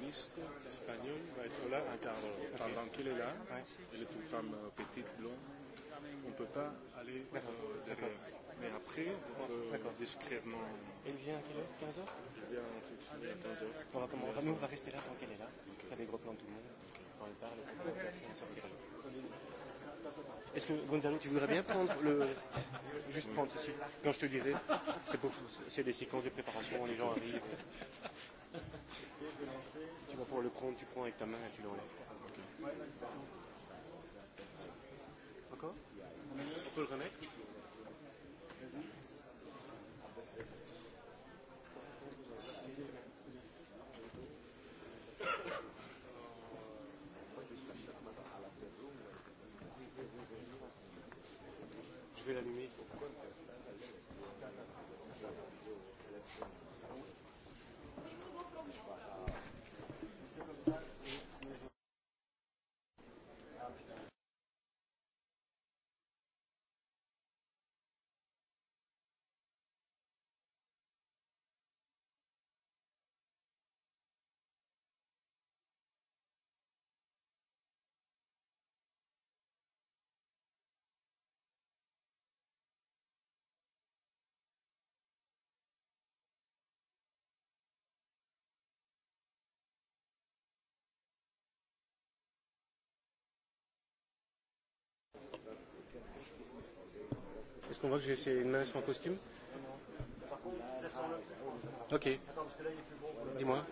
ministre espagnole va être là un quart d'heure. Pendant qu'elle est là, ouais. elle est une femme euh, petite, blonde, on ne peut pas aller euh, derrière. Mais après, on peut euh, discrètement. Elle vient à quelle heure 15h Elle vient tout de suite à 15h. On va, on va, nous, on va rester là tant qu'elle est là qu'il y tout le monde Est-ce que Gonzalo, tu voudrais bien prendre le. Juste prendre ceci Quand je te dirai, c'est pour c'est des séquences de préparation, les gens arrivent. Tu vas pouvoir le prendre, tu prends avec ta main et tu l'enlèves. Okay. Encore On peut le remettre vais l'allumer. qu'on voit que j'ai essayé une main en costume Ok. Dis-moi.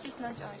Cisnąć oś.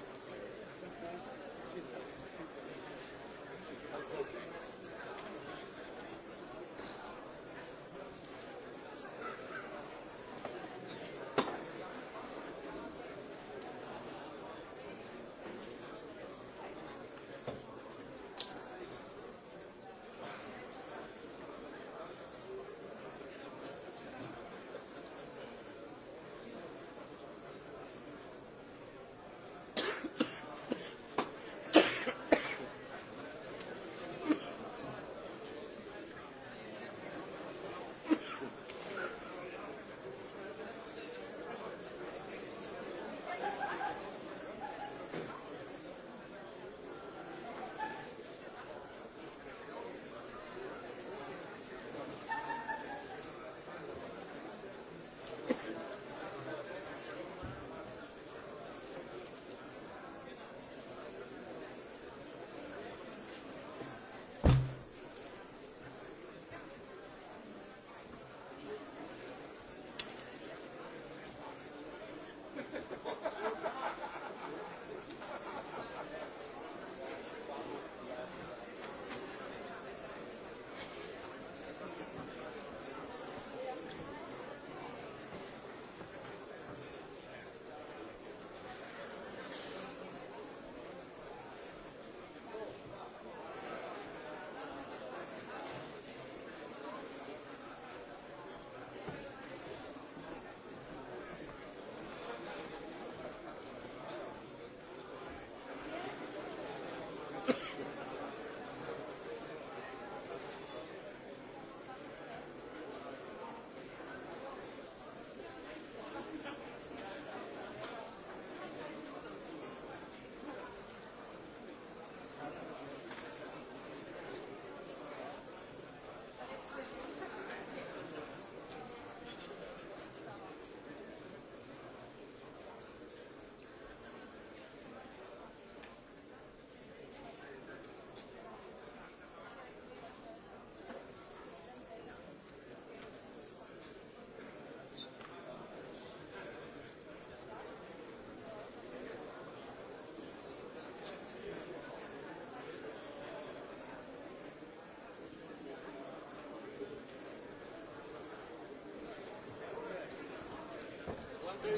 Uh, I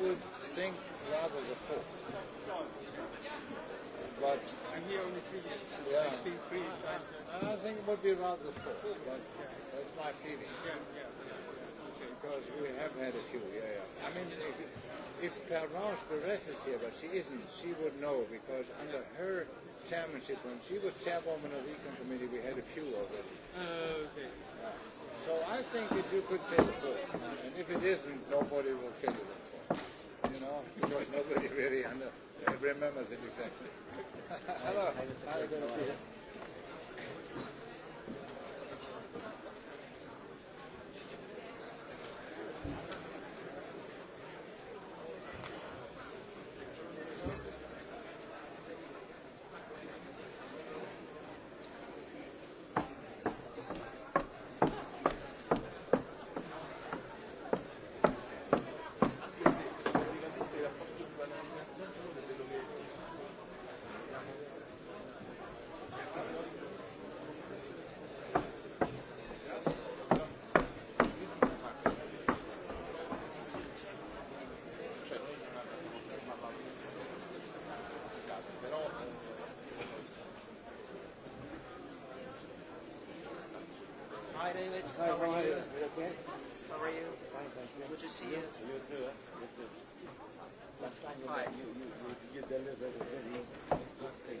would think rather the fourth. But Yeah. I think it would be rather the fourth, but that's my feeling. Yeah, yeah. Because we have had a few. Yeah, yeah. I mean, if Pervenche Beres is here, but she isn't, she would know because under her chairmanship, when she was chairwoman of the Econ Committee, we had a few already. Uh, okay. Yeah. So I think that you could say the four. And if it isn't, nobody will kill you that four. You know, because nobody really under, remembers it exactly. Hello. Hi, Mr. Hi, good to see you. Hi, David. Hi, how, how are you? you? okay? How are you? Fine, thank you. Good to see you. You too. You too. Last time you, you, you, you delivered a very good thing.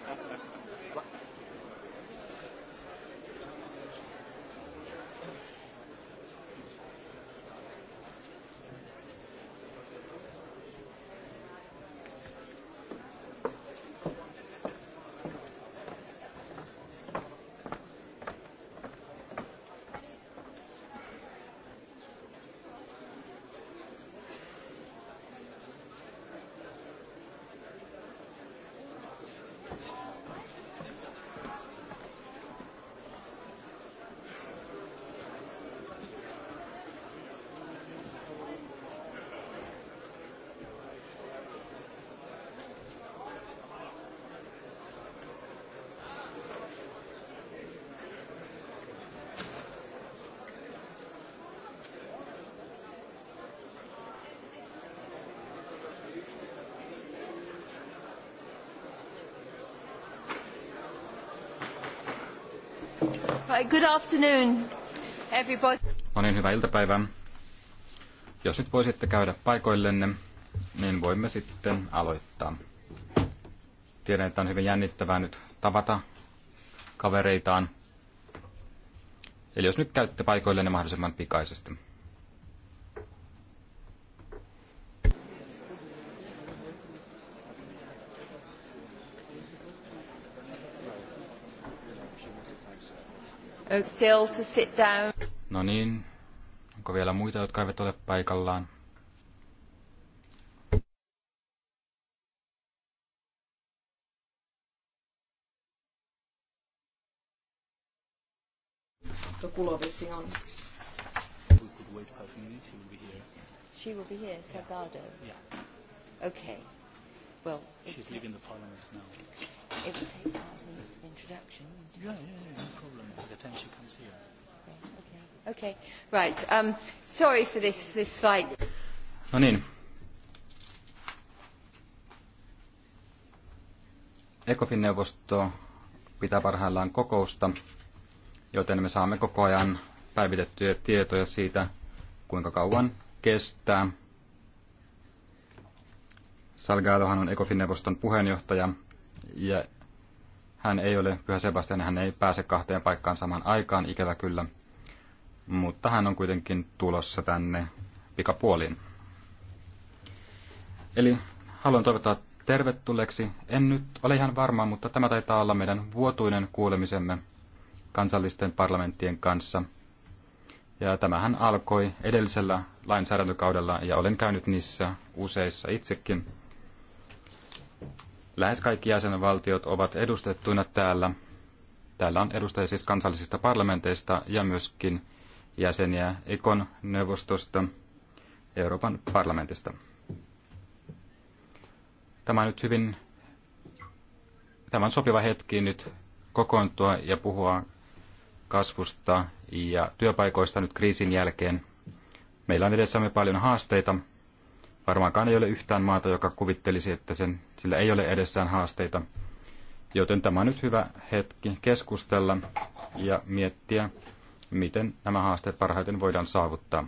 Good afternoon, everybody. No niin, hyvää iltapäivää. Jos nyt voisitte käydä paikoillenne, niin voimme sitten aloittaa. Tiedän, että on hyvin jännittävää nyt tavata kavereitaan. Eli jos nyt käytte paikoillenne mahdollisimman pikaisesti. Uh, still to sit down. No niin, onko vielä muita, jotka eivät ole paikallaan? the Kulovision. We could wait five minutes, will be here. She will be here, Salgado? Yeah. yeah. Okay. Well, she's leaving the parliament now. It will take five minutes of introduction. Yeah, yeah, yeah she comes here. Okay. Right. Um, sorry for this, this No niin. ECOFIN-neuvosto pitää parhaillaan kokousta, joten me saamme koko ajan päivitettyjä tietoja siitä, kuinka kauan kestää. Salgadohan on ECOFIN-neuvoston puheenjohtaja ja hän ei ole Pyhä Sebastian, hän ei pääse kahteen paikkaan samaan aikaan, ikävä kyllä, mutta hän on kuitenkin tulossa tänne pikapuoliin. Eli haluan toivottaa tervetulleeksi. En nyt ole ihan varma, mutta tämä taitaa olla meidän vuotuinen kuulemisemme kansallisten parlamenttien kanssa. Ja tämähän alkoi edellisellä lainsäädäntökaudella ja olen käynyt niissä useissa itsekin lähes kaikki jäsenvaltiot ovat edustettuina täällä. Täällä on edustajia siis kansallisista parlamenteista ja myöskin jäseniä ECON neuvostosta Euroopan parlamentista. Tämä on nyt hyvin tämä on sopiva hetki nyt kokoontua ja puhua kasvusta ja työpaikoista nyt kriisin jälkeen. Meillä on edessämme paljon haasteita, Varmaankaan ei ole yhtään maata, joka kuvittelisi, että sen, sillä ei ole edessään haasteita. Joten tämä on nyt hyvä hetki keskustella ja miettiä, miten nämä haasteet parhaiten voidaan saavuttaa.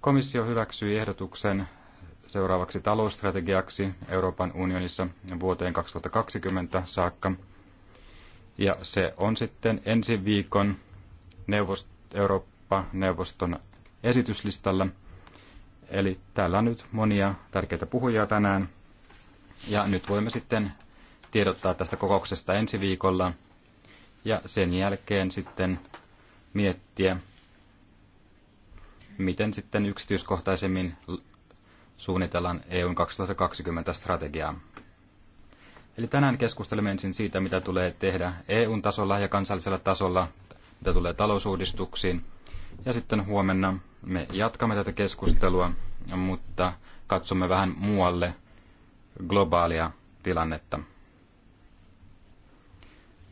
Komissio hyväksyi ehdotuksen seuraavaksi talousstrategiaksi Euroopan unionissa vuoteen 2020 saakka. Ja se on sitten ensi viikon neuvost- Eurooppa-neuvoston esityslistalla – Eli täällä on nyt monia tärkeitä puhujia tänään. Ja nyt voimme sitten tiedottaa tästä kokouksesta ensi viikolla. Ja sen jälkeen sitten miettiä, miten sitten yksityiskohtaisemmin suunnitellaan EUn 2020 strategiaa. Eli tänään keskustelemme ensin siitä, mitä tulee tehdä EUn tasolla ja kansallisella tasolla, mitä tulee talousuudistuksiin – ja sitten huomenna me jatkamme tätä keskustelua, mutta katsomme vähän muualle globaalia tilannetta.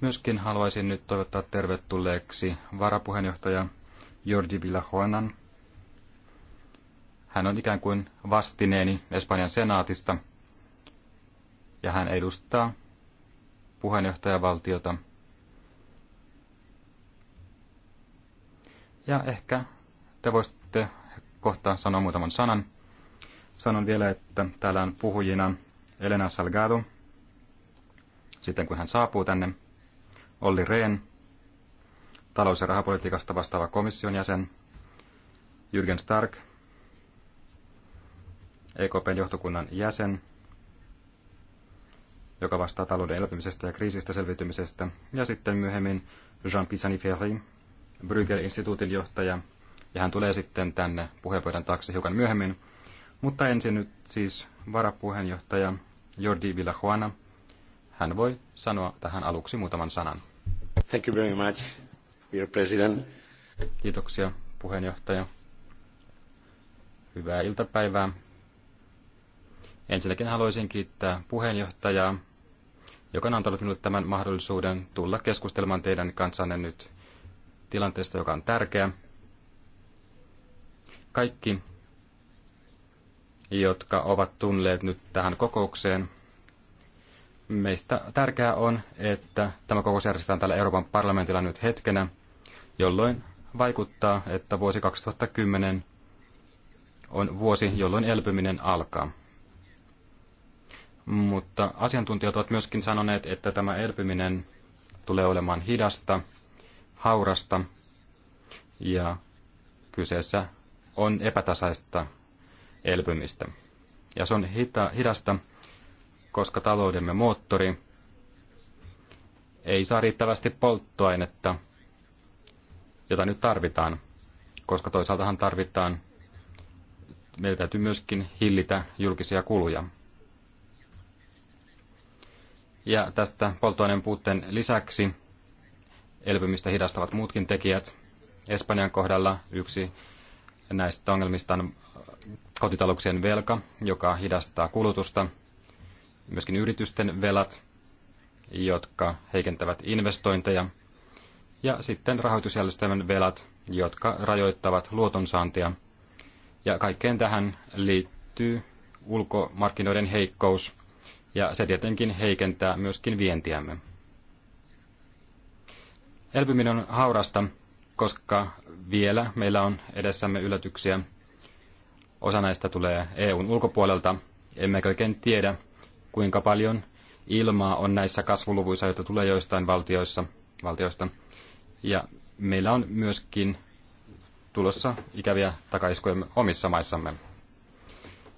Myöskin haluaisin nyt toivottaa tervetulleeksi varapuheenjohtaja Jordi Villajuanan. Hän on ikään kuin vastineeni Espanjan senaatista ja hän edustaa puheenjohtajavaltiota – Ja ehkä te voisitte kohta sanoa muutaman sanan. Sanon vielä, että täällä on puhujina Elena Salgado, sitten kun hän saapuu tänne, Olli Rehn, talous- ja rahapolitiikasta vastaava komission jäsen, Jürgen Stark, EKPn johtokunnan jäsen, joka vastaa talouden elpymisestä ja kriisistä selviytymisestä, ja sitten myöhemmin Jean Pisani-Ferry, Bruegel-instituutin johtaja, ja hän tulee sitten tänne puheenvuoron taakse hiukan myöhemmin. Mutta ensin nyt siis varapuheenjohtaja Jordi Villajuana. Hän voi sanoa tähän aluksi muutaman sanan. Thank you very much, dear president. Kiitoksia, puheenjohtaja. Hyvää iltapäivää. Ensinnäkin haluaisin kiittää puheenjohtajaa, joka on antanut minulle tämän mahdollisuuden tulla keskustelemaan teidän kanssanne nyt tilanteesta, joka on tärkeä. Kaikki, jotka ovat tunneet nyt tähän kokoukseen, meistä tärkeää on, että tämä kokous järjestetään täällä Euroopan parlamentilla nyt hetkenä, jolloin vaikuttaa, että vuosi 2010 on vuosi, jolloin elpyminen alkaa. Mutta asiantuntijat ovat myöskin sanoneet, että tämä elpyminen tulee olemaan hidasta – haurasta ja kyseessä on epätasaista elpymistä. Ja se on hita, hidasta, koska taloudemme moottori ei saa riittävästi polttoainetta, jota nyt tarvitaan, koska toisaaltahan tarvitaan, meillä täytyy myöskin hillitä julkisia kuluja. Ja tästä polttoaineen puutteen lisäksi Elpymistä hidastavat muutkin tekijät. Espanjan kohdalla yksi näistä ongelmista on kotitalouksien velka, joka hidastaa kulutusta. Myöskin yritysten velat, jotka heikentävät investointeja. Ja sitten rahoitusjärjestelmän velat, jotka rajoittavat luotonsaantia. Ja kaikkeen tähän liittyy ulkomarkkinoiden heikkous, ja se tietenkin heikentää myöskin vientiämme. Elpyminen on haurasta, koska vielä meillä on edessämme yllätyksiä. Osa näistä tulee EUn ulkopuolelta. Emmekä oikein tiedä, kuinka paljon ilmaa on näissä kasvuluvuissa, joita tulee joistain valtioissa, valtioista. Ja meillä on myöskin tulossa ikäviä takaiskuja omissa maissamme.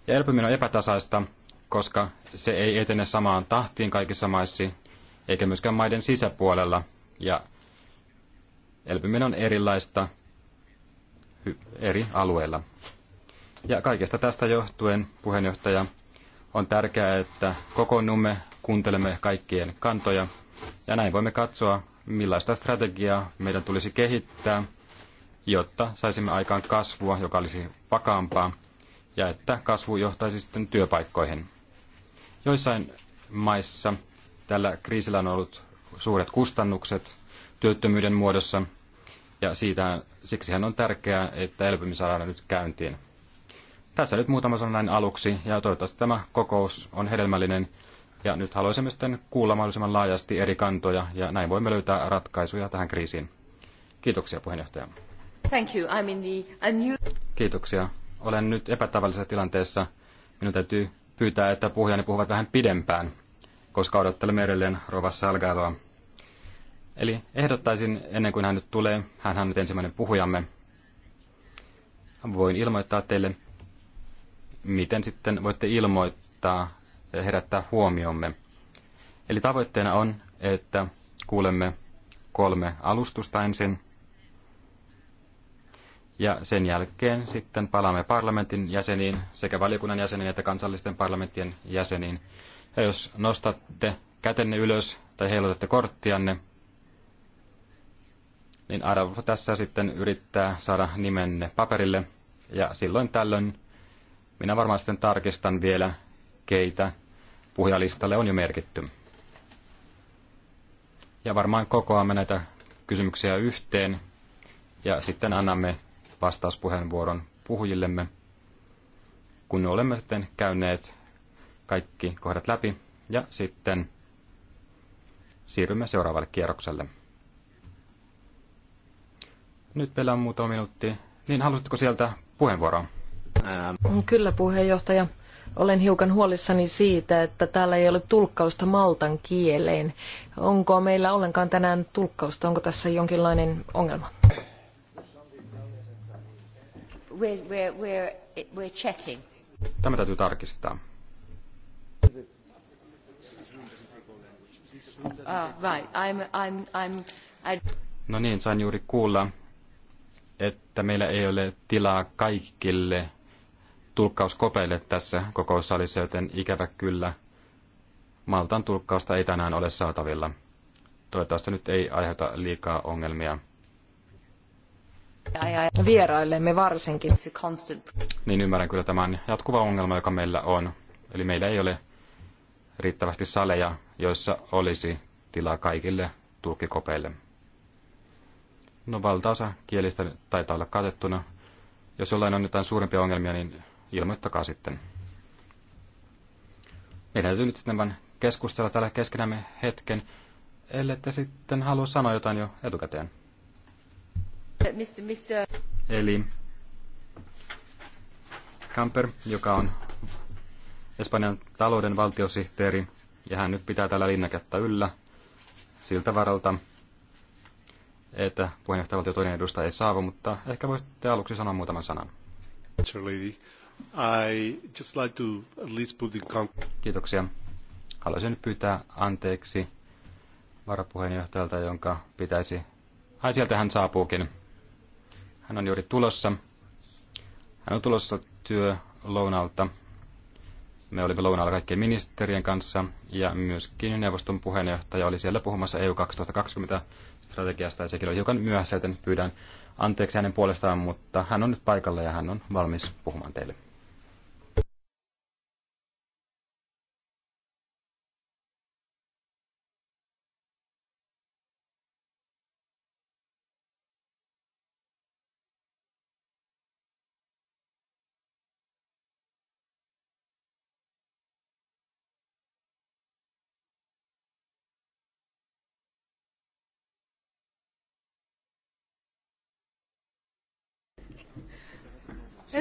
Ja elpyminen on epätasaista, koska se ei etene samaan tahtiin kaikissa maissa, eikä myöskään maiden sisäpuolella. Ja Elpyminen on erilaista eri alueilla. Ja kaikesta tästä johtuen, puheenjohtaja, on tärkeää, että kokoonnumme, kuuntelemme kaikkien kantoja ja näin voimme katsoa, millaista strategiaa meidän tulisi kehittää, jotta saisimme aikaan kasvua, joka olisi vakaampaa, ja että kasvu johtaisi sitten työpaikkoihin. Joissain maissa tällä kriisillä on ollut suuret kustannukset työttömyyden muodossa, ja siitä, siksihän on tärkeää, että elpyminen saadaan nyt käyntiin. Tässä nyt muutama sana näin aluksi, ja toivottavasti tämä kokous on hedelmällinen. Ja nyt haluaisimme sitten kuulla mahdollisimman laajasti eri kantoja, ja näin voimme löytää ratkaisuja tähän kriisiin. Kiitoksia puheenjohtaja. Thank you. I'm in the, I'm new... Kiitoksia. Olen nyt epätavallisessa tilanteessa. Minun täytyy pyytää, että puhujani puhuvat vähän pidempään, koska odottelemme edelleen Rova Salgailoa. Eli ehdottaisin, ennen kuin hän nyt tulee, hän on nyt ensimmäinen puhujamme, voin ilmoittaa teille, miten sitten voitte ilmoittaa ja herättää huomiomme. Eli tavoitteena on, että kuulemme kolme alustusta ensin, ja sen jälkeen sitten palaamme parlamentin jäseniin, sekä valiokunnan jäseniin että kansallisten parlamenttien jäseniin. Ja jos nostatte kätenne ylös tai heilotatte korttianne, niin Aravo tässä sitten yrittää saada nimenne paperille. Ja silloin tällöin minä varmaan sitten tarkistan vielä, keitä puhujalistalle on jo merkitty. Ja varmaan kokoamme näitä kysymyksiä yhteen ja sitten annamme vastauspuheenvuoron puhujillemme, kun olemme sitten käyneet kaikki kohdat läpi ja sitten siirrymme seuraavalle kierrokselle. Nyt meillä on muutama minuutti. Niin, halusitko sieltä puheenvuoroa? Ähm. Kyllä, puheenjohtaja. Olen hiukan huolissani siitä, että täällä ei ole tulkkausta maltan kieleen. Onko meillä ollenkaan tänään tulkkausta? Onko tässä jonkinlainen ongelma? We're, we're, we're, we're checking. Tämä täytyy tarkistaa. Oh, right. I'm, I'm, I'm, No niin, sain juuri kuulla, että meillä ei ole tilaa kaikille tulkkauskopeille tässä salissa, joten ikävä kyllä Maltan tulkkausta ei tänään ole saatavilla. Toivottavasti nyt ei aiheuta liikaa ongelmia. Vieraillemme varsinkin. Niin ymmärrän kyllä tämän jatkuva ongelma, joka meillä on. Eli meillä ei ole riittävästi saleja, joissa olisi tilaa kaikille tulkkikopeille. No valtaosa kielistä taitaa olla katettuna. Jos jollain on jotain suurempia ongelmia, niin ilmoittakaa sitten. Meidän täytyy nyt sitten vain keskustella täällä keskenämme hetken, ellei te sitten halua sanoa jotain jo etukäteen. Mr. mister. Eli Camper, joka on Espanjan talouden valtiosihteeri, ja hän nyt pitää tällä linnakettä yllä siltä varalta, että puheenjohtajavaltio toinen edustaja ei saavu, mutta ehkä voisitte aluksi sanoa muutaman sanan. Kiitoksia. Haluaisin nyt pyytää anteeksi varapuheenjohtajalta, jonka pitäisi... Ai sieltä hän saapuukin. Hän on juuri tulossa. Hän on tulossa työlounalta. Me olimme lounaalla kaikkien ministerien kanssa ja myöskin neuvoston puheenjohtaja oli siellä puhumassa EU 2020 strategiasta ja sekin oli hiukan myöhässä, joten pyydän anteeksi hänen puolestaan, mutta hän on nyt paikalla ja hän on valmis puhumaan teille.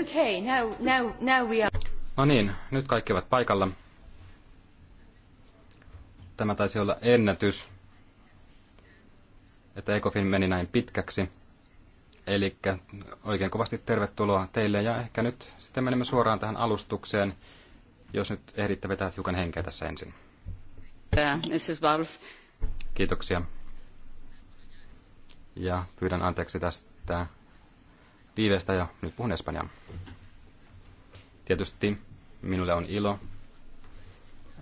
Okay, now, now, now we are... No niin, nyt kaikki ovat paikalla. Tämä taisi olla ennätys, että ECOFIN meni näin pitkäksi. Eli oikein kovasti tervetuloa teille ja ehkä nyt sitten menemme suoraan tähän alustukseen, jos nyt ehditte vetää hiukan henkeä tässä ensin. Uh, Kiitoksia. Ja pyydän anteeksi tästä viiveestä ja nyt puhun Espanjaa. Tietysti minulle on ilo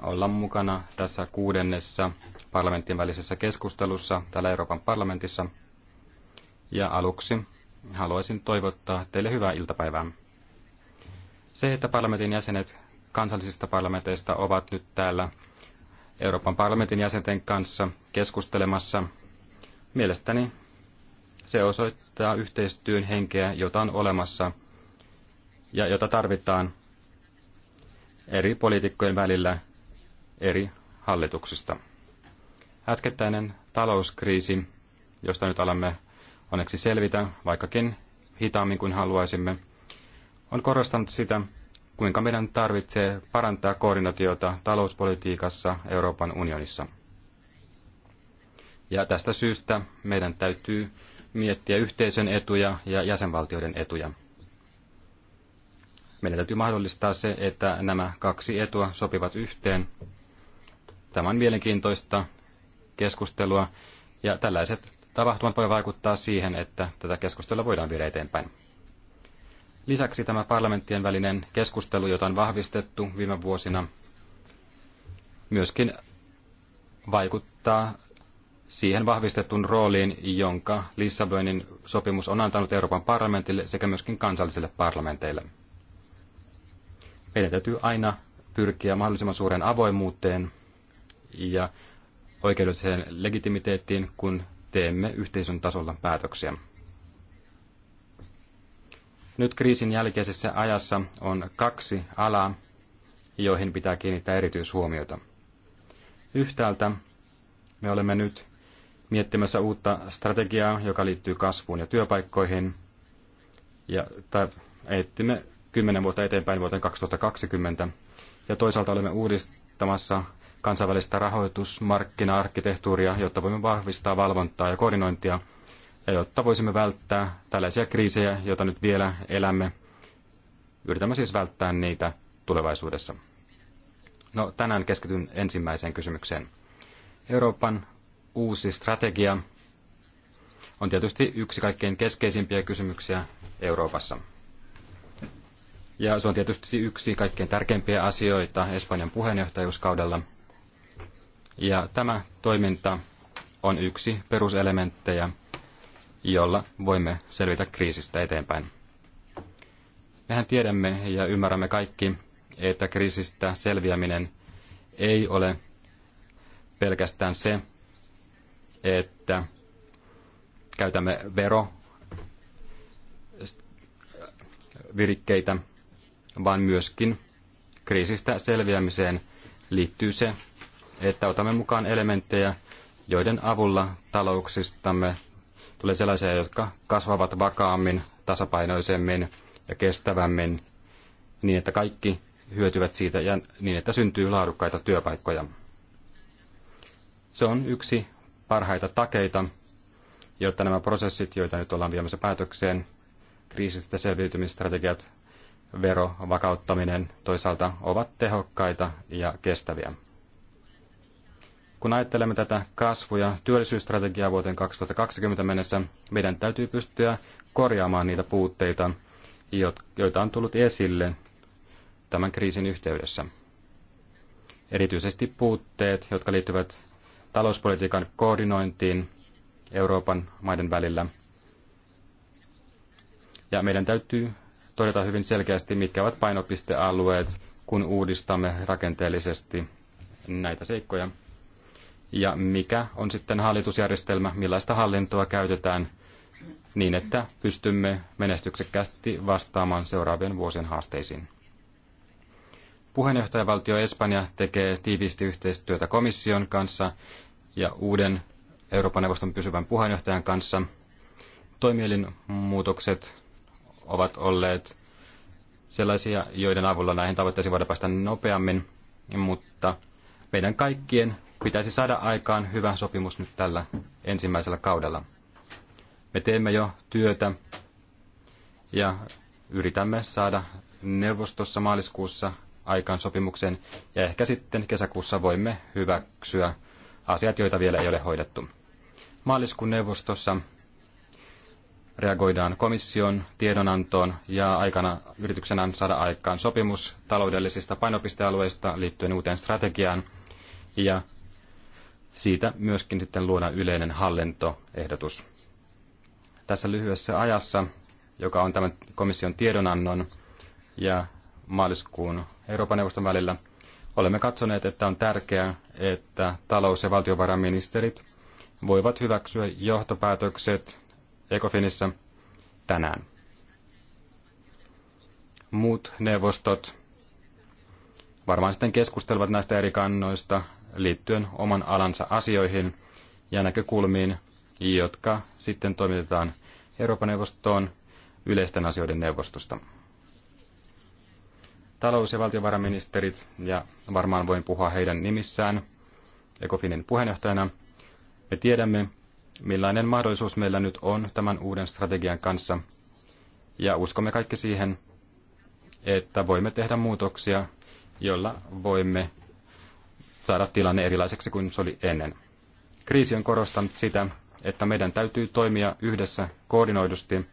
olla mukana tässä kuudennessa parlamentin välisessä keskustelussa täällä Euroopan parlamentissa. Ja aluksi haluaisin toivottaa teille hyvää iltapäivää. Se, että parlamentin jäsenet kansallisista parlamenteista ovat nyt täällä Euroopan parlamentin jäsenten kanssa keskustelemassa, mielestäni se osoittaa yhteistyön henkeä, jota on olemassa ja jota tarvitaan eri poliitikkojen välillä eri hallituksista. Äskettäinen talouskriisi, josta nyt alamme onneksi selvitä, vaikkakin hitaammin kuin haluaisimme, on korostanut sitä, kuinka meidän tarvitsee parantaa koordinaatiota talouspolitiikassa Euroopan unionissa. Ja tästä syystä meidän täytyy miettiä yhteisön etuja ja jäsenvaltioiden etuja. Meidän täytyy mahdollistaa se, että nämä kaksi etua sopivat yhteen. Tämä on mielenkiintoista keskustelua ja tällaiset tapahtumat voi vaikuttaa siihen, että tätä keskustelua voidaan viedä eteenpäin. Lisäksi tämä parlamenttien välinen keskustelu, jota on vahvistettu viime vuosina, myöskin vaikuttaa siihen vahvistettuun rooliin, jonka Lissabonin sopimus on antanut Euroopan parlamentille sekä myöskin kansallisille parlamenteille. Meidän täytyy aina pyrkiä mahdollisimman suureen avoimuuteen ja oikeudelliseen legitimiteettiin, kun teemme yhteisön tasolla päätöksiä. Nyt kriisin jälkeisessä ajassa on kaksi alaa, joihin pitää kiinnittää erityishuomiota. Yhtäältä me olemme nyt miettimässä uutta strategiaa, joka liittyy kasvuun ja työpaikkoihin. Ja etsimme kymmenen vuotta eteenpäin vuoteen 2020. Ja toisaalta olemme uudistamassa kansainvälistä rahoitusmarkkina-arkkitehtuuria, jotta voimme vahvistaa valvontaa ja koordinointia, ja jotta voisimme välttää tällaisia kriisejä, joita nyt vielä elämme. Yritämme siis välttää niitä tulevaisuudessa. No, tänään keskityn ensimmäiseen kysymykseen. Euroopan uusi strategia on tietysti yksi kaikkein keskeisimpiä kysymyksiä Euroopassa. Ja se on tietysti yksi kaikkein tärkeimpiä asioita Espanjan puheenjohtajuuskaudella. Ja tämä toiminta on yksi peruselementtejä, jolla voimme selvitä kriisistä eteenpäin. Mehän tiedämme ja ymmärrämme kaikki, että kriisistä selviäminen ei ole pelkästään se, että käytämme vero virikkeitä, vaan myöskin kriisistä selviämiseen liittyy se, että otamme mukaan elementtejä, joiden avulla talouksistamme tulee sellaisia, jotka kasvavat vakaammin, tasapainoisemmin ja kestävämmin, niin että kaikki hyötyvät siitä ja niin, että syntyy laadukkaita työpaikkoja. Se on yksi parhaita takeita, jotta nämä prosessit, joita nyt ollaan viemässä päätökseen, kriisistä selviytymistrategiat, vero, vakauttaminen toisaalta ovat tehokkaita ja kestäviä. Kun ajattelemme tätä kasvu- ja työllisyysstrategiaa vuoteen 2020 mennessä, meidän täytyy pystyä korjaamaan niitä puutteita, joita on tullut esille tämän kriisin yhteydessä. Erityisesti puutteet, jotka liittyvät talouspolitiikan koordinointiin Euroopan maiden välillä. Ja meidän täytyy todeta hyvin selkeästi, mitkä ovat painopistealueet, kun uudistamme rakenteellisesti näitä seikkoja. Ja mikä on sitten hallitusjärjestelmä, millaista hallintoa käytetään niin, että pystymme menestyksekkäästi vastaamaan seuraavien vuosien haasteisiin. Puheenjohtajavaltio Espanja tekee tiiviisti yhteistyötä komission kanssa ja uuden Euroopan neuvoston pysyvän puheenjohtajan kanssa. Toimielinmuutokset ovat olleet sellaisia, joiden avulla näihin tavoitteisiin voidaan päästä nopeammin, mutta meidän kaikkien pitäisi saada aikaan hyvä sopimus nyt tällä ensimmäisellä kaudella. Me teemme jo työtä ja yritämme saada neuvostossa maaliskuussa aikaansopimuksen ja ehkä sitten kesäkuussa voimme hyväksyä asiat, joita vielä ei ole hoidettu. Maaliskuun neuvostossa reagoidaan komission tiedonantoon ja aikana yrityksenä saada aikaan sopimus taloudellisista painopistealueista liittyen uuteen strategiaan ja siitä myöskin sitten luodaan yleinen hallintoehdotus. Tässä lyhyessä ajassa, joka on tämän komission tiedonannon ja maaliskuun Euroopan neuvoston välillä, olemme katsoneet, että on tärkeää, että talous- ja valtiovarainministerit voivat hyväksyä johtopäätökset Ecofinissa tänään. Muut neuvostot varmaan sitten keskustelevat näistä eri kannoista liittyen oman alansa asioihin ja näkökulmiin, jotka sitten toimitetaan Euroopan neuvostoon yleisten asioiden neuvostosta talous- ja valtiovarainministerit, ja varmaan voin puhua heidän nimissään Ecofinin puheenjohtajana. Me tiedämme, millainen mahdollisuus meillä nyt on tämän uuden strategian kanssa, ja uskomme kaikki siihen, että voimme tehdä muutoksia, joilla voimme saada tilanne erilaiseksi kuin se oli ennen. Kriisi on korostanut sitä, että meidän täytyy toimia yhdessä koordinoidusti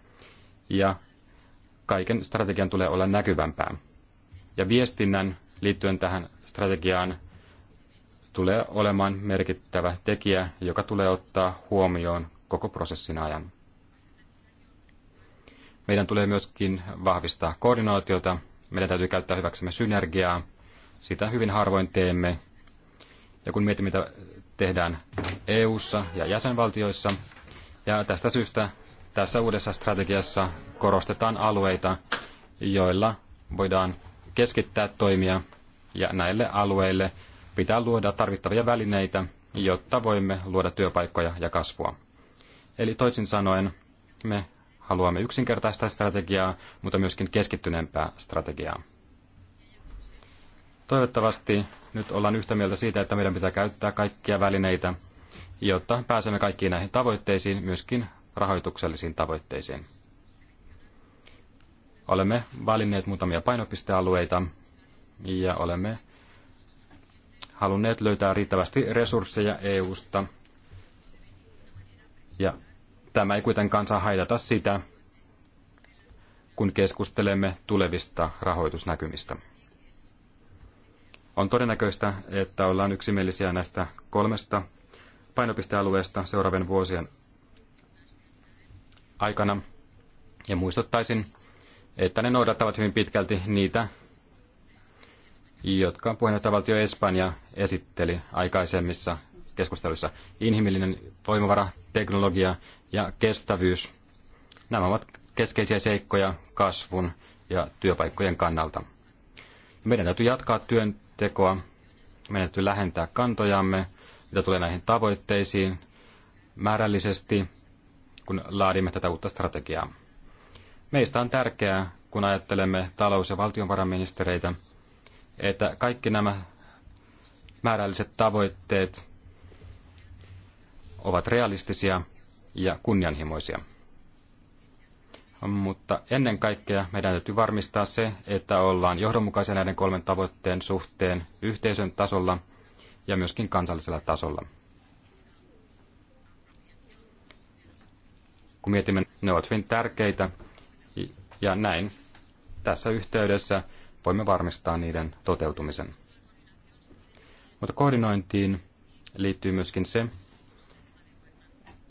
ja kaiken strategian tulee olla näkyvämpää. Ja viestinnän liittyen tähän strategiaan tulee olemaan merkittävä tekijä, joka tulee ottaa huomioon koko prosessin ajan. Meidän tulee myöskin vahvistaa koordinaatiota. Meidän täytyy käyttää hyväksemme synergiaa. Sitä hyvin harvoin teemme. Ja kun mietimme, mitä tehdään EU:ssa ja jäsenvaltioissa, ja tästä syystä tässä uudessa strategiassa korostetaan alueita, joilla voidaan keskittää toimia ja näille alueille pitää luoda tarvittavia välineitä, jotta voimme luoda työpaikkoja ja kasvua. Eli toisin sanoen me haluamme yksinkertaista strategiaa, mutta myöskin keskittyneempää strategiaa. Toivottavasti nyt ollaan yhtä mieltä siitä, että meidän pitää käyttää kaikkia välineitä, jotta pääsemme kaikkiin näihin tavoitteisiin, myöskin rahoituksellisiin tavoitteisiin. Olemme valinneet muutamia painopistealueita ja olemme halunneet löytää riittävästi resursseja EUsta. Ja tämä ei kuitenkaan saa haitata sitä, kun keskustelemme tulevista rahoitusnäkymistä. On todennäköistä, että ollaan yksimielisiä näistä kolmesta painopistealueesta seuraavien vuosien aikana. Ja muistuttaisin, että ne noudattavat hyvin pitkälti niitä, jotka puheenjohtajavaltio Espanja esitteli aikaisemmissa keskusteluissa. Inhimillinen voimavara, teknologia ja kestävyys, nämä ovat keskeisiä seikkoja kasvun ja työpaikkojen kannalta. Meidän täytyy jatkaa työntekoa, meidän täytyy lähentää kantojamme, mitä tulee näihin tavoitteisiin määrällisesti, kun laadimme tätä uutta strategiaa. Meistä on tärkeää, kun ajattelemme talous- ja valtionvarainministereitä, että kaikki nämä määrälliset tavoitteet ovat realistisia ja kunnianhimoisia. Mutta ennen kaikkea meidän täytyy varmistaa se, että ollaan johdonmukaisia näiden kolmen tavoitteen suhteen yhteisön tasolla ja myöskin kansallisella tasolla. Kun mietimme, ne ovat hyvin tärkeitä, ja näin tässä yhteydessä voimme varmistaa niiden toteutumisen. Mutta koordinointiin liittyy myöskin se,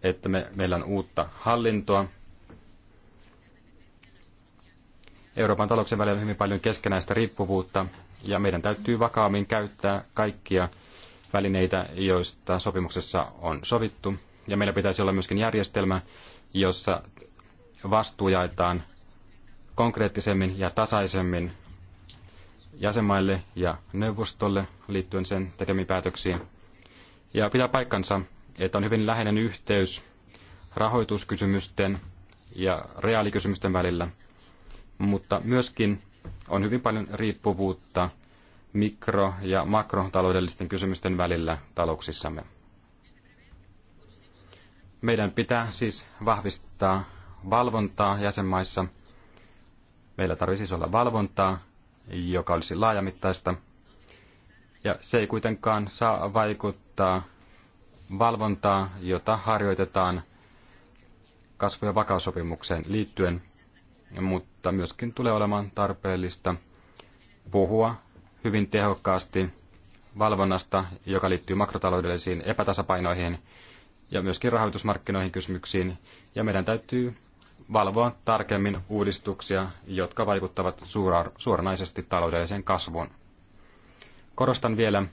että me, meillä on uutta hallintoa. Euroopan talouksen välillä on hyvin paljon keskenäistä riippuvuutta, ja meidän täytyy vakaammin käyttää kaikkia välineitä, joista sopimuksessa on sovittu. Ja meillä pitäisi olla myöskin järjestelmä, jossa vastuu jaetaan konkreettisemmin ja tasaisemmin jäsenmaille ja neuvostolle liittyen sen tekemiin päätöksiin. Ja pitää paikkansa, että on hyvin läheinen yhteys rahoituskysymysten ja reaalikysymysten välillä, mutta myöskin on hyvin paljon riippuvuutta mikro- ja makrotaloudellisten kysymysten välillä talouksissamme. Meidän pitää siis vahvistaa valvontaa jäsenmaissa – Meillä tarvitsisi siis olla valvontaa, joka olisi laajamittaista, ja se ei kuitenkaan saa vaikuttaa valvontaa, jota harjoitetaan kasvu- ja vakaussopimukseen liittyen, mutta myöskin tulee olemaan tarpeellista puhua hyvin tehokkaasti valvonnasta, joka liittyy makrotaloudellisiin epätasapainoihin ja myöskin rahoitusmarkkinoihin kysymyksiin. Ja meidän täytyy valvoa tarkemmin uudistuksia, jotka vaikuttavat suoranaisesti taloudelliseen kasvuun. Korostan vielä,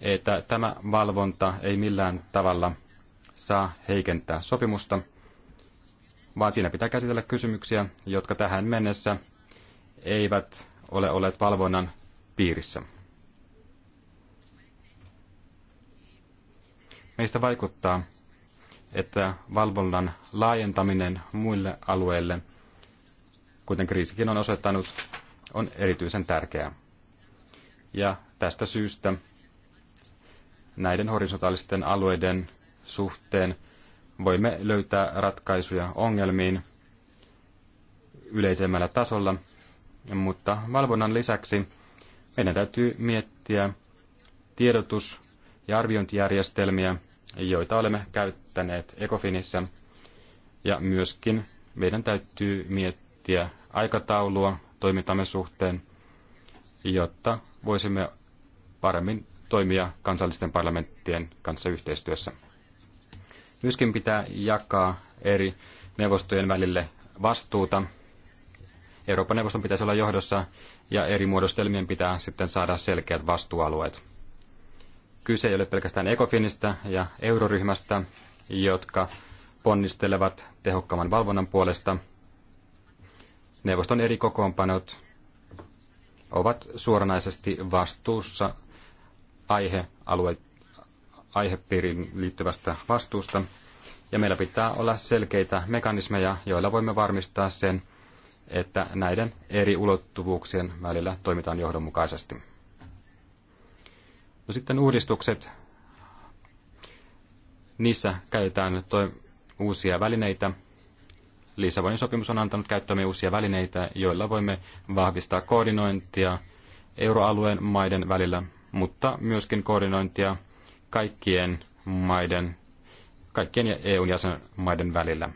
että tämä valvonta ei millään tavalla saa heikentää sopimusta, vaan siinä pitää käsitellä kysymyksiä, jotka tähän mennessä eivät ole olleet valvonnan piirissä. Meistä vaikuttaa, että valvonnan laajentaminen muille alueille, kuten kriisikin on osoittanut, on erityisen tärkeää. Ja tästä syystä näiden horisontaalisten alueiden suhteen voimme löytää ratkaisuja ongelmiin yleisemmällä tasolla, mutta valvonnan lisäksi meidän täytyy miettiä tiedotus- ja arviointijärjestelmiä, joita olemme käyttäneet Ecofinissä. Ja myöskin meidän täytyy miettiä aikataulua toimintamme suhteen, jotta voisimme paremmin toimia kansallisten parlamenttien kanssa yhteistyössä. Myöskin pitää jakaa eri neuvostojen välille vastuuta. Euroopan neuvoston pitäisi olla johdossa ja eri muodostelmien pitää sitten saada selkeät vastuualueet. Kyse ei ole pelkästään ECOFINista ja euroryhmästä, jotka ponnistelevat tehokkaamman valvonnan puolesta. Neuvoston eri kokoonpanot ovat suoranaisesti vastuussa aihealue, aihepiiriin liittyvästä vastuusta, ja meillä pitää olla selkeitä mekanismeja, joilla voimme varmistaa sen, että näiden eri ulottuvuuksien välillä toimitaan johdonmukaisesti. No sitten uudistukset. Niissä käytetään toi uusia välineitä. Lissabonin sopimus on antanut käyttöömme uusia välineitä, joilla voimme vahvistaa koordinointia euroalueen maiden välillä, mutta myöskin koordinointia kaikkien maiden, kaikkien EUn jäsenmaiden välillä.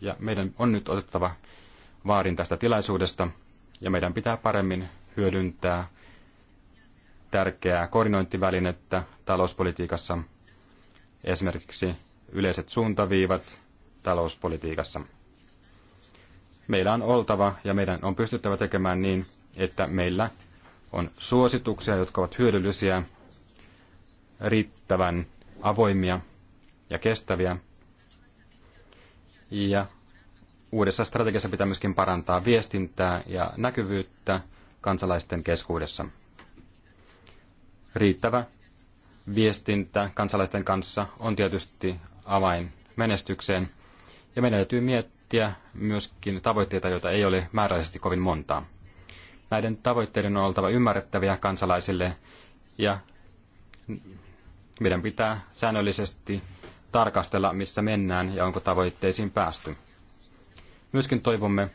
Ja meidän on nyt otettava vaarin tästä tilaisuudesta ja meidän pitää paremmin hyödyntää tärkeää koordinointivälinettä talouspolitiikassa, esimerkiksi yleiset suuntaviivat talouspolitiikassa. Meillä on oltava ja meidän on pystyttävä tekemään niin, että meillä on suosituksia, jotka ovat hyödyllisiä, riittävän avoimia ja kestäviä. Ja uudessa strategiassa pitää myöskin parantaa viestintää ja näkyvyyttä kansalaisten keskuudessa riittävä viestintä kansalaisten kanssa on tietysti avain menestykseen. Ja meidän täytyy miettiä myöskin tavoitteita, joita ei ole määräisesti kovin montaa. Näiden tavoitteiden on oltava ymmärrettäviä kansalaisille ja meidän pitää säännöllisesti tarkastella, missä mennään ja onko tavoitteisiin päästy. Myöskin toivomme,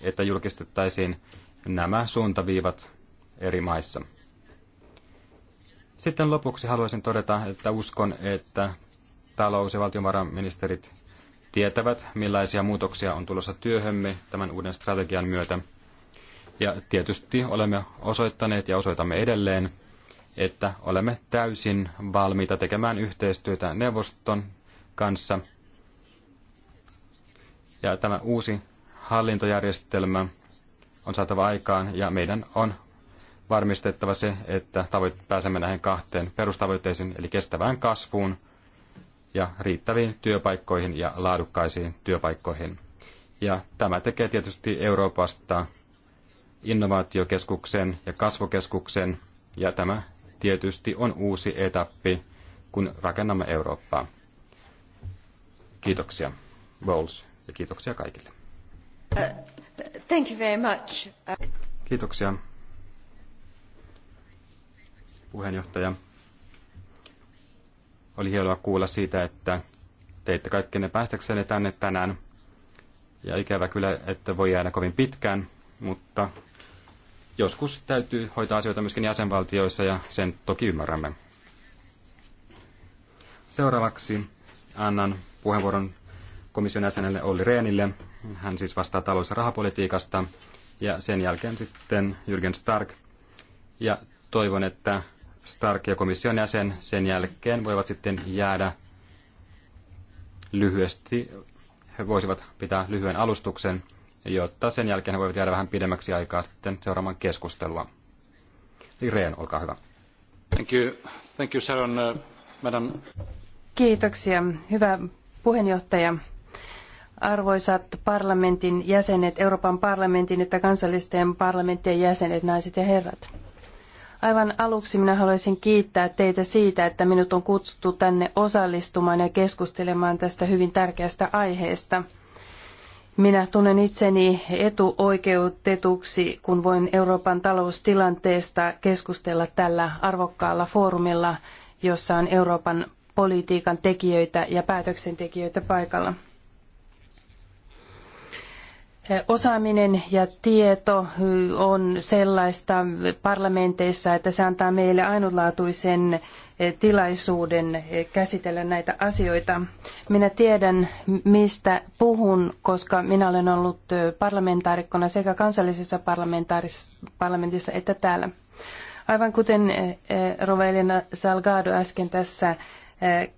että julkistettaisiin nämä suuntaviivat eri maissa. Sitten lopuksi haluaisin todeta, että uskon, että talous- ja valtiovarainministerit tietävät, millaisia muutoksia on tulossa työhömme tämän uuden strategian myötä. Ja tietysti olemme osoittaneet ja osoitamme edelleen, että olemme täysin valmiita tekemään yhteistyötä neuvoston kanssa. Ja tämä uusi hallintojärjestelmä on saatava aikaan ja meidän on varmistettava se, että tavoit- pääsemme näihin kahteen perustavoitteisiin, eli kestävään kasvuun ja riittäviin työpaikkoihin ja laadukkaisiin työpaikkoihin. Ja tämä tekee tietysti Euroopasta innovaatiokeskuksen ja kasvukeskuksen, ja tämä tietysti on uusi etappi, kun rakennamme Eurooppaa. Kiitoksia, Bowles, ja kiitoksia kaikille. Uh, thank you very much. Uh, kiitoksia puheenjohtaja. Oli hienoa kuulla siitä, että teitte kaikkenne päästäksenne tänne tänään. Ja ikävä kyllä, että voi jäädä kovin pitkään, mutta joskus täytyy hoitaa asioita myöskin jäsenvaltioissa ja sen toki ymmärrämme. Seuraavaksi annan puheenvuoron komission jäsenelle Olli Rehnille. Hän siis vastaa talous- ja rahapolitiikasta. Ja sen jälkeen sitten Jürgen Stark. Ja toivon, että Stark ja komission jäsen sen jälkeen voivat sitten jäädä lyhyesti. He voisivat pitää lyhyen alustuksen, jotta sen jälkeen he voivat jäädä vähän pidemmäksi aikaa sitten seuraamaan keskustelua. Irene, olkaa hyvä. Thank you. Thank you, Sharon. Uh, madam. Kiitoksia. Hyvä puheenjohtaja. Arvoisat parlamentin jäsenet, Euroopan parlamentin että kansallisten parlamenttien jäsenet, naiset ja herrat. Aivan aluksi minä haluaisin kiittää teitä siitä, että minut on kutsuttu tänne osallistumaan ja keskustelemaan tästä hyvin tärkeästä aiheesta. Minä tunnen itseni etuoikeutetuksi, kun voin Euroopan taloustilanteesta keskustella tällä arvokkaalla foorumilla, jossa on Euroopan politiikan tekijöitä ja päätöksentekijöitä paikalla. Osaaminen ja tieto on sellaista parlamenteissa, että se antaa meille ainutlaatuisen eh, tilaisuuden eh, käsitellä näitä asioita. Minä tiedän, mistä puhun, koska minä olen ollut eh, parlamentaarikkona sekä kansallisessa parlamentissa että täällä. Aivan kuten Rovelina Salgado äsken tässä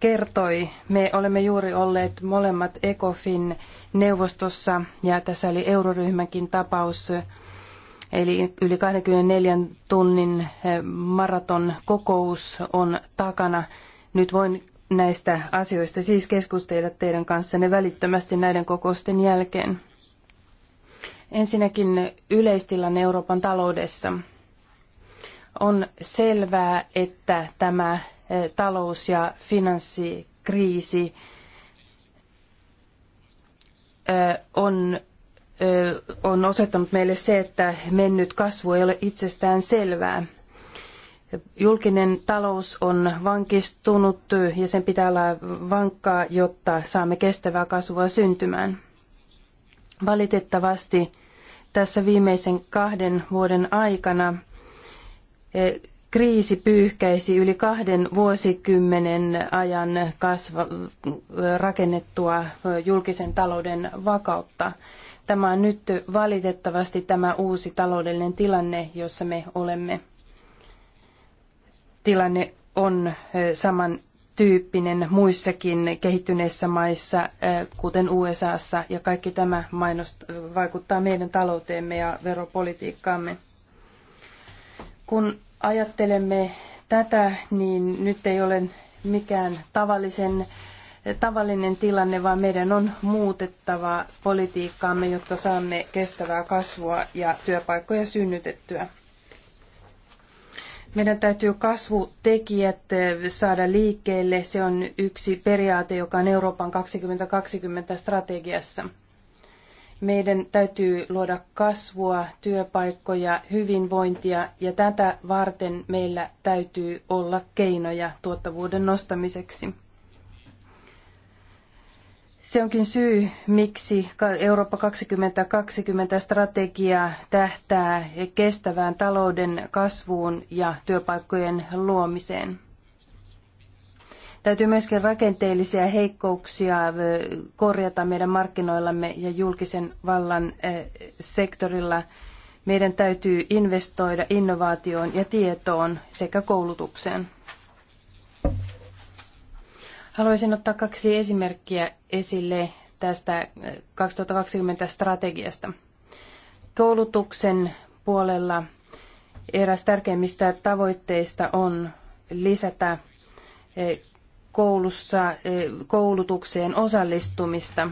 kertoi, me olemme juuri olleet molemmat ECOFIN neuvostossa ja tässä oli euroryhmänkin tapaus, eli yli 24 tunnin eh, maraton kokous on takana. Nyt voin näistä asioista siis keskustella teidän kanssanne välittömästi näiden kokousten jälkeen. Ensinnäkin yleistilanne Euroopan taloudessa. On selvää, että tämä eh, talous- ja finanssikriisi on, on osoittanut meille se, että mennyt kasvu ei ole itsestään selvää. Julkinen talous on vankistunut ja sen pitää olla vankkaa, jotta saamme kestävää kasvua syntymään. Valitettavasti tässä viimeisen kahden vuoden aikana kriisi pyyhkäisi yli kahden vuosikymmenen ajan kasva, rakennettua julkisen talouden vakautta. Tämä on nyt valitettavasti tämä uusi taloudellinen tilanne, jossa me olemme. Tilanne on samantyyppinen muissakin kehittyneissä maissa, kuten USAssa, ja kaikki tämä mainost, vaikuttaa meidän talouteemme ja veropolitiikkaamme. Kun ajattelemme tätä, niin nyt ei ole mikään tavallisen, tavallinen tilanne, vaan meidän on muutettava politiikkaamme, jotta saamme kestävää kasvua ja työpaikkoja synnytettyä. Meidän täytyy kasvutekijät eh, saada liikkeelle. Se on yksi periaate, joka on Euroopan 2020 strategiassa. Meidän täytyy luoda kasvua, työpaikkoja, hyvinvointia ja tätä varten meillä täytyy olla keinoja tuottavuuden nostamiseksi. Se onkin syy, miksi Eurooppa 2020 strategia tähtää kestävään talouden kasvuun ja työpaikkojen luomiseen. Täytyy myöskin rakenteellisia heikkouksia äh, korjata meidän markkinoillamme ja julkisen vallan äh, sektorilla. Meidän täytyy investoida innovaatioon ja tietoon sekä koulutukseen. Haluaisin ottaa kaksi esimerkkiä esille tästä 2020 äh, strategiasta. Koulutuksen puolella eräs tärkeimmistä tavoitteista on lisätä koulussa eh, koulutukseen osallistumista.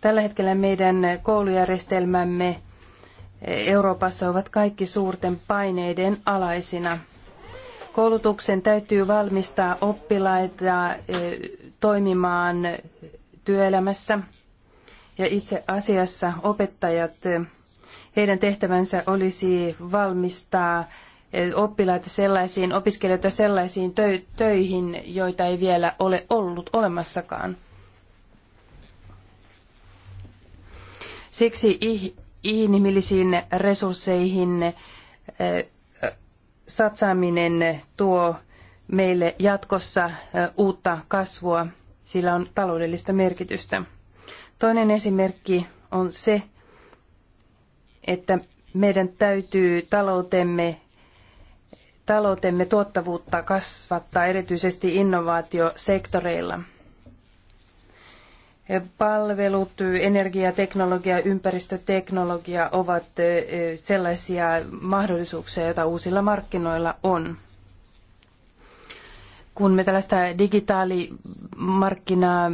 Tällä hetkellä meidän koulujärjestelmämme eh, Euroopassa ovat kaikki suurten paineiden alaisina. Koulutuksen täytyy valmistaa oppilaita eh, toimimaan työelämässä. Ja itse asiassa opettajat, heidän tehtävänsä olisi valmistaa oppilaita sellaisiin, opiskelijoita sellaisiin töihin, joita ei vielä ole ollut olemassakaan. Siksi inhimillisiin resursseihin eh, satsaaminen tuo meille jatkossa eh, uutta kasvua, sillä on taloudellista merkitystä. Toinen esimerkki on se, että meidän täytyy taloutemme taloutemme tuottavuutta kasvattaa erityisesti innovaatiosektoreilla. Palvelut, energiateknologia, ympäristöteknologia ovat sellaisia mahdollisuuksia, joita uusilla markkinoilla on kun me tällaista digitaalimarkkinaa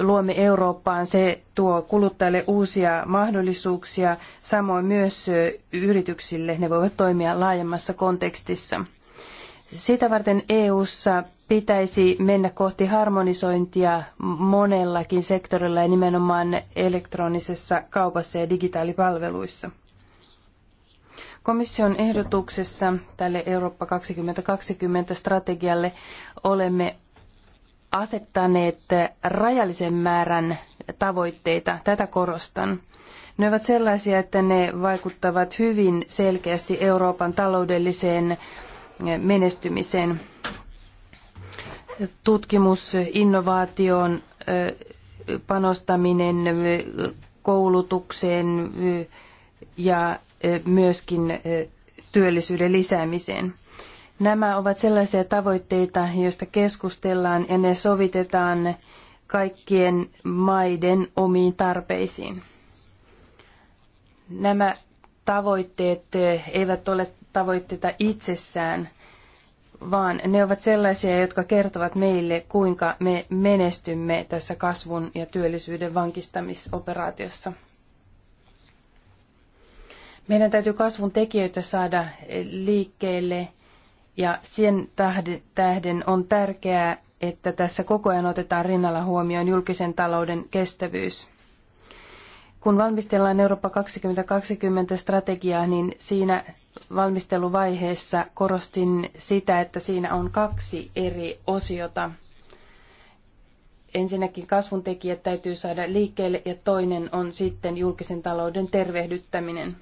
luomme Eurooppaan, se tuo kuluttajille uusia mahdollisuuksia, samoin myös yrityksille. Ne voivat toimia laajemmassa kontekstissa. Sitä varten EU:ssa pitäisi mennä kohti harmonisointia monellakin sektorilla ja nimenomaan elektronisessa kaupassa ja digitaalipalveluissa. Komission ehdotuksessa tälle Eurooppa 2020 strategialle olemme asettaneet rajallisen määrän tavoitteita. Tätä korostan. Ne ovat sellaisia, että ne vaikuttavat hyvin selkeästi Euroopan taloudelliseen menestymiseen. Tutkimus, innovaation panostaminen, koulutukseen ja myöskin työllisyyden lisäämiseen. Nämä ovat sellaisia tavoitteita, joista keskustellaan ja ne sovitetaan kaikkien maiden omiin tarpeisiin. Nämä tavoitteet eivät ole tavoitteita itsessään, vaan ne ovat sellaisia, jotka kertovat meille, kuinka me menestymme tässä kasvun ja työllisyyden vankistamisoperaatiossa. Meidän täytyy kasvun tekijöitä saada liikkeelle ja sen tähden on tärkeää, että tässä koko ajan otetaan rinnalla huomioon julkisen talouden kestävyys. Kun valmistellaan Eurooppa 2020 strategiaa, niin siinä valmisteluvaiheessa korostin sitä, että siinä on kaksi eri osiota. Ensinnäkin kasvun tekijät täytyy saada liikkeelle ja toinen on sitten julkisen talouden tervehdyttäminen.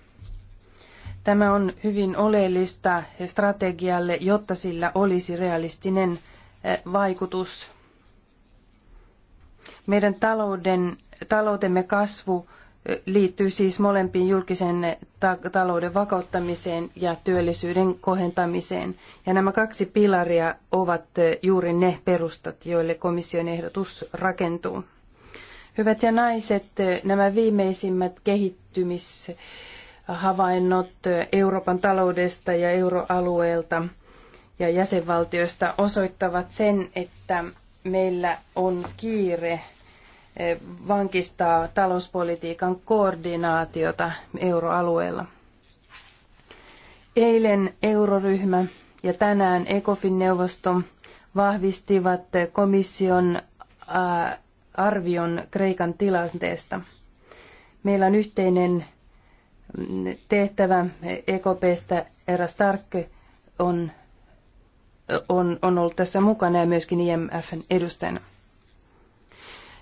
Tämä on hyvin oleellista strategialle, jotta sillä olisi realistinen eh, vaikutus. Meidän talouden, taloutemme kasvu liittyy siis molempiin julkisen ta- talouden vakauttamiseen ja työllisyyden kohentamiseen. Ja nämä kaksi pilaria ovat juuri ne perustat, joille komission ehdotus rakentuu. Hyvät ja naiset, nämä viimeisimmät kehittymishavainnot Euroopan taloudesta ja euroalueelta ja jäsenvaltioista osoittavat sen, että meillä on kiire – Eh, vankistaa talouspolitiikan koordinaatiota euroalueella. Eilen euroryhmä ja tänään ECOFIN-neuvosto vahvistivat komission äh, arvion Kreikan tilanteesta. Meillä on yhteinen mm, tehtävä EKPstä, Era Stark on, on, on ollut tässä mukana ja myöskin IMFn edustajana.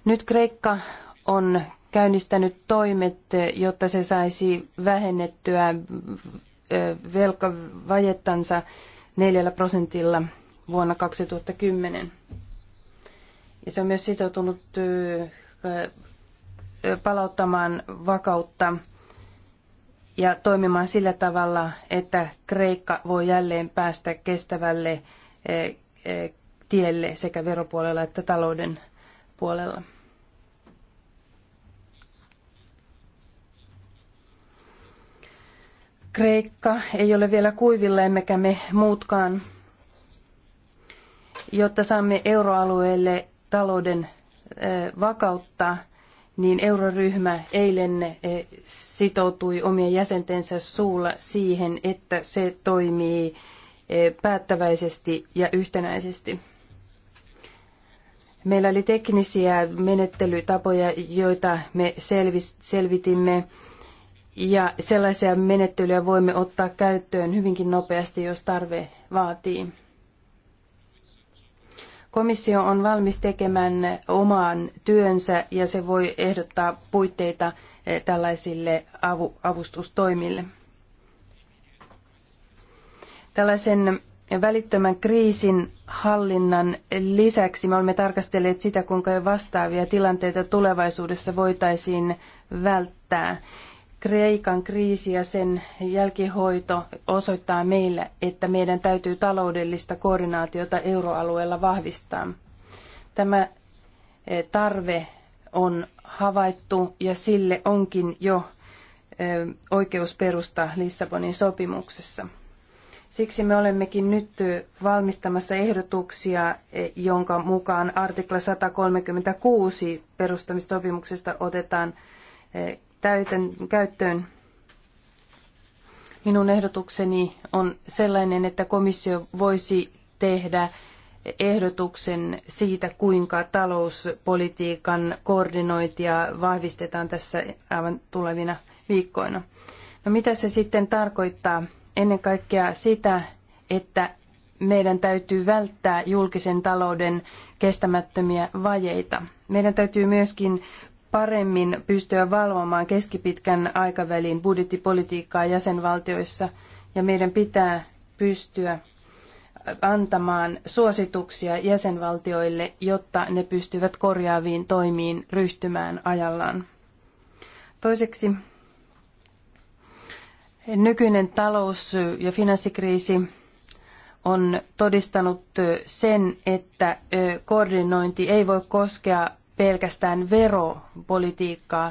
Nyt Kreikka on käynnistänyt toimet, jotta se saisi vähennettyä velkavajettansa neljällä prosentilla vuonna 2010. Ja se on myös sitoutunut palauttamaan vakautta ja toimimaan sillä tavalla, että Kreikka voi jälleen päästä kestävälle tielle sekä veropuolella että talouden puolella. Kreikka ei ole vielä kuivilla, emmekä me muutkaan, jotta saamme euroalueelle talouden vakautta, niin euroryhmä eilen sitoutui omien jäsentensä suulla siihen, että se toimii päättäväisesti ja yhtenäisesti. Meillä oli teknisiä menettelytapoja, joita me selvitimme, ja sellaisia menettelyjä voimme ottaa käyttöön hyvinkin nopeasti, jos tarve vaatii. Komissio on valmis tekemään omaan työnsä ja se voi ehdottaa puitteita eh, tällaisille avustustoimille. Tällaisen välittömän kriisin hallinnan lisäksi me olemme tarkastelleet sitä, kuinka vastaavia tilanteita tulevaisuudessa voitaisiin välttää. Kreikan kriisi ja sen jälkihoito osoittaa meille, että meidän täytyy taloudellista koordinaatiota euroalueella vahvistaa. Tämä eh, tarve on havaittu ja sille onkin jo eh, oikeusperusta Lissabonin sopimuksessa. Siksi me olemmekin nyt valmistamassa ehdotuksia, e, jonka mukaan artikla 136 perustamissopimuksesta otetaan e, täytän, käyttöön. Minun ehdotukseni on sellainen, että komissio voisi tehdä ehdotuksen siitä, kuinka talouspolitiikan koordinointia vahvistetaan tässä aivan tulevina viikkoina. No mitä se sitten tarkoittaa ennen kaikkea sitä, että meidän täytyy välttää julkisen talouden kestämättömiä vajeita. Meidän täytyy myöskin paremmin pystyä valvomaan keskipitkän aikavälin budjettipolitiikkaa jäsenvaltioissa ja meidän pitää pystyä antamaan suosituksia jäsenvaltioille, jotta ne pystyvät korjaaviin toimiin ryhtymään ajallaan. Toiseksi Nykyinen talous- ja finanssikriisi on todistanut sen, että koordinointi ei voi koskea pelkästään veropolitiikkaa,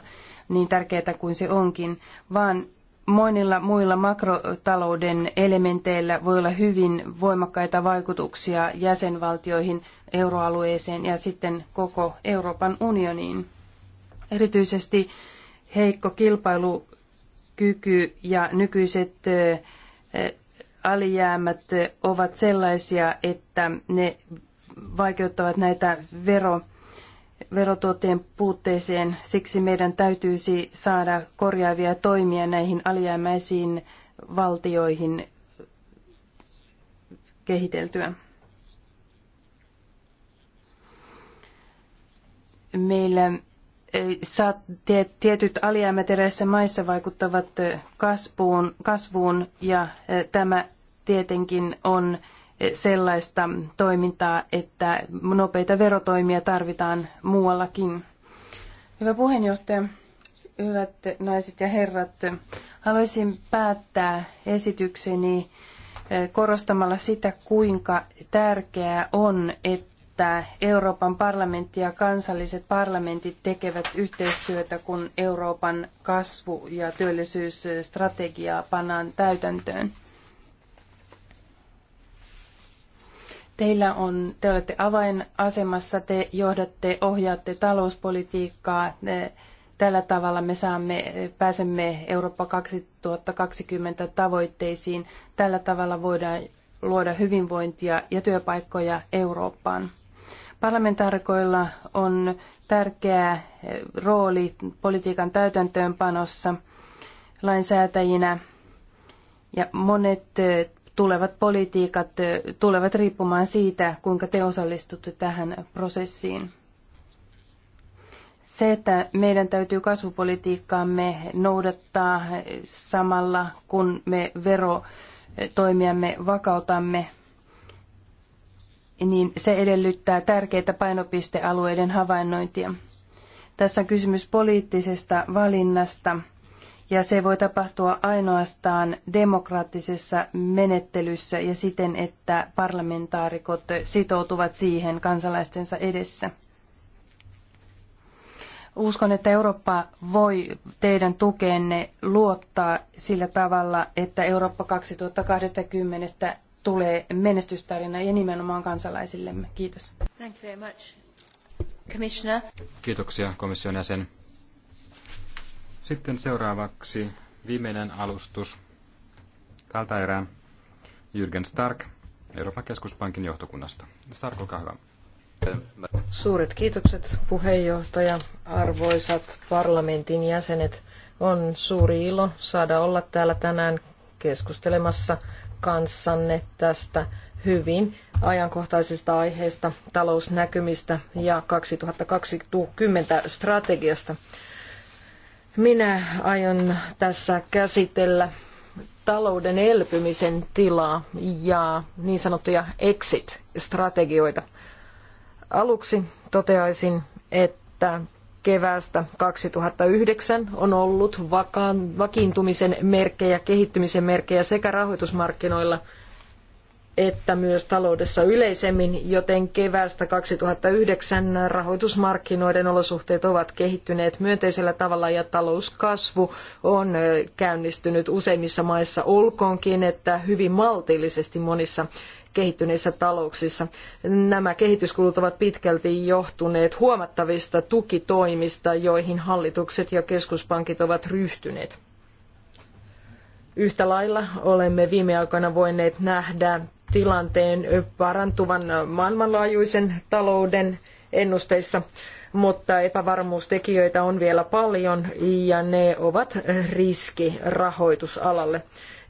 niin tärkeää kuin se onkin, vaan monilla muilla makrotalouden elementeillä voi olla hyvin voimakkaita vaikutuksia jäsenvaltioihin, euroalueeseen ja sitten koko Euroopan unioniin. Erityisesti heikko kilpailu kyky ja nykyiset alijäämät ovat sellaisia, että ne vaikeuttavat näitä vero, verotuotteen puutteeseen. Siksi meidän täytyisi saada korjaavia toimia näihin alijäämäisiin valtioihin kehiteltyä. Meillä tietyt alijäämät eräissä maissa vaikuttavat kasvuun, kasvuun ja tämä tietenkin on sellaista toimintaa, että nopeita verotoimia tarvitaan muuallakin. Hyvä puheenjohtaja, hyvät naiset ja herrat, haluaisin päättää esitykseni korostamalla sitä, kuinka tärkeää on, että että Euroopan parlamentti ja kansalliset parlamentit tekevät yhteistyötä, kun Euroopan kasvu- ja työllisyysstrategiaa pannaan täytäntöön. Teillä on, te olette avainasemassa, te johdatte, ohjaatte talouspolitiikkaa. Tällä tavalla me saamme, pääsemme Eurooppa 2020 tavoitteisiin. Tällä tavalla voidaan luoda hyvinvointia ja työpaikkoja Eurooppaan. Parlamentaarikoilla on tärkeä eh, rooli politiikan täytäntöönpanossa lainsäätäjinä ja monet eh, tulevat politiikat eh, tulevat riippumaan siitä, kuinka te osallistutte tähän prosessiin. Se, että meidän täytyy kasvupolitiikkaamme noudattaa samalla, kun me verotoimiamme vakautamme – niin se edellyttää tärkeitä painopistealueiden havainnointia. Tässä on kysymys poliittisesta valinnasta, ja se voi tapahtua ainoastaan demokraattisessa menettelyssä ja siten, että parlamentaarikot sitoutuvat siihen kansalaistensa edessä. Uskon, että Eurooppa voi teidän tukeenne luottaa sillä tavalla, että Eurooppa 2020 tulee menestystarina ja nimenomaan kansalaisillemme. Kiitos. Thank you very much. Commissioner. Kiitoksia komission jäsen. Sitten seuraavaksi viimeinen alustus tältä erää. Jürgen Stark, Euroopan keskuspankin johtokunnasta. Stark, olkaa hyvä. Suuret kiitokset puheenjohtaja, arvoisat parlamentin jäsenet. On suuri ilo saada olla täällä tänään keskustelemassa kanssanne tästä hyvin ajankohtaisesta aiheesta, talousnäkymistä ja 2020 strategiasta. Minä aion tässä käsitellä talouden elpymisen tilaa ja niin sanottuja exit-strategioita. Aluksi toteaisin, että keväästä 2009 on ollut vakaan, vakiintumisen merkkejä, kehittymisen merkkejä sekä rahoitusmarkkinoilla että myös taloudessa yleisemmin, joten keväästä 2009 rahoitusmarkkinoiden olosuhteet ovat kehittyneet myönteisellä tavalla ja talouskasvu on käynnistynyt useimmissa maissa, olkoonkin että hyvin maltillisesti monissa kehittyneissä talouksissa. Nämä kehityskulut ovat pitkälti johtuneet huomattavista tukitoimista, joihin hallitukset ja keskuspankit ovat ryhtyneet. Yhtä lailla olemme viime aikoina voineet nähdä tilanteen parantuvan maailmanlaajuisen talouden ennusteissa, mutta epävarmuustekijöitä on vielä paljon ja ne ovat riski rahoitusalalle.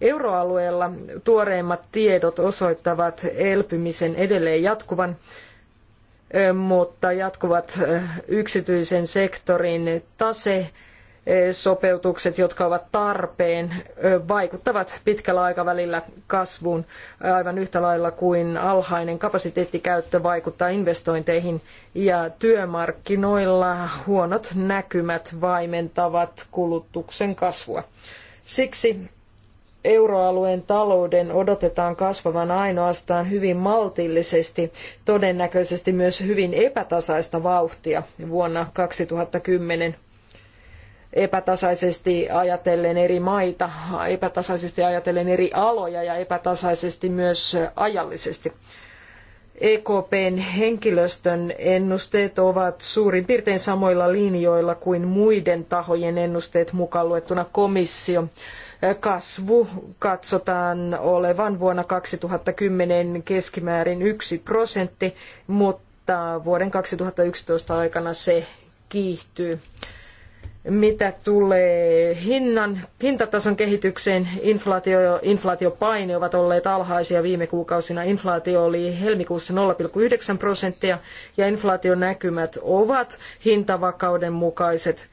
Euroalueella tuoreimmat tiedot osoittavat elpymisen edelleen jatkuvan, mutta jatkuvat yksityisen sektorin tase sopeutukset, jotka ovat tarpeen, vaikuttavat pitkällä aikavälillä kasvuun aivan yhtä lailla kuin alhainen kapasiteettikäyttö vaikuttaa investointeihin ja työmarkkinoilla huonot näkymät vaimentavat kulutuksen kasvua. Siksi euroalueen talouden odotetaan kasvavan ainoastaan hyvin maltillisesti, todennäköisesti myös hyvin epätasaista vauhtia vuonna 2010 epätasaisesti ajatellen eri maita, epätasaisesti ajatellen eri aloja ja epätasaisesti myös ajallisesti. EKPn henkilöstön ennusteet ovat suurin piirtein samoilla linjoilla kuin muiden tahojen ennusteet mukaan luettuna komissio kasvu katsotaan olevan vuonna 2010 keskimäärin yksi prosentti, mutta vuoden 2011 aikana se kiihtyy. Mitä tulee hinnan, hintatason kehitykseen, inflaatio, inflaatiopaine ovat olleet alhaisia viime kuukausina. Inflaatio oli helmikuussa 0,9 prosenttia ja inflaationäkymät ovat hintavakauden mukaiset.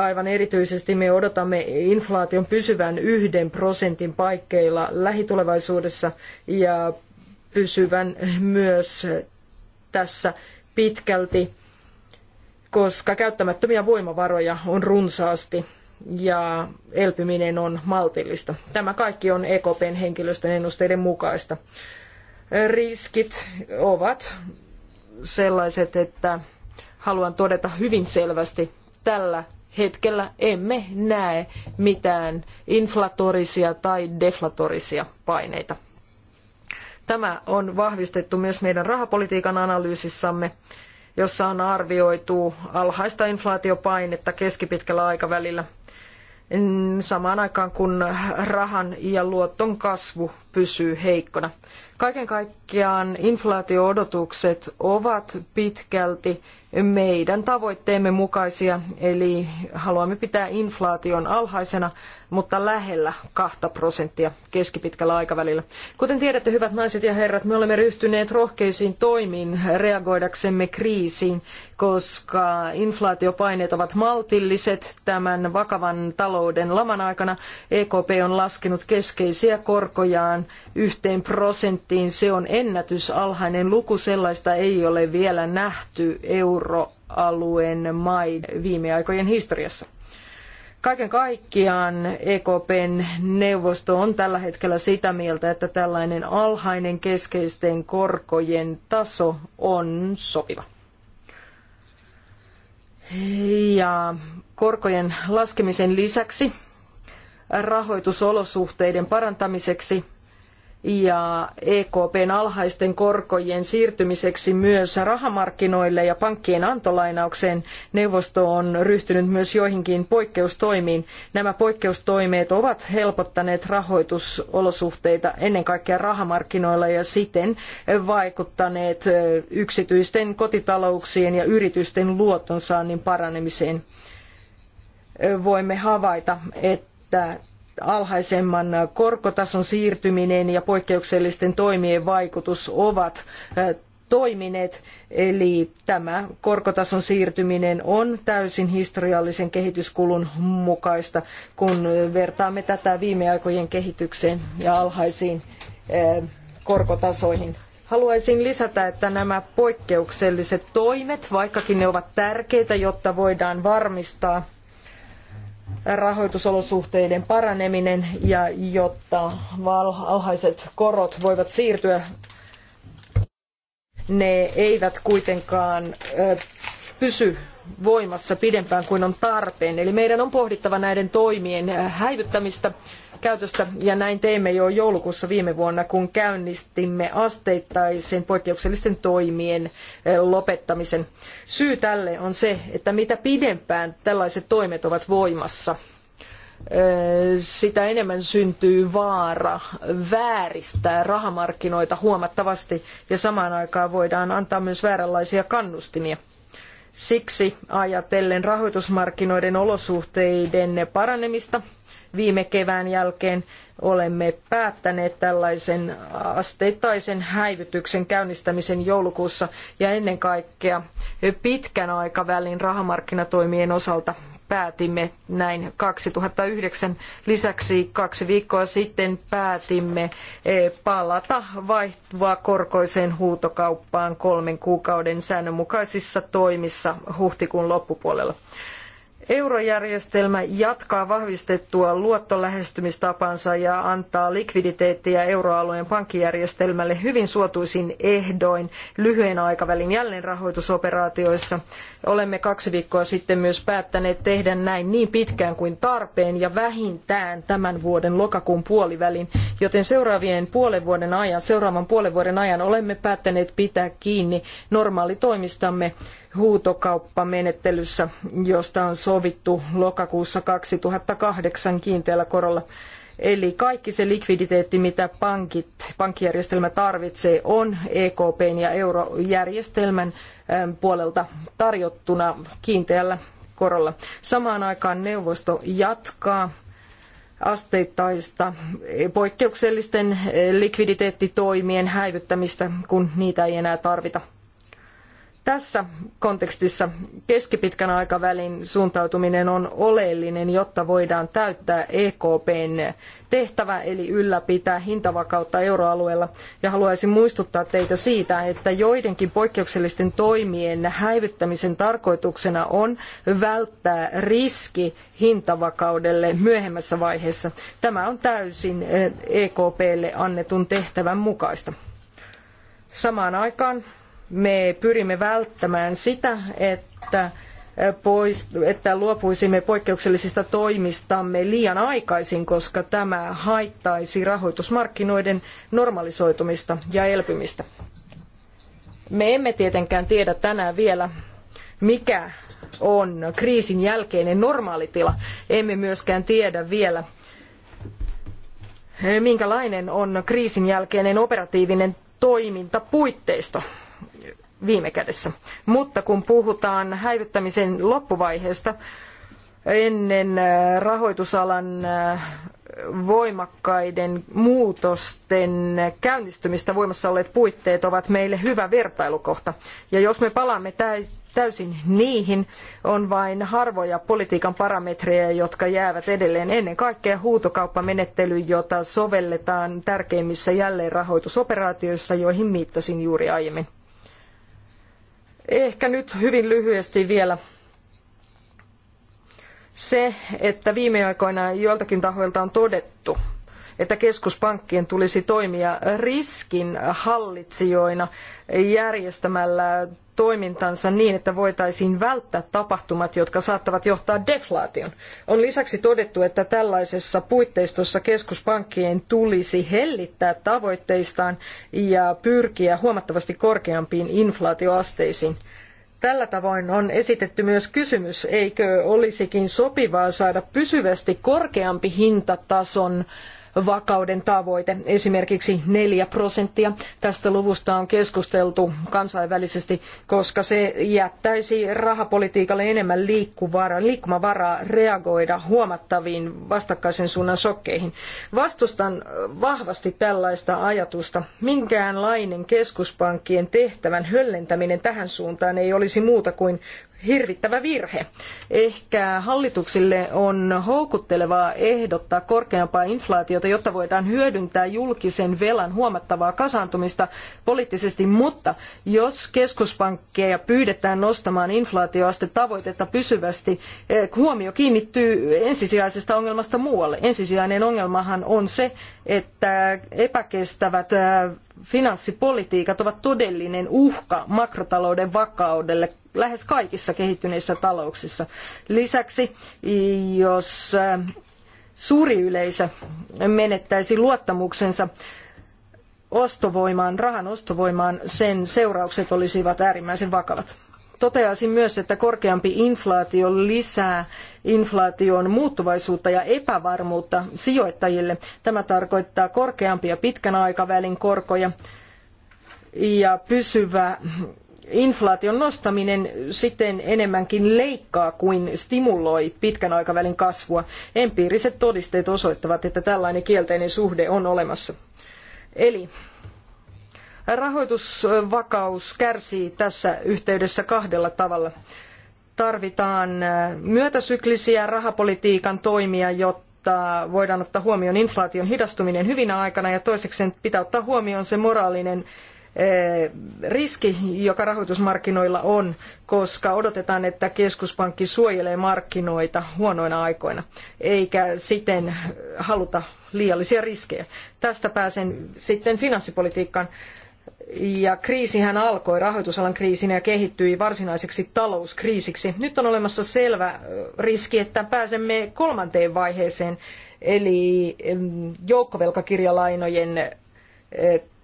Aivan erityisesti me odotamme inflaation pysyvän yhden prosentin paikkeilla lähitulevaisuudessa ja pysyvän myös tässä pitkälti koska käyttämättömiä voimavaroja on runsaasti ja elpyminen on maltillista. Tämä kaikki on EKPn henkilöstön ennusteiden mukaista. Riskit ovat sellaiset, että haluan todeta hyvin selvästi, tällä hetkellä emme näe mitään inflatorisia tai deflatorisia paineita. Tämä on vahvistettu myös meidän rahapolitiikan analyysissamme jossa on arvioitu alhaista inflaatiopainetta keskipitkällä aikavälillä mm, samaan aikaan kun rahan ja luoton kasvu pysyy heikkona. Kaiken kaikkiaan inflaatioodotukset ovat pitkälti meidän tavoitteemme mukaisia, eli haluamme pitää inflaation alhaisena, mutta lähellä 2 prosenttia keskipitkällä aikavälillä. Kuten tiedätte, hyvät naiset ja herrat, me olemme ryhtyneet rohkeisiin toimiin reagoidaksemme kriisiin, koska inflaatiopaineet ovat maltilliset tämän vakavan talouden laman aikana. EKP on laskenut keskeisiä korkojaan yhteen prosenttiin. Se on ennätysalhainen luku, sellaista ei ole vielä nähty euroalueen maiden viime aikojen historiassa. Kaiken kaikkiaan EKPn neuvosto on tällä hetkellä sitä mieltä, että tällainen alhainen keskeisten korkojen taso on sopiva. Ja korkojen laskemisen lisäksi rahoitusolosuhteiden parantamiseksi ja EKPn alhaisten korkojen siirtymiseksi myös rahamarkkinoille ja pankkien antolainaukseen neuvosto on ryhtynyt myös joihinkin poikkeustoimiin. Nämä poikkeustoimet ovat helpottaneet rahoitusolosuhteita ennen kaikkea rahamarkkinoilla ja siten vaikuttaneet yksityisten kotitalouksien ja yritysten luotonsaannin paranemiseen. Voimme havaita, että että alhaisemman korkotason siirtyminen ja poikkeuksellisten toimien vaikutus ovat toimineet. Eli tämä korkotason siirtyminen on täysin historiallisen kehityskulun mukaista, kun vertaamme tätä viime aikojen kehitykseen ja alhaisiin korkotasoihin. Haluaisin lisätä, että nämä poikkeukselliset toimet, vaikkakin ne ovat tärkeitä, jotta voidaan varmistaa rahoitusolosuhteiden paraneminen ja jotta alhaiset korot voivat siirtyä, ne eivät kuitenkaan pysy voimassa pidempään kuin on tarpeen. Eli meidän on pohdittava näiden toimien häivyttämistä käytöstä ja näin teimme jo joulukuussa viime vuonna, kun käynnistimme asteittaisen poikkeuksellisten toimien lopettamisen. Syy tälle on se, että mitä pidempään tällaiset toimet ovat voimassa, sitä enemmän syntyy vaara vääristää rahamarkkinoita huomattavasti ja samaan aikaan voidaan antaa myös vääränlaisia kannustimia. Siksi ajatellen rahoitusmarkkinoiden olosuhteiden paranemista viime kevään jälkeen olemme päättäneet tällaisen asteittaisen häivytyksen käynnistämisen joulukuussa ja ennen kaikkea pitkän aikavälin rahamarkkinatoimien osalta päätimme näin 2009. Lisäksi kaksi viikkoa sitten päätimme e, palata vaihtuvaa korkoiseen huutokauppaan kolmen kuukauden säännönmukaisissa toimissa huhtikuun loppupuolella. Eurojärjestelmä jatkaa vahvistettua luottolähestymistapansa ja antaa likviditeettiä euroalueen pankkijärjestelmälle hyvin suotuisin ehdoin lyhyen aikavälin jälleenrahoitusoperaatioissa. Olemme kaksi viikkoa sitten myös päättäneet tehdä näin niin pitkään kuin tarpeen ja vähintään tämän vuoden lokakuun puolivälin, joten seuraavien puolen vuoden ajan, seuraavan puolen vuoden ajan olemme päättäneet pitää kiinni normaalitoimistamme huutokauppamenettelyssä, josta on sovittu lokakuussa 2008 kiinteällä korolla. Eli kaikki se likviditeetti, mitä pankit, pankkijärjestelmä tarvitsee, on EKPn ja eurojärjestelmän ähm, puolelta tarjottuna kiinteällä korolla. Samaan aikaan neuvosto jatkaa asteittaista poikkeuksellisten äh, likviditeettitoimien häivyttämistä, kun niitä ei enää tarvita. Tässä kontekstissa keskipitkän aikavälin suuntautuminen on oleellinen, jotta voidaan täyttää EKPn tehtävä eli ylläpitää hintavakautta euroalueella. Ja haluaisin muistuttaa teitä siitä, että joidenkin poikkeuksellisten toimien häivyttämisen tarkoituksena on välttää riski hintavakaudelle myöhemmässä vaiheessa. Tämä on täysin EKPlle eh, e annetun tehtävän mukaista. Samaan aikaan me pyrimme välttämään sitä, että eh, pois, että luopuisimme poikkeuksellisista toimistamme liian aikaisin, koska tämä haittaisi rahoitusmarkkinoiden normalisoitumista ja elpymistä. Me emme tietenkään tiedä tänään vielä, mikä on kriisin jälkeinen normaalitila. Emme myöskään tiedä vielä, minkälainen on kriisin jälkeinen operatiivinen toimintapuitteisto viime kädessä. Mutta kun puhutaan häivyttämisen loppuvaiheesta, ennen äh, rahoitusalan äh, voimakkaiden muutosten käynnistymistä voimassa olleet puitteet ovat meille hyvä vertailukohta. Ja jos me palaamme täysin niihin, on vain harvoja politiikan parametreja, jotka jäävät edelleen ennen kaikkea huutokauppamenettely, jota sovelletaan tärkeimmissä jälleenrahoitusoperaatioissa, joihin viittasin juuri aiemmin. Ehkä nyt hyvin lyhyesti vielä se, että viime aikoina joiltakin tahoilta on todettu, että keskuspankkien tulisi toimia riskin hallitsijoina järjestämällä toimintansa niin, että voitaisiin välttää tapahtumat, jotka saattavat johtaa deflaation. On lisäksi todettu, että tällaisessa puitteistossa keskuspankkien tulisi hellittää tavoitteistaan ja pyrkiä huomattavasti korkeampiin inflaatioasteisiin. Tällä tavoin on esitetty myös kysymys, eikö olisikin sopivaa saada pysyvästi korkeampi hintatason äh, vakauden tavoite, esimerkiksi neljä prosenttia. Tästä luvusta on keskusteltu kansainvälisesti, koska se jättäisi rahapolitiikalle enemmän liikkuvaraa, liikkumavaraa reagoida huomattaviin vastakkaisen suunnan sokkeihin. Vastustan vahvasti tällaista ajatusta. Minkäänlainen keskuspankkien tehtävän höllentäminen tähän suuntaan ei olisi muuta kuin hirvittävä virhe. Ehkä hallituksille on houkuttelevaa ehdottaa korkeampaa inflaatiota, jotta voidaan hyödyntää julkisen velan huomattavaa kasaantumista poliittisesti, mutta jos keskuspankkeja pyydetään nostamaan inflaatioaste tavoitetta pysyvästi, eh, huomio kiinnittyy ensisijaisesta ongelmasta muualle. Ensisijainen ongelmahan on se, että epäkestävät finanssipolitiikat ovat todellinen uhka makrotalouden vakaudelle lähes kaikissa kehittyneissä talouksissa. Lisäksi, jos suuri yleisö menettäisi luottamuksensa ostovoimaan, rahan ostovoimaan, sen seuraukset olisivat äärimmäisen vakavat. Toteaisin myös, että korkeampi inflaatio lisää inflaation muuttuvaisuutta ja epävarmuutta sijoittajille. Tämä tarkoittaa korkeampia pitkän aikavälin korkoja ja pysyvä inflaation nostaminen siten enemmänkin leikkaa kuin stimuloi pitkän aikavälin kasvua. Empiiriset todisteet osoittavat, että tällainen kielteinen suhde on olemassa. Eli Rahoitusvakaus kärsii tässä yhteydessä kahdella tavalla. Tarvitaan äh, myötäsyklisiä rahapolitiikan toimia, jotta voidaan ottaa huomioon inflaation hidastuminen hyvinä aikana ja toisekseen pitää ottaa huomioon se moraalinen äh, riski, joka rahoitusmarkkinoilla on, koska odotetaan, että keskuspankki suojelee markkinoita huonoina aikoina, eikä siten haluta liiallisia riskejä. Tästä pääsen sitten finanssipolitiikkaan. Ja kriisihän alkoi rahoitusalan kriisinä ja kehittyi varsinaiseksi talouskriisiksi. Nyt on olemassa selvä riski, että pääsemme kolmanteen vaiheeseen, eli joukkovelkakirjalainojen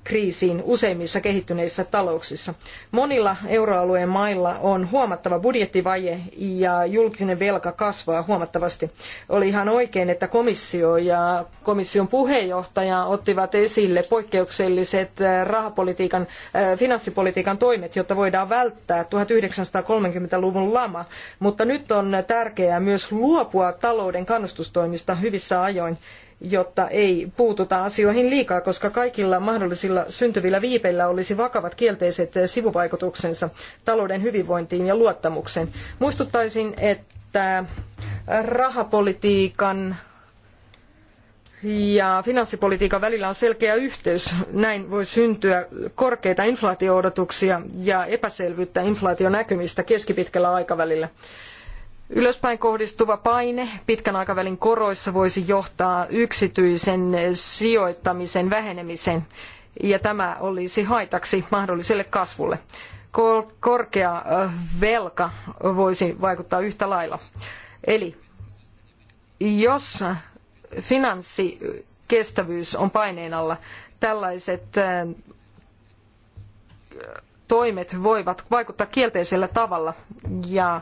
kriisiin useimmissa kehittyneissä talouksissa. Monilla euroalueen mailla on huomattava budjettivaje ja julkinen velka kasvaa huomattavasti. Oli ihan oikein, että komissio ja komission puheenjohtaja ottivat esille poikkeukselliset äh, rahapolitiikan, äh, finanssipolitiikan toimet, jotta voidaan välttää 1930-luvun lama, mutta nyt on tärkeää myös luopua talouden kannustustoimista hyvissä ajoin jotta ei puututa asioihin liikaa, koska kaikilla mahdollisilla syntyvillä viipeillä olisi vakavat kielteiset sivuvaikutuksensa talouden hyvinvointiin ja luottamukseen. Muistuttaisin, että rahapolitiikan ja finanssipolitiikan välillä on selkeä yhteys. Näin voi syntyä korkeita inflaatioodotuksia ja epäselvyyttä inflaationäkymistä keskipitkällä aikavälillä. Ylöspäin kohdistuva paine pitkän aikavälin koroissa voisi johtaa yksityisen sijoittamisen vähenemiseen ja tämä olisi haitaksi mahdolliselle kasvulle. Korkea velka voisi vaikuttaa yhtä lailla. Eli jos finanssikestävyys on paineen alla, tällaiset toimet voivat vaikuttaa kielteisellä tavalla ja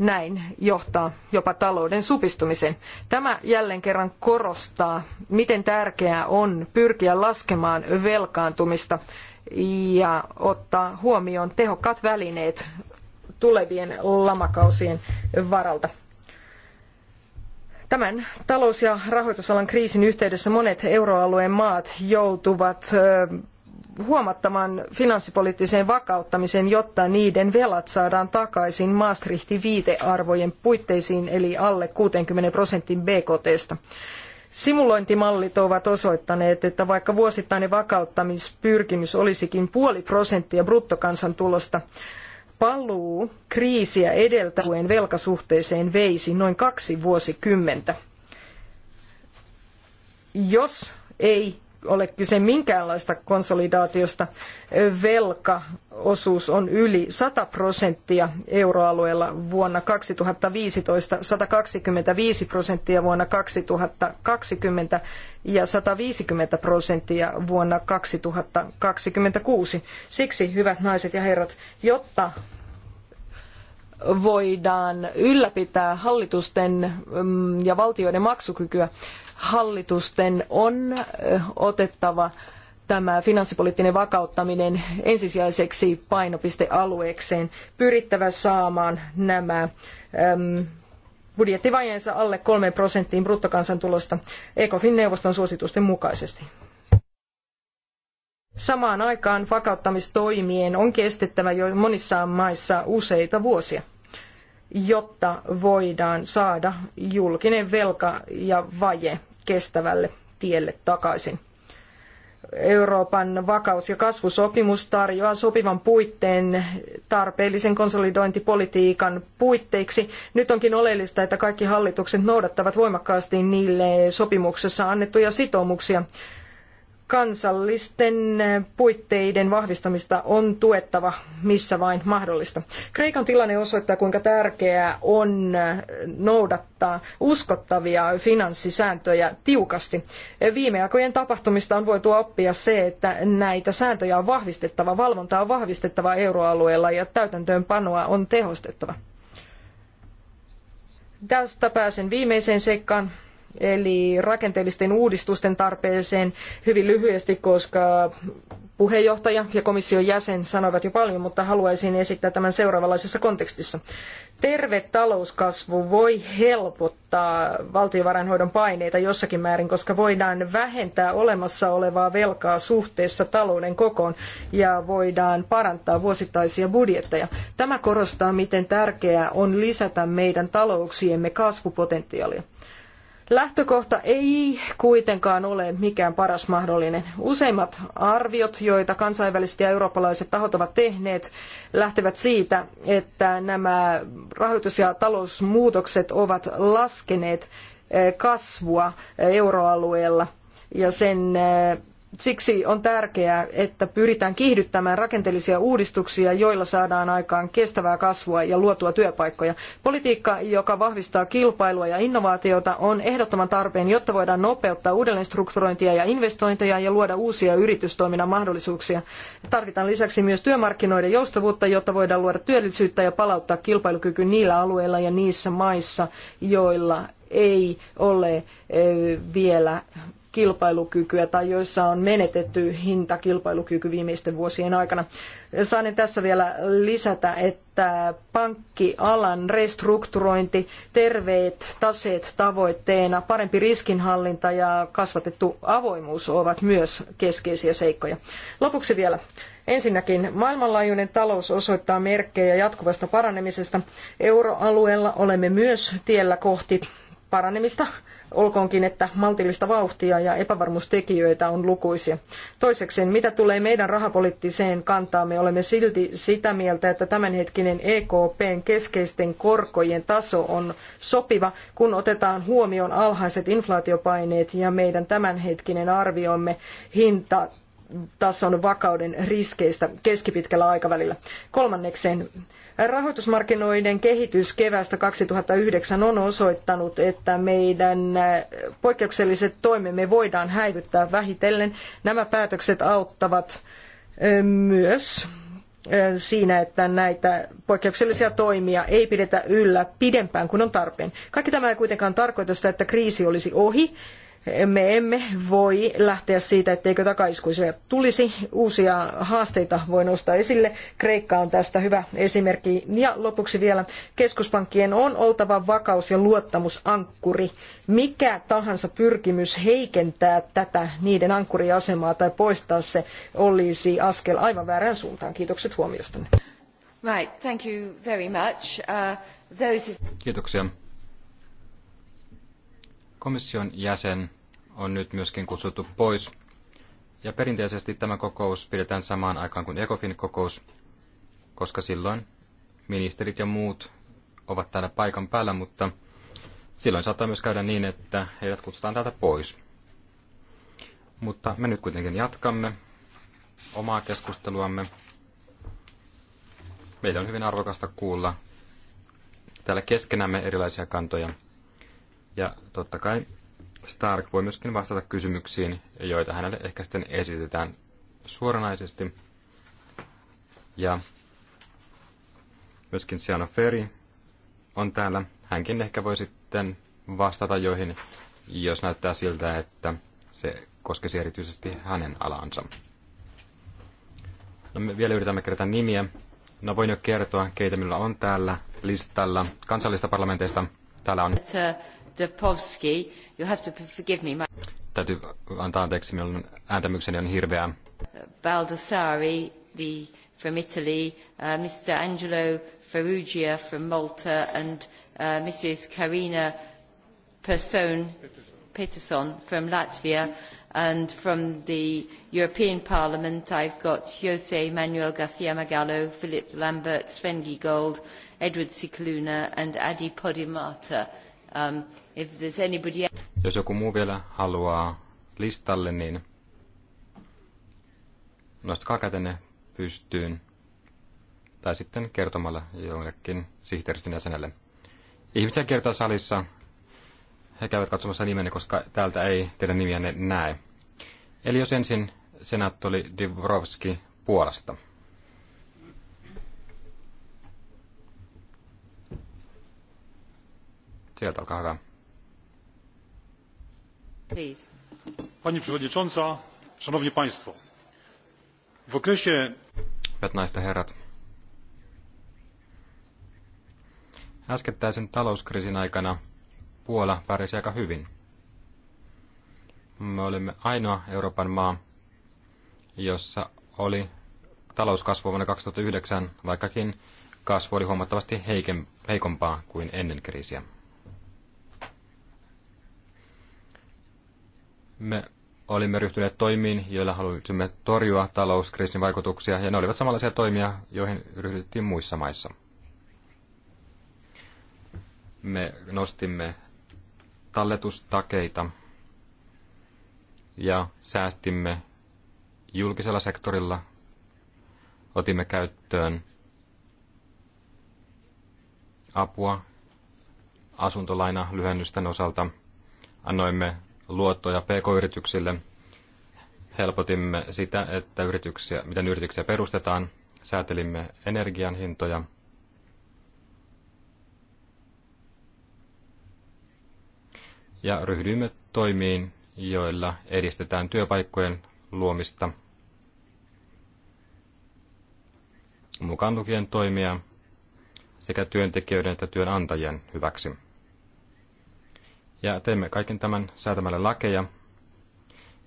näin johtaa jopa talouden supistumiseen. Tämä jälleen kerran korostaa, miten tärkeää on pyrkiä laskemaan velkaantumista ja ottaa huomioon tehokkaat välineet tulevien lamakausien varalta. Tämän talous- ja rahoitusalan kriisin yhteydessä monet euroalueen maat joutuvat huomattavan finanssipoliittiseen vakauttamiseen, jotta niiden velat saadaan takaisin Maastrichtin viitearvojen puitteisiin, eli alle 60 prosentin BKTstä. Simulointimallit ovat osoittaneet, että vaikka vuosittainen vakauttamispyrkimys olisikin puoli prosenttia bruttokansantulosta, paluu kriisiä edeltävien velkasuhteeseen veisi noin kaksi vuosikymmentä. Jos ei ole kyse minkäänlaista konsolidaatiosta. Velkaosuus on yli 100 prosenttia euroalueella vuonna 2015, 125 prosenttia vuonna 2020 ja 150 prosenttia vuonna 2026. Siksi, hyvät naiset ja herrat, jotta voidaan ylläpitää hallitusten mm, ja valtioiden maksukykyä, hallitusten on otettava tämä finanssipoliittinen vakauttaminen ensisijaiseksi painopistealueekseen pyrittävä saamaan nämä äm, budjettivajeensa alle kolme prosenttiin bruttokansantulosta ECOFIN neuvoston suositusten mukaisesti. Samaan aikaan vakauttamistoimien on kestettävä jo monissa maissa useita vuosia jotta voidaan saada julkinen velka ja vaje kestävälle tielle takaisin. Euroopan vakaus- ja kasvusopimus tarjoaa sopivan puitteen tarpeellisen konsolidointipolitiikan puitteiksi. Nyt onkin oleellista, että kaikki hallitukset noudattavat voimakkaasti niille sopimuksessa annettuja sitoumuksia kansallisten puitteiden vahvistamista on tuettava missä vain mahdollista. Kreikan tilanne osoittaa, kuinka tärkeää on noudattaa uskottavia finanssisääntöjä tiukasti. Viime aikojen tapahtumista on voitu oppia se, että näitä sääntöjä on vahvistettava, valvontaa on vahvistettava euroalueella ja täytäntöönpanoa on tehostettava. Tästä pääsen viimeiseen seikkaan eli rakenteellisten uudistusten tarpeeseen hyvin lyhyesti, koska puheenjohtaja ja komission jäsen sanoivat jo paljon, mutta haluaisin esittää tämän seuraavanlaisessa kontekstissa. Terve talouskasvu voi helpottaa valtiovarainhoidon paineita jossakin määrin, koska voidaan vähentää olemassa olevaa velkaa suhteessa talouden kokoon ja voidaan parantaa vuosittaisia budjetteja. Tämä korostaa, miten tärkeää on lisätä meidän talouksiemme kasvupotentiaalia. Lähtökohta ei kuitenkaan ole mikään paras mahdollinen. Useimmat arviot, joita kansainväliset ja eurooppalaiset tahot ovat tehneet, lähtevät siitä, että nämä rahoitus- ja talousmuutokset ovat laskeneet eh, kasvua eh, euroalueella ja sen eh, Siksi on tärkeää, että pyritään kiihdyttämään rakenteellisia uudistuksia, joilla saadaan aikaan kestävää kasvua ja luotua työpaikkoja. Politiikka, joka vahvistaa kilpailua ja innovaatiota, on ehdottoman tarpeen, jotta voidaan nopeuttaa uudelleenstrukturointia ja investointeja ja luoda uusia yritystoiminnan mahdollisuuksia. Tarvitaan lisäksi myös työmarkkinoiden joustavuutta, jotta voidaan luoda työllisyyttä ja palauttaa kilpailukyky niillä alueilla ja niissä maissa, joilla ei ole eh, vielä kilpailukykyä tai joissa on menetetty hintakilpailukyky viimeisten vuosien aikana. Saanen tässä vielä lisätä, että pankkialan restrukturointi, terveet taseet tavoitteena, parempi riskinhallinta ja kasvatettu avoimuus ovat myös keskeisiä seikkoja. Lopuksi vielä Ensinnäkin maailmanlaajuinen talous osoittaa merkkejä jatkuvasta paranemisesta. Euroalueella olemme myös tiellä kohti paranemista olkoonkin, että maltillista vauhtia ja epävarmuustekijöitä on lukuisia. Toiseksi, mitä tulee meidän rahapoliittiseen kantaamme, olemme silti sitä mieltä, että tämänhetkinen EKPn keskeisten korkojen taso on sopiva, kun otetaan huomioon alhaiset inflaatiopaineet ja meidän tämänhetkinen arviomme hinta tason vakauden riskeistä keskipitkällä aikavälillä. Kolmannekseen Rahoitusmarkkinoiden kehitys kevästä 2009 on osoittanut, että meidän poikkeukselliset toimemme voidaan häivyttää vähitellen. Nämä päätökset auttavat myös siinä, että näitä poikkeuksellisia toimia ei pidetä yllä pidempään kuin on tarpeen. Kaikki tämä ei kuitenkaan tarkoita sitä, että kriisi olisi ohi me emme voi lähteä siitä, etteikö takaiskuisia tulisi. Uusia haasteita voi nostaa esille. Kreikka on tästä hyvä esimerkki. Ja lopuksi vielä, keskuspankkien on oltava vakaus- ja luottamusankkuri. Mikä tahansa pyrkimys heikentää tätä niiden ankkuriasemaa tai poistaa se olisi askel aivan väärään suuntaan. Kiitokset huomiostanne. Right, thank you very much. Uh, those... Kiitoksia. Komission jäsen on nyt myöskin kutsuttu pois. Ja perinteisesti tämä kokous pidetään samaan aikaan kuin ECOFIN kokous, koska silloin ministerit ja muut ovat täällä paikan päällä, mutta silloin saattaa myös käydä niin, että heidät kutsutaan täältä pois. Mutta me nyt kuitenkin jatkamme omaa keskusteluamme. Meidän on hyvin arvokasta kuulla täällä keskenämme erilaisia kantoja. Ja totta kai Stark voi myöskin vastata kysymyksiin, joita hänelle ehkä sitten esitetään suoranaisesti. Ja myöskin Siano Ferry on täällä. Hänkin ehkä voi sitten vastata joihin, jos näyttää siltä, että se koskisi erityisesti hänen alansa. No me vielä yritämme kerätä nimiä. No voin jo kertoa, keitä minulla on täällä listalla kansallista parlamenteista. Täällä on Depovski. You have to forgive me. My... Täytyy antaa anteeksi, minun ääntämykseni on hirveä. Baldassari the, from Italy, uh, Mr. Angelo Ferrugia from Malta and uh, Mrs. Karina Persone Peterson from Latvia and from the European Parliament I've got Jose Manuel Garcia Magallo, Philip Lambert, Sven Gold, Edward Cicluna and Adi Podimata Um, if there's anybody... Jos joku muu vielä haluaa listalle, niin nostakaa kätenne pystyyn tai sitten kertomalla jollekin sihteeristön jäsenelle. Ihmisiä kertaa salissa. He käyvät katsomassa nimenne, koska täältä ei teidän nimiä näe. Eli jos ensin senaattori Divrovski Puolasta. Sieltä, olkaa hyvä. Please. Pani przewodnicząca, szanowni państwo. W okresie... Hyvät naiset ja herrat. Äskettäisen talouskriisin aikana Puola pärjäsi aika hyvin. Me olimme ainoa Euroopan maa, jossa oli talouskasvu vuonna 2009, vaikkakin kasvu oli huomattavasti heikompaa kuin ennen kriisiä. Me olimme ryhtyneet toimiin, joilla halusimme torjua talouskriisin vaikutuksia, ja ne olivat samanlaisia toimia, joihin ryhdyttiin muissa maissa. Me nostimme talletustakeita ja säästimme julkisella sektorilla. Otimme käyttöön apua asuntolaina lyhennysten osalta. Annoimme luottoja pk-yrityksille. Helpotimme sitä, että yrityksiä, miten yrityksiä perustetaan, säätelimme energian hintoja. Ja ryhdyimme toimiin, joilla edistetään työpaikkojen luomista, mukaan lukien toimia sekä työntekijöiden että työnantajien hyväksi ja teemme kaiken tämän säätämällä lakeja.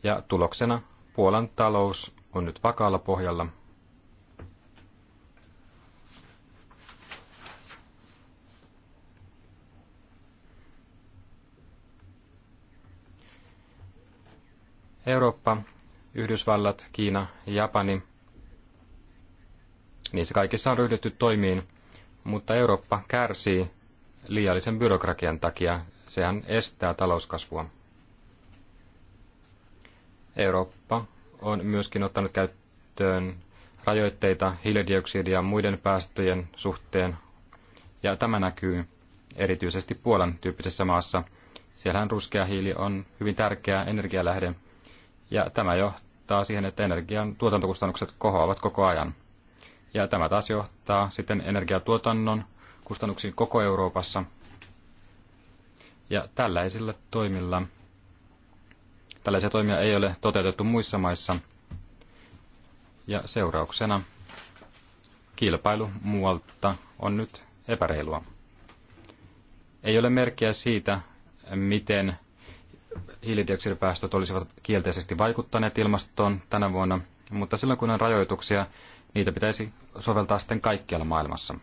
Ja tuloksena Puolan talous on nyt vakaalla pohjalla. Eurooppa, Yhdysvallat, Kiina, Japani. Niissä kaikissa on ryhdytty toimiin, mutta Eurooppa kärsii liiallisen byrokratian takia sehän estää talouskasvua. Eurooppa on myöskin ottanut käyttöön rajoitteita hiilidioksidia muiden päästöjen suhteen, ja tämä näkyy erityisesti Puolan tyyppisessä maassa. Siellähän ruskea hiili on hyvin tärkeä energialähde, ja tämä johtaa siihen, että energian tuotantokustannukset kohoavat koko ajan. Ja tämä taas johtaa sitten energiatuotannon kustannuksiin koko Euroopassa, ja tällaisilla toimilla, tällaisia toimia ei ole toteutettu muissa maissa. Ja seurauksena kilpailu muualta on nyt epäreilua. Ei ole merkkiä siitä, miten hiilidioksidipäästöt olisivat kielteisesti vaikuttaneet ilmastoon tänä vuonna, mutta silloin kun on rajoituksia, niitä pitäisi soveltaa sitten kaikkialla maailmassa.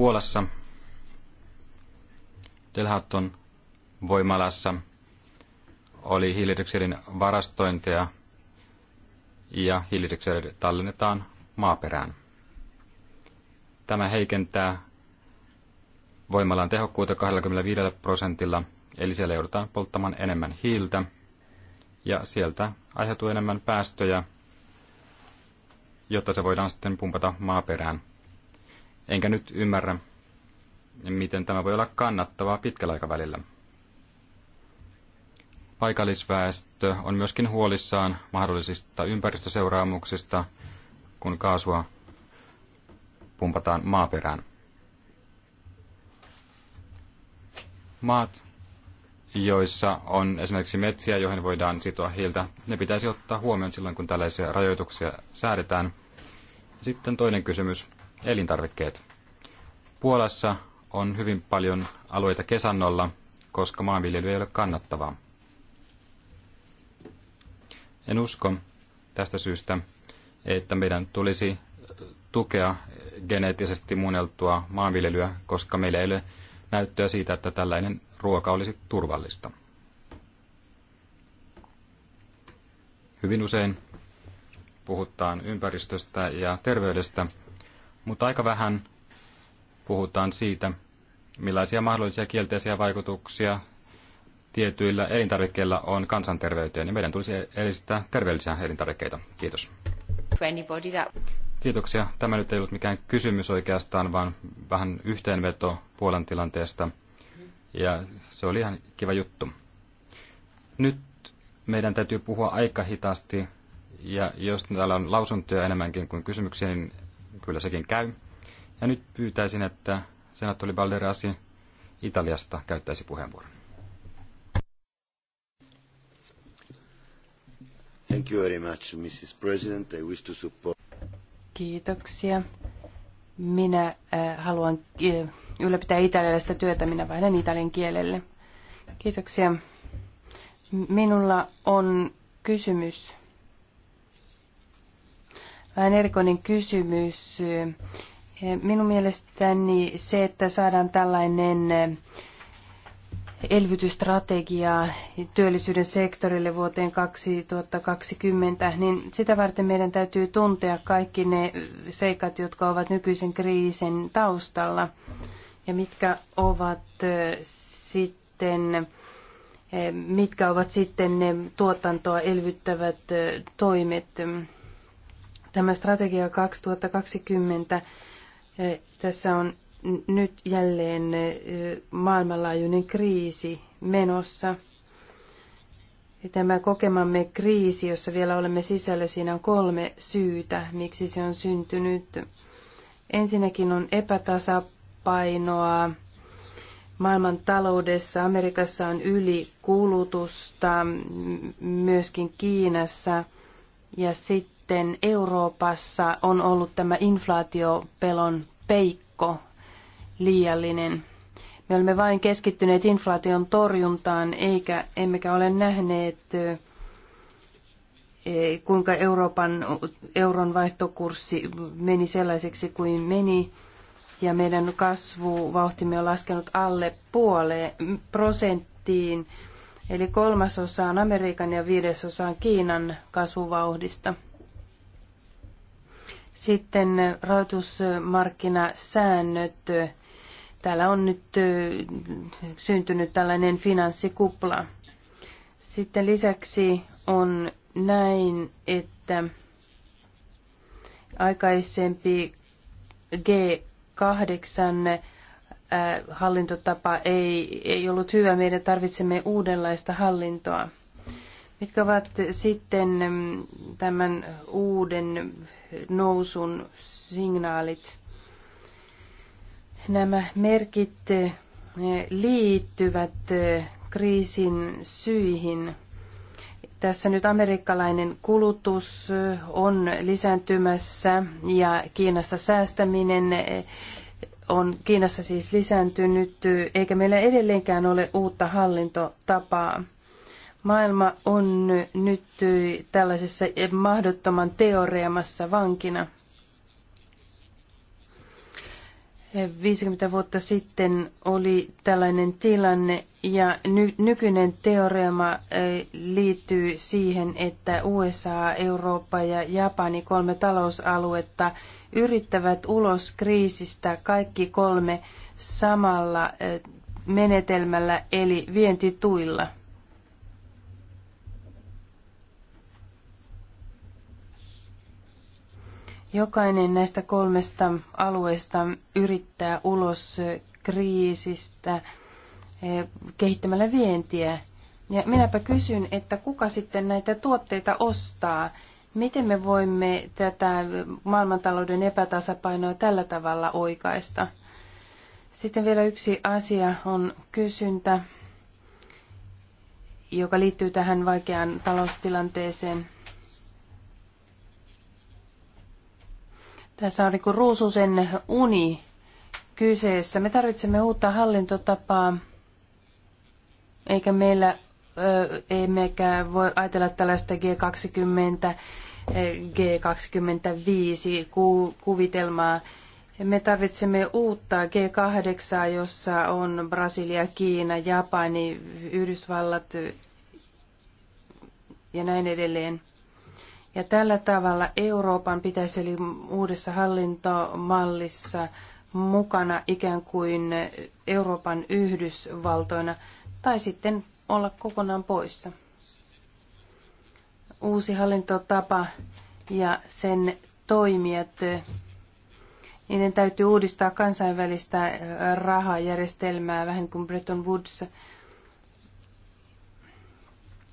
Puolassa Delhatton voimalassa oli hiilidioksidin varastointeja ja hiilidioksidit tallennetaan maaperään. Tämä heikentää voimalan tehokkuutta 25 prosentilla, eli siellä joudutaan polttamaan enemmän hiiltä ja sieltä aiheutuu enemmän päästöjä, jotta se voidaan sitten pumpata maaperään. Enkä nyt ymmärrä, miten tämä voi olla kannattavaa pitkällä aikavälillä. Paikallisväestö on myöskin huolissaan mahdollisista ympäristöseuraamuksista, kun kaasua pumpataan maaperään. Maat, joissa on esimerkiksi metsiä, joihin voidaan sitoa hiiltä, ne pitäisi ottaa huomioon silloin, kun tällaisia rajoituksia säädetään. Sitten toinen kysymys elintarvikkeet. Puolassa on hyvin paljon alueita kesannolla, koska maanviljely ei ole kannattavaa. En usko tästä syystä, että meidän tulisi tukea geneettisesti muunneltua maanviljelyä, koska meillä ei ole näyttöä siitä, että tällainen ruoka olisi turvallista. Hyvin usein puhutaan ympäristöstä ja terveydestä, mutta aika vähän puhutaan siitä, millaisia mahdollisia kielteisiä vaikutuksia tietyillä elintarvikkeilla on kansanterveyteen, ja meidän tulisi edistää terveellisiä elintarvikkeita. Kiitos. Kiitoksia. Tämä nyt ei ollut mikään kysymys oikeastaan, vaan vähän yhteenveto Puolan tilanteesta. Ja se oli ihan kiva juttu. Nyt meidän täytyy puhua aika hitaasti, ja jos täällä on lausuntoja enemmänkin kuin kysymyksiä, niin kyllä sekin käy. Ja nyt pyytäisin, että senaattori Balderasi Italiasta käyttäisi puheenvuoron. Thank you very much, Mrs. President. I wish to support... Kiitoksia. Minä äh, haluan äh, ylläpitää italialaista työtä, minä vaihdan italian kielelle. Kiitoksia. Minulla on kysymys vähän erikoinen kysymys. Minun mielestäni se, että saadaan tällainen elvytysstrategia työllisyyden sektorille vuoteen 2020, niin sitä varten meidän täytyy tuntea kaikki ne seikat, jotka ovat nykyisen kriisin taustalla ja mitkä ovat sitten mitkä ovat sitten ne tuotantoa elvyttävät toimet. Tämä strategia 2020, eh, tässä on nyt jälleen eh, maailmanlaajuinen kriisi menossa. Tämä kokemamme kriisi, jossa vielä olemme sisällä, siinä on kolme syytä, miksi se on syntynyt. Ensinnäkin on epätasapainoa maailman taloudessa. Amerikassa on ylikulutusta, myöskin Kiinassa. Ja sitten sitten Euroopassa on ollut tämä inflaatiopelon peikko liiallinen. Me olemme vain keskittyneet inflaation torjuntaan, eikä, emmekä ole nähneet, eh, kuinka Euroopan euron vaihtokurssi meni sellaiseksi kuin meni. Ja meidän kasvuvauhtimme on laskenut alle puoleen prosenttiin, eli kolmasosaan Amerikan ja viidesosaan Kiinan kasvuvauhdista. Sitten rahoitusmarkkinasäännöt. Täällä on nyt syntynyt tällainen finanssikupla. Sitten lisäksi on näin, että aikaisempi G8 hallintotapa ei, ei ollut hyvä. Meidän tarvitsemme uudenlaista hallintoa. Mitkä ovat sitten mm, tämän uuden nousun signaalit. Nämä merkit eh, liittyvät eh, kriisin syihin. Tässä nyt amerikkalainen kulutus eh, on lisääntymässä ja Kiinassa säästäminen on Kiinassa siis lisääntynyt, eikä meillä edelleenkään ole uutta hallintotapaa. Maailma on nyt tällaisessa mahdottoman teoreemassa vankina. 50 vuotta sitten oli tällainen tilanne ja ny- nykyinen teoreema eh, liittyy siihen, että USA, Eurooppa ja Japani, kolme talousaluetta, yrittävät ulos kriisistä kaikki kolme samalla eh, menetelmällä eli vientituilla – Jokainen näistä kolmesta alueesta yrittää ulos kriisistä eh, kehittämällä vientiä. Ja minäpä kysyn, että kuka sitten näitä tuotteita ostaa? Miten me voimme tätä maailmantalouden epätasapainoa tällä tavalla oikaista? Sitten vielä yksi asia on kysyntä, joka liittyy tähän vaikeaan taloustilanteeseen. Tässä on niin ruususen uni kyseessä. Me tarvitsemme uutta hallintotapaa, eikä meillä, emmekä voi ajatella tällaista G20, G25 kuvitelmaa. Me tarvitsemme uutta G8, jossa on Brasilia, Kiina, Japani, Yhdysvallat ja näin edelleen. Ja tällä tavalla Euroopan pitäisi eli uudessa hallintomallissa mukana ikään kuin Euroopan Yhdysvaltoina tai sitten olla kokonaan poissa. Uusi hallintotapa ja sen toimijat, niiden täytyy uudistaa kansainvälistä rahajärjestelmää vähän kuin Bretton Woods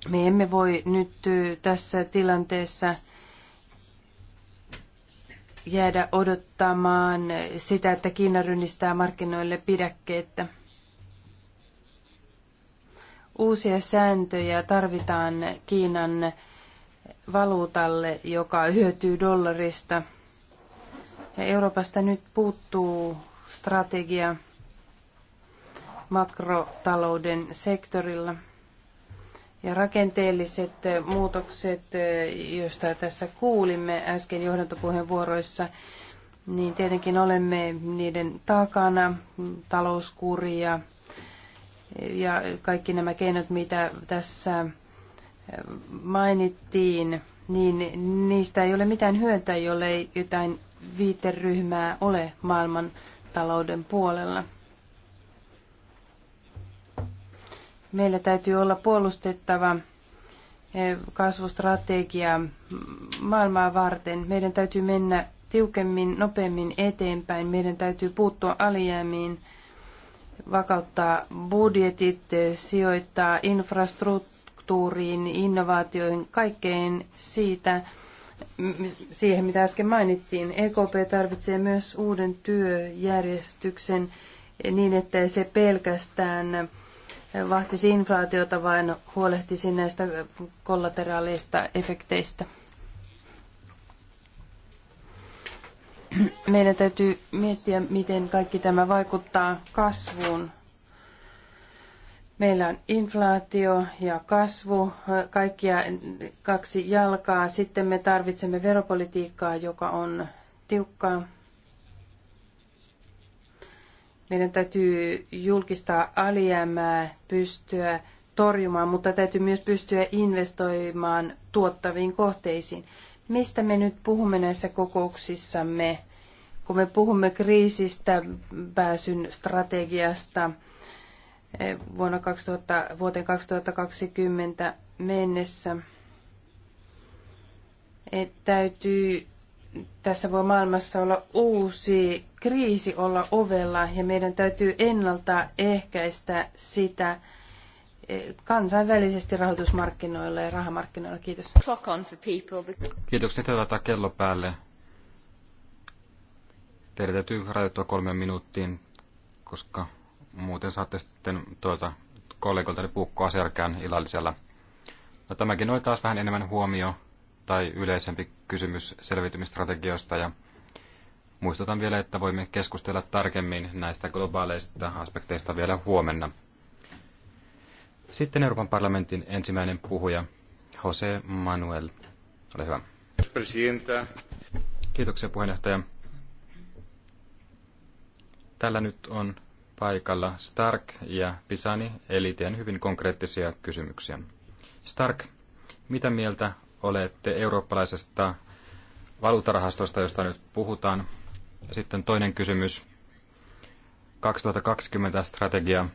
me emme voi nyt tässä tilanteessa jäädä odottamaan sitä, että Kiina rynnistää markkinoille pidäkkeettä. Uusia sääntöjä tarvitaan Kiinan valuutalle, joka hyötyy dollarista. Ja Euroopasta nyt puuttuu strategia makrotalouden sektorilla – ja rakenteelliset muutokset, joista tässä kuulimme äsken johdantopuheenvuoroissa, niin tietenkin olemme niiden takana, talouskuria ja kaikki nämä keinot, mitä tässä mainittiin, niin niistä ei ole mitään hyötyä, jollei jotain viiteryhmää ole maailman talouden puolella. Meillä täytyy olla puolustettava eh, kasvustrategia maailmaa varten. Meidän täytyy mennä tiukemmin, nopeammin eteenpäin. Meidän täytyy puuttua alijäämiin, vakauttaa budjetit, sijoittaa infrastruktuuriin, innovaatioihin, kaikkeen siitä, siihen mitä äsken mainittiin. EKP tarvitsee myös uuden työjärjestyksen eh, niin, että se pelkästään vahtisi inflaatiota, vaan huolehtisi näistä kollateraaleista efekteistä. Meidän täytyy miettiä, miten kaikki tämä vaikuttaa kasvuun. Meillä on inflaatio ja kasvu, kaikkia kaksi jalkaa. Sitten me tarvitsemme veropolitiikkaa, joka on tiukkaa meidän täytyy julkistaa alijäämää, pystyä torjumaan, mutta täytyy myös pystyä investoimaan tuottaviin kohteisiin. Mistä me nyt puhumme näissä kokouksissamme? Kun me puhumme kriisistä, pääsyn strategiasta eh, vuonna 2000, vuoteen 2020 mennessä, Et eh, täytyy tässä voi maailmassa olla uusi kriisi olla ovella ja meidän täytyy ennalta ehkäistä sitä eh, kansainvälisesti rahoitusmarkkinoilla ja rahamarkkinoilla. Kiitos. Clock on for people. Kiitoksia tätä kello päälle. Teidän täytyy rajoittua kolmeen minuuttiin, koska muuten saatte sitten tuota kollegoilta puukkoa selkään illallisella. No tämäkin oli taas vähän enemmän huomio tai yleisempi kysymys selviytymistrategioista ja muistutan vielä, että voimme keskustella tarkemmin näistä globaaleista aspekteista vielä huomenna. Sitten Euroopan parlamentin ensimmäinen puhuja, Jose Manuel. Ole hyvä. Presidenta. Kiitoksia puheenjohtaja. Tällä nyt on paikalla Stark ja Pisani, eli teen hyvin konkreettisia kysymyksiä. Stark, mitä mieltä olette eurooppalaisesta valuutarahastosta, josta nyt puhutaan. Ja sitten toinen kysymys, 2020-strategia.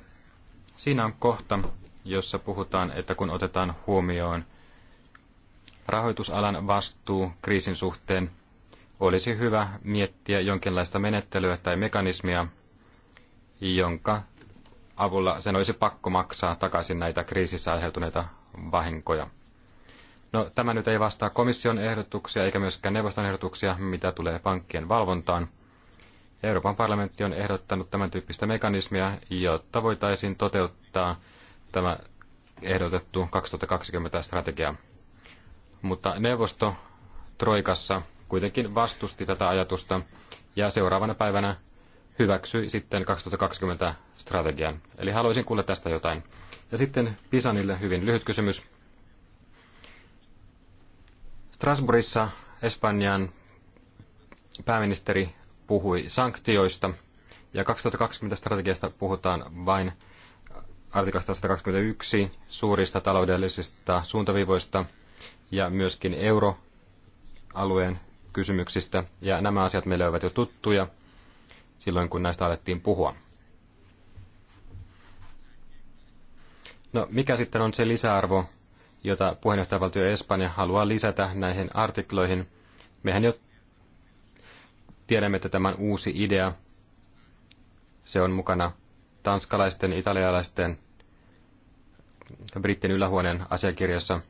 Siinä on kohta, jossa puhutaan, että kun otetaan huomioon rahoitusalan vastuu kriisin suhteen, olisi hyvä miettiä jonkinlaista menettelyä tai mekanismia, jonka avulla sen olisi pakko maksaa takaisin näitä kriisissä aiheutuneita vahinkoja. No, tämä nyt ei vastaa komission ehdotuksia eikä myöskään neuvoston ehdotuksia, mitä tulee pankkien valvontaan. Euroopan parlamentti on ehdottanut tämän tyyppistä mekanismia, jotta voitaisiin toteuttaa tämä ehdotettu 2020 strategia. Mutta neuvosto Troikassa kuitenkin vastusti tätä ajatusta ja seuraavana päivänä hyväksyi sitten 2020 strategian. Eli haluaisin kuulla tästä jotain. Ja sitten Pisanille hyvin lyhyt kysymys. Strasbourgissa Espanjan pääministeri puhui sanktioista ja 2020 strategiasta puhutaan vain artiklasta 121 suurista taloudellisista suuntaviivoista ja myöskin euroalueen kysymyksistä. Ja nämä asiat meille ovat jo tuttuja silloin, kun näistä alettiin puhua. No, mikä sitten on se lisäarvo, jota puheenjohtajavaltio Espanja haluaa lisätä näihin artikloihin. Mehän jo tiedämme, että tämä on uusi idea. Se on mukana tanskalaisten, italialaisten, Brittien ylähuoneen asiakirjassa,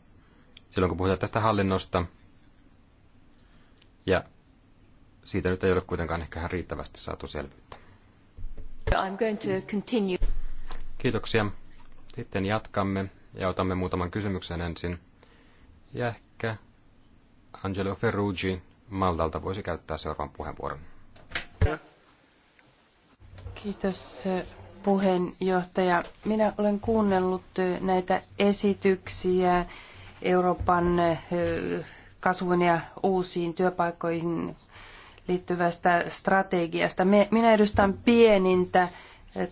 silloin kun puhutaan tästä hallinnosta. Ja siitä nyt ei ole kuitenkaan ehkä ihan riittävästi saatu selvyyttä. I'm going to continue. Kiitoksia. Sitten jatkamme ja otamme muutaman kysymyksen ensin. Ja ehkä Angelo Ferrucci Maltalta voisi käyttää seuraavan puheenvuoron. Kiitos puheenjohtaja. Minä olen kuunnellut näitä esityksiä Euroopan kasvun ja uusiin työpaikkoihin liittyvästä strategiasta. minä edustan pienintä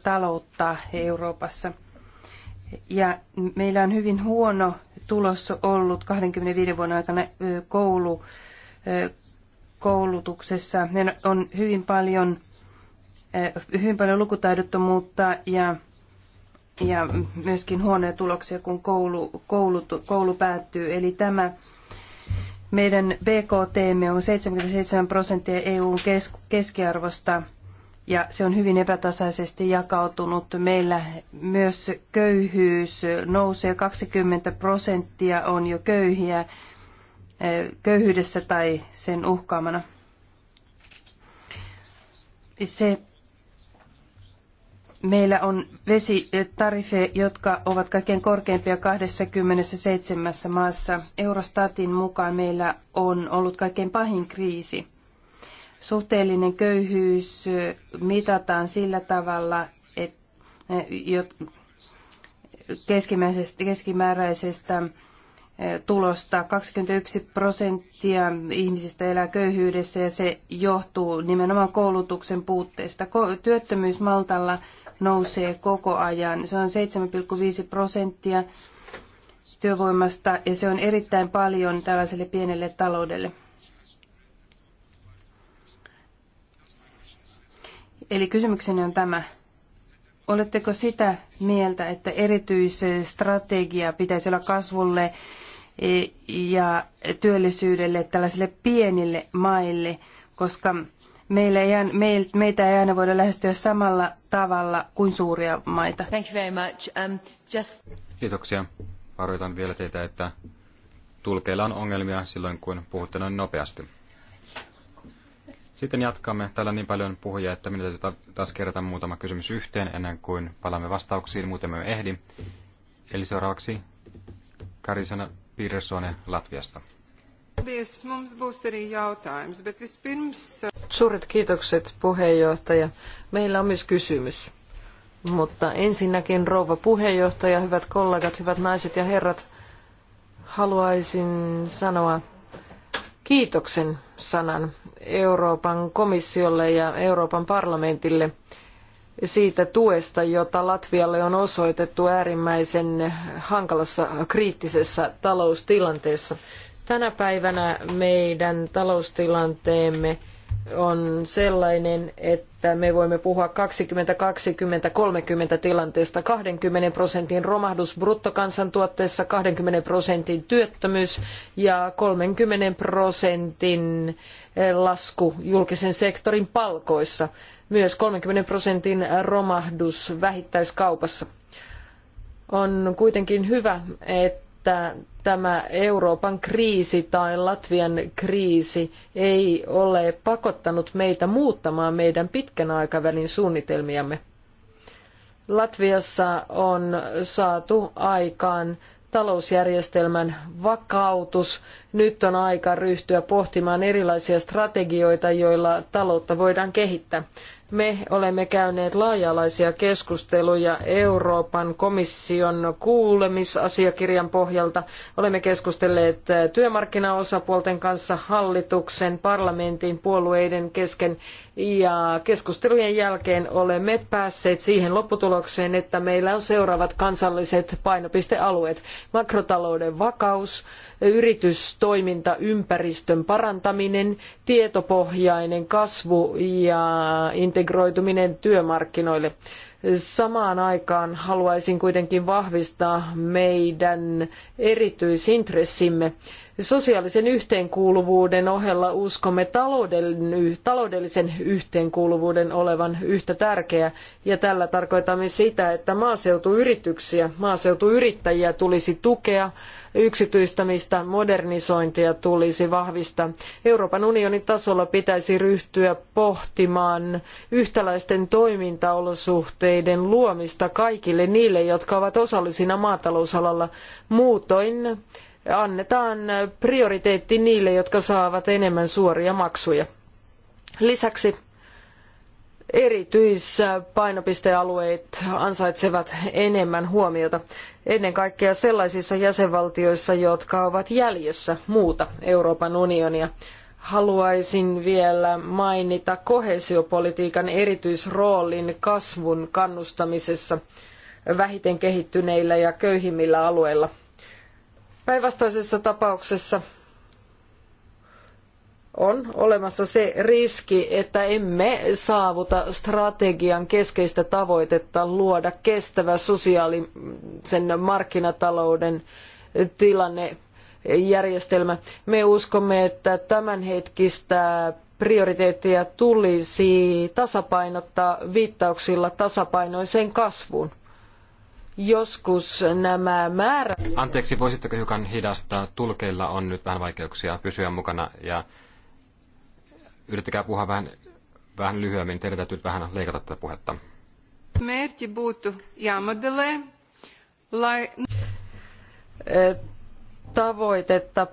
taloutta Euroopassa. Ja meillä on hyvin huono tulos ollut 25 vuoden aikana koulu, koulutuksessa. Meillä on hyvin paljon, hyvin paljon lukutaidottomuutta ja, ja myöskin huonoja tuloksia, kun koulu, koulu, koulu päättyy. Eli tämä meidän BKT on 77 prosenttia EUn keskiarvosta ja se on hyvin epätasaisesti jakautunut. Meillä myös köyhyys nousee 20 prosenttia on jo köyhiä eh, köyhyydessä tai sen uhkaamana. Se, meillä on vesitarife, jotka ovat kaikkein korkeimpia 27 maassa. Eurostatin mukaan meillä on ollut kaikkein pahin kriisi – Suhteellinen köyhyys mitataan sillä tavalla, että keskimääräisestä tulosta. 21 prosenttia ihmisistä elää köyhyydessä ja se johtuu nimenomaan koulutuksen puutteesta. Työttömyys Maltalla nousee koko ajan. Se on 7,5 prosenttia työvoimasta ja se on erittäin paljon tällaiselle pienelle taloudelle. Eli kysymykseni on tämä. Oletteko sitä mieltä, että erityisstrategia pitäisi olla kasvulle e, ja työllisyydelle tällaisille pienille maille, koska meillä ei, meitä ei aina voida lähestyä samalla tavalla kuin suuria maita. Thank you very much. Um, just... Kiitoksia. Varoitan vielä teitä, että tulkeilla on ongelmia silloin, kun puhutte noin nopeasti. Sitten jatkamme. Täällä on niin paljon puhuja, että minä täytyy taas kerätä muutama kysymys yhteen ennen kuin palaamme vastauksiin, muuten me ehdi. Eli seuraavaksi Karisana Piirresuone Latviasta. Suuret kiitokset puheenjohtaja. Meillä on myös kysymys. Mutta ensinnäkin rouva puheenjohtaja, hyvät kollegat, hyvät naiset ja herrat, haluaisin sanoa kiitoksen sanan Euroopan komissiolle ja Euroopan parlamentille siitä tuesta, jota Latvialle on osoitettu äärimmäisen hankalassa kriittisessä taloustilanteessa. Tänä päivänä meidän taloustilanteemme on sellainen, että me voimme puhua 20 20 tilanteesta 20 prosentin romahdus bruttokansantuotteessa, 20 prosentin työttömyys ja 30 prosentin eh, lasku julkisen sektorin palkoissa, myös 30 prosentin romahdus vähittäiskaupassa. On kuitenkin hyvä, että että tämä Euroopan kriisi tai Latvian kriisi ei ole pakottanut meitä muuttamaan meidän pitkän aikavälin suunnitelmiamme. Latviassa on saatu aikaan talousjärjestelmän vakautus nyt on aika ryhtyä pohtimaan erilaisia strategioita, joilla taloutta voidaan kehittää. Me olemme käyneet laajalaisia keskusteluja Euroopan komission kuulemisasiakirjan pohjalta. Olemme keskustelleet työmarkkinaosapuolten kanssa hallituksen, parlamentin, puolueiden kesken ja keskustelujen jälkeen olemme päässeet siihen lopputulokseen, että meillä on seuraavat kansalliset painopistealueet. Makrotalouden vakaus, yritystoimintaympäristön parantaminen, tietopohjainen kasvu ja integroituminen työmarkkinoille. Samaan aikaan haluaisin kuitenkin vahvistaa meidän erityisintressimme. Sosiaalisen yhteenkuuluvuuden ohella uskomme taloudellisen yhteenkuuluvuuden olevan yhtä tärkeä, ja tällä tarkoitamme sitä, että maaseutuyrityksiä, maaseutuyrittäjiä tulisi tukea yksityistämistä, modernisointia tulisi vahvistaa. Euroopan unionin tasolla pitäisi ryhtyä pohtimaan yhtäläisten toimintaolosuhteiden luomista kaikille niille, jotka ovat osallisina maatalousalalla. Muutoin annetaan prioriteetti niille, jotka saavat enemmän suoria maksuja. Lisäksi erityispainopistealueet ansaitsevat enemmän huomiota, ennen kaikkea sellaisissa jäsenvaltioissa, jotka ovat jäljessä muuta Euroopan unionia. Haluaisin vielä mainita koheesiopolitiikan erityisroolin kasvun kannustamisessa vähiten kehittyneillä ja köyhimmillä alueilla. Päinvastaisessa tapauksessa on olemassa se riski, että emme saavuta strategian keskeistä tavoitetta luoda kestävä sosiaalisen markkinatalouden tilanne järjestelmä. Me uskomme, että tämänhetkistä prioriteettia tulisi tasapainottaa viittauksilla tasapainoiseen kasvuun. Joskus nämä määrät... Anteeksi, voisitteko hiukan hidastaa? Tulkeilla on nyt vähän vaikeuksia pysyä mukana ja Yrittäkää puhua vähän, vähän lyhyemmin. Teidän täytyy vähän leikata tätä puhetta. Merti būtu lai... Tavoitetta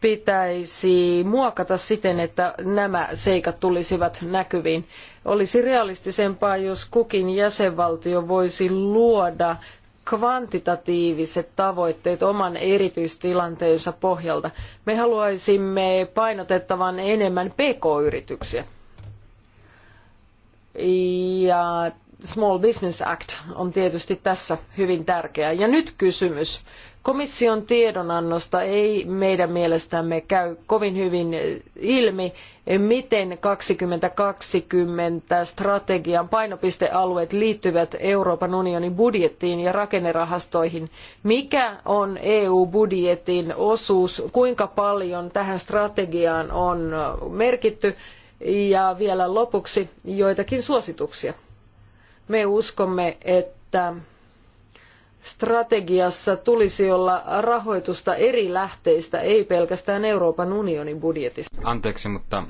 pitäisi muokata siten, että nämä seikat tulisivat näkyviin. Olisi realistisempaa, jos kukin jäsenvaltio voisi luoda kvantitatiiviset tavoitteet oman erityistilanteensa pohjalta. Me haluaisimme painotettavan enemmän pk-yrityksiä. Ja Small Business Act on tietysti tässä hyvin tärkeä. Ja nyt kysymys. Komission tiedonannosta ei meidän mielestämme käy kovin hyvin ilmi, miten 2020 strategian painopistealueet liittyvät Euroopan unionin budjettiin ja rakennerahastoihin. Mikä on EU-budjetin osuus, kuinka paljon tähän strategiaan on merkitty ja vielä lopuksi joitakin suosituksia. Me uskomme, että strategiassa tulisi olla rahoitusta eri lähteistä, ei pelkästään Euroopan unionin budjetista. Anteeksi, mutta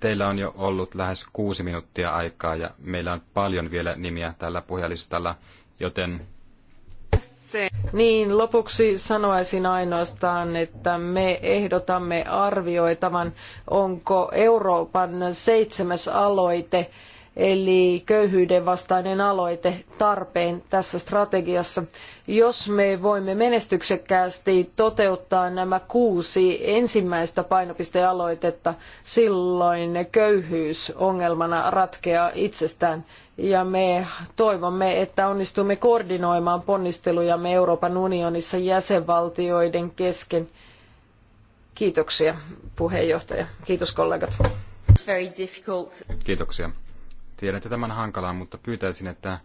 teillä on jo ollut lähes kuusi minuuttia aikaa ja meillä on paljon vielä nimiä tällä puhelistalla, joten... Niin, lopuksi sanoisin ainoastaan, että me ehdotamme arvioitavan, onko Euroopan seitsemäs aloite eli köyhyyden vastainen aloite tarpeen tässä strategiassa. Jos me voimme menestyksekkäästi toteuttaa nämä kuusi ensimmäistä painopistealoitetta, silloin köyhyys ongelmana ratkeaa itsestään ja me toivomme, että onnistumme koordinoimaan ponnistelujamme Euroopan unionissa jäsenvaltioiden kesken. Kiitoksia puheenjohtaja. Kiitos kollegat. Kiitoksia. Tiedän, että tämä on hankalaa, mutta pyytäisin, että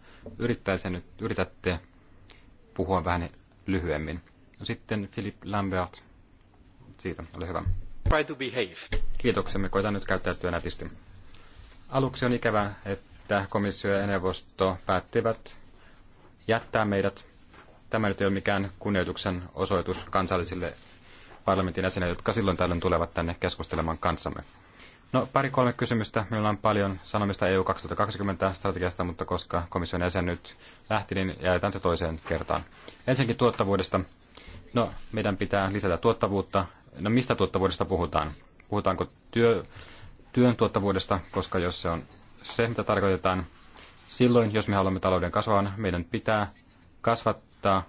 nyt, yritätte puhua vähän lyhyemmin. No sitten Philip Lambert, siitä, ole hyvä. Try to behave. Kiitoksia, me koitan nyt käyttäytyä nätisti. Aluksi on ikävä, että komissio ja neuvosto päättivät jättää meidät. Tämä nyt ei ole mikään kunnioituksen osoitus kansallisille parlamentin jäsenille, jotka silloin tällöin tulevat tänne keskustelemaan kanssamme. No pari-kolme kysymystä. Meillä on paljon sanomista EU 2020 strategiasta, mutta koska komission jäsen nyt lähti, niin jäätään se toiseen kertaan. Ensinnäkin tuottavuudesta. No, meidän pitää lisätä tuottavuutta. No, mistä tuottavuudesta puhutaan? Puhutaanko työ, työn tuottavuudesta, koska jos se on se, mitä tarkoitetaan, silloin, jos me haluamme talouden kasvavan, meidän pitää kasvattaa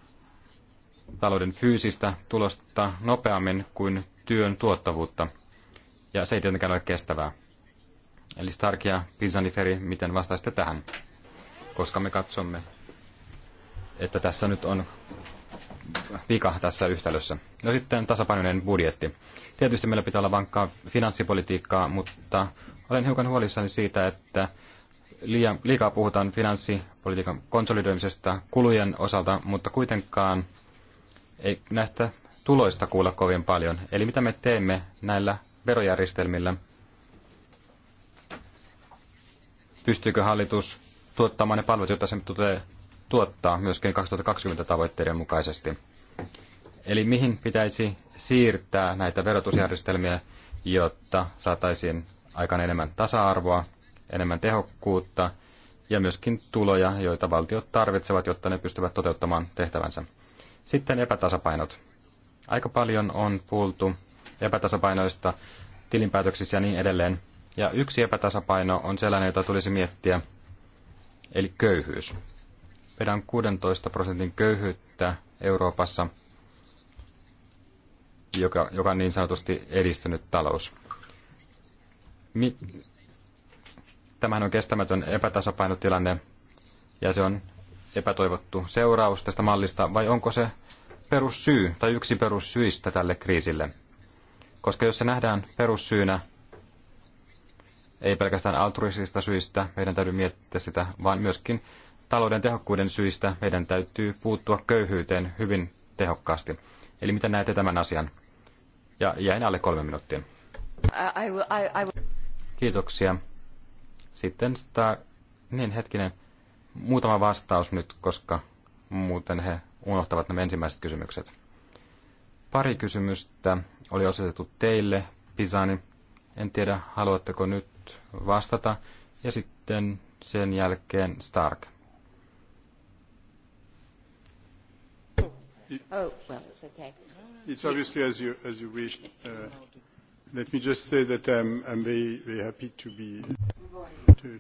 talouden fyysistä tulosta nopeammin kuin työn tuottavuutta ja se ei tietenkään ole kestävää. Eli Stark ja Pinsaniferi, miten vastaisitte tähän? Koska me katsomme, että tässä nyt on vika tässä yhtälössä. No sitten tasapainoinen budjetti. Tietysti meillä pitää olla vankkaa finanssipolitiikkaa, mutta olen hiukan huolissani siitä, että liian, liikaa puhutaan finanssipolitiikan konsolidoimisesta kulujen osalta, mutta kuitenkaan ei näistä tuloista kuulla kovin paljon. Eli mitä me teemme näillä verojärjestelmillä. Pystyykö hallitus tuottamaan ne palvelut, joita sen tulee tuottaa myöskin 2020 tavoitteiden mukaisesti? Eli mihin pitäisi siirtää näitä verotusjärjestelmiä, jotta saataisiin aikaan enemmän tasa-arvoa, enemmän tehokkuutta ja myöskin tuloja, joita valtiot tarvitsevat, jotta ne pystyvät toteuttamaan tehtävänsä. Sitten epätasapainot. Aika paljon on puhuttu, epätasapainoista tilinpäätöksissä ja niin edelleen. Ja yksi epätasapaino on sellainen, jota tulisi miettiä, eli köyhyys. Meidän 16 prosentin köyhyyttä Euroopassa, joka, joka on niin sanotusti edistynyt talous. Mi- Tämähän on kestämätön epätasapainotilanne ja se on epätoivottu seuraus tästä mallista, vai onko se perussyy tai yksi perussyistä tälle kriisille? Koska jos se nähdään perussyynä, ei pelkästään altruistisista syistä, meidän täytyy miettiä sitä, vaan myöskin talouden tehokkuuden syistä meidän täytyy puuttua köyhyyteen hyvin tehokkaasti. Eli miten näette tämän asian? Ja jäin alle kolme minuuttia. Uh, I, I I, will. Kiitoksia. Sitten sitä, niin hetkinen, muutama vastaus nyt, koska muuten he unohtavat nämä ensimmäiset kysymykset. Pari kysymystä oli osoitettu teille, Pisani. En tiedä, haluatteko nyt vastata. Ja sitten sen jälkeen Stark. Oh, well, it's okay. It's obviously as you, as you Uh, let me just say that I'm, I'm very, very happy to be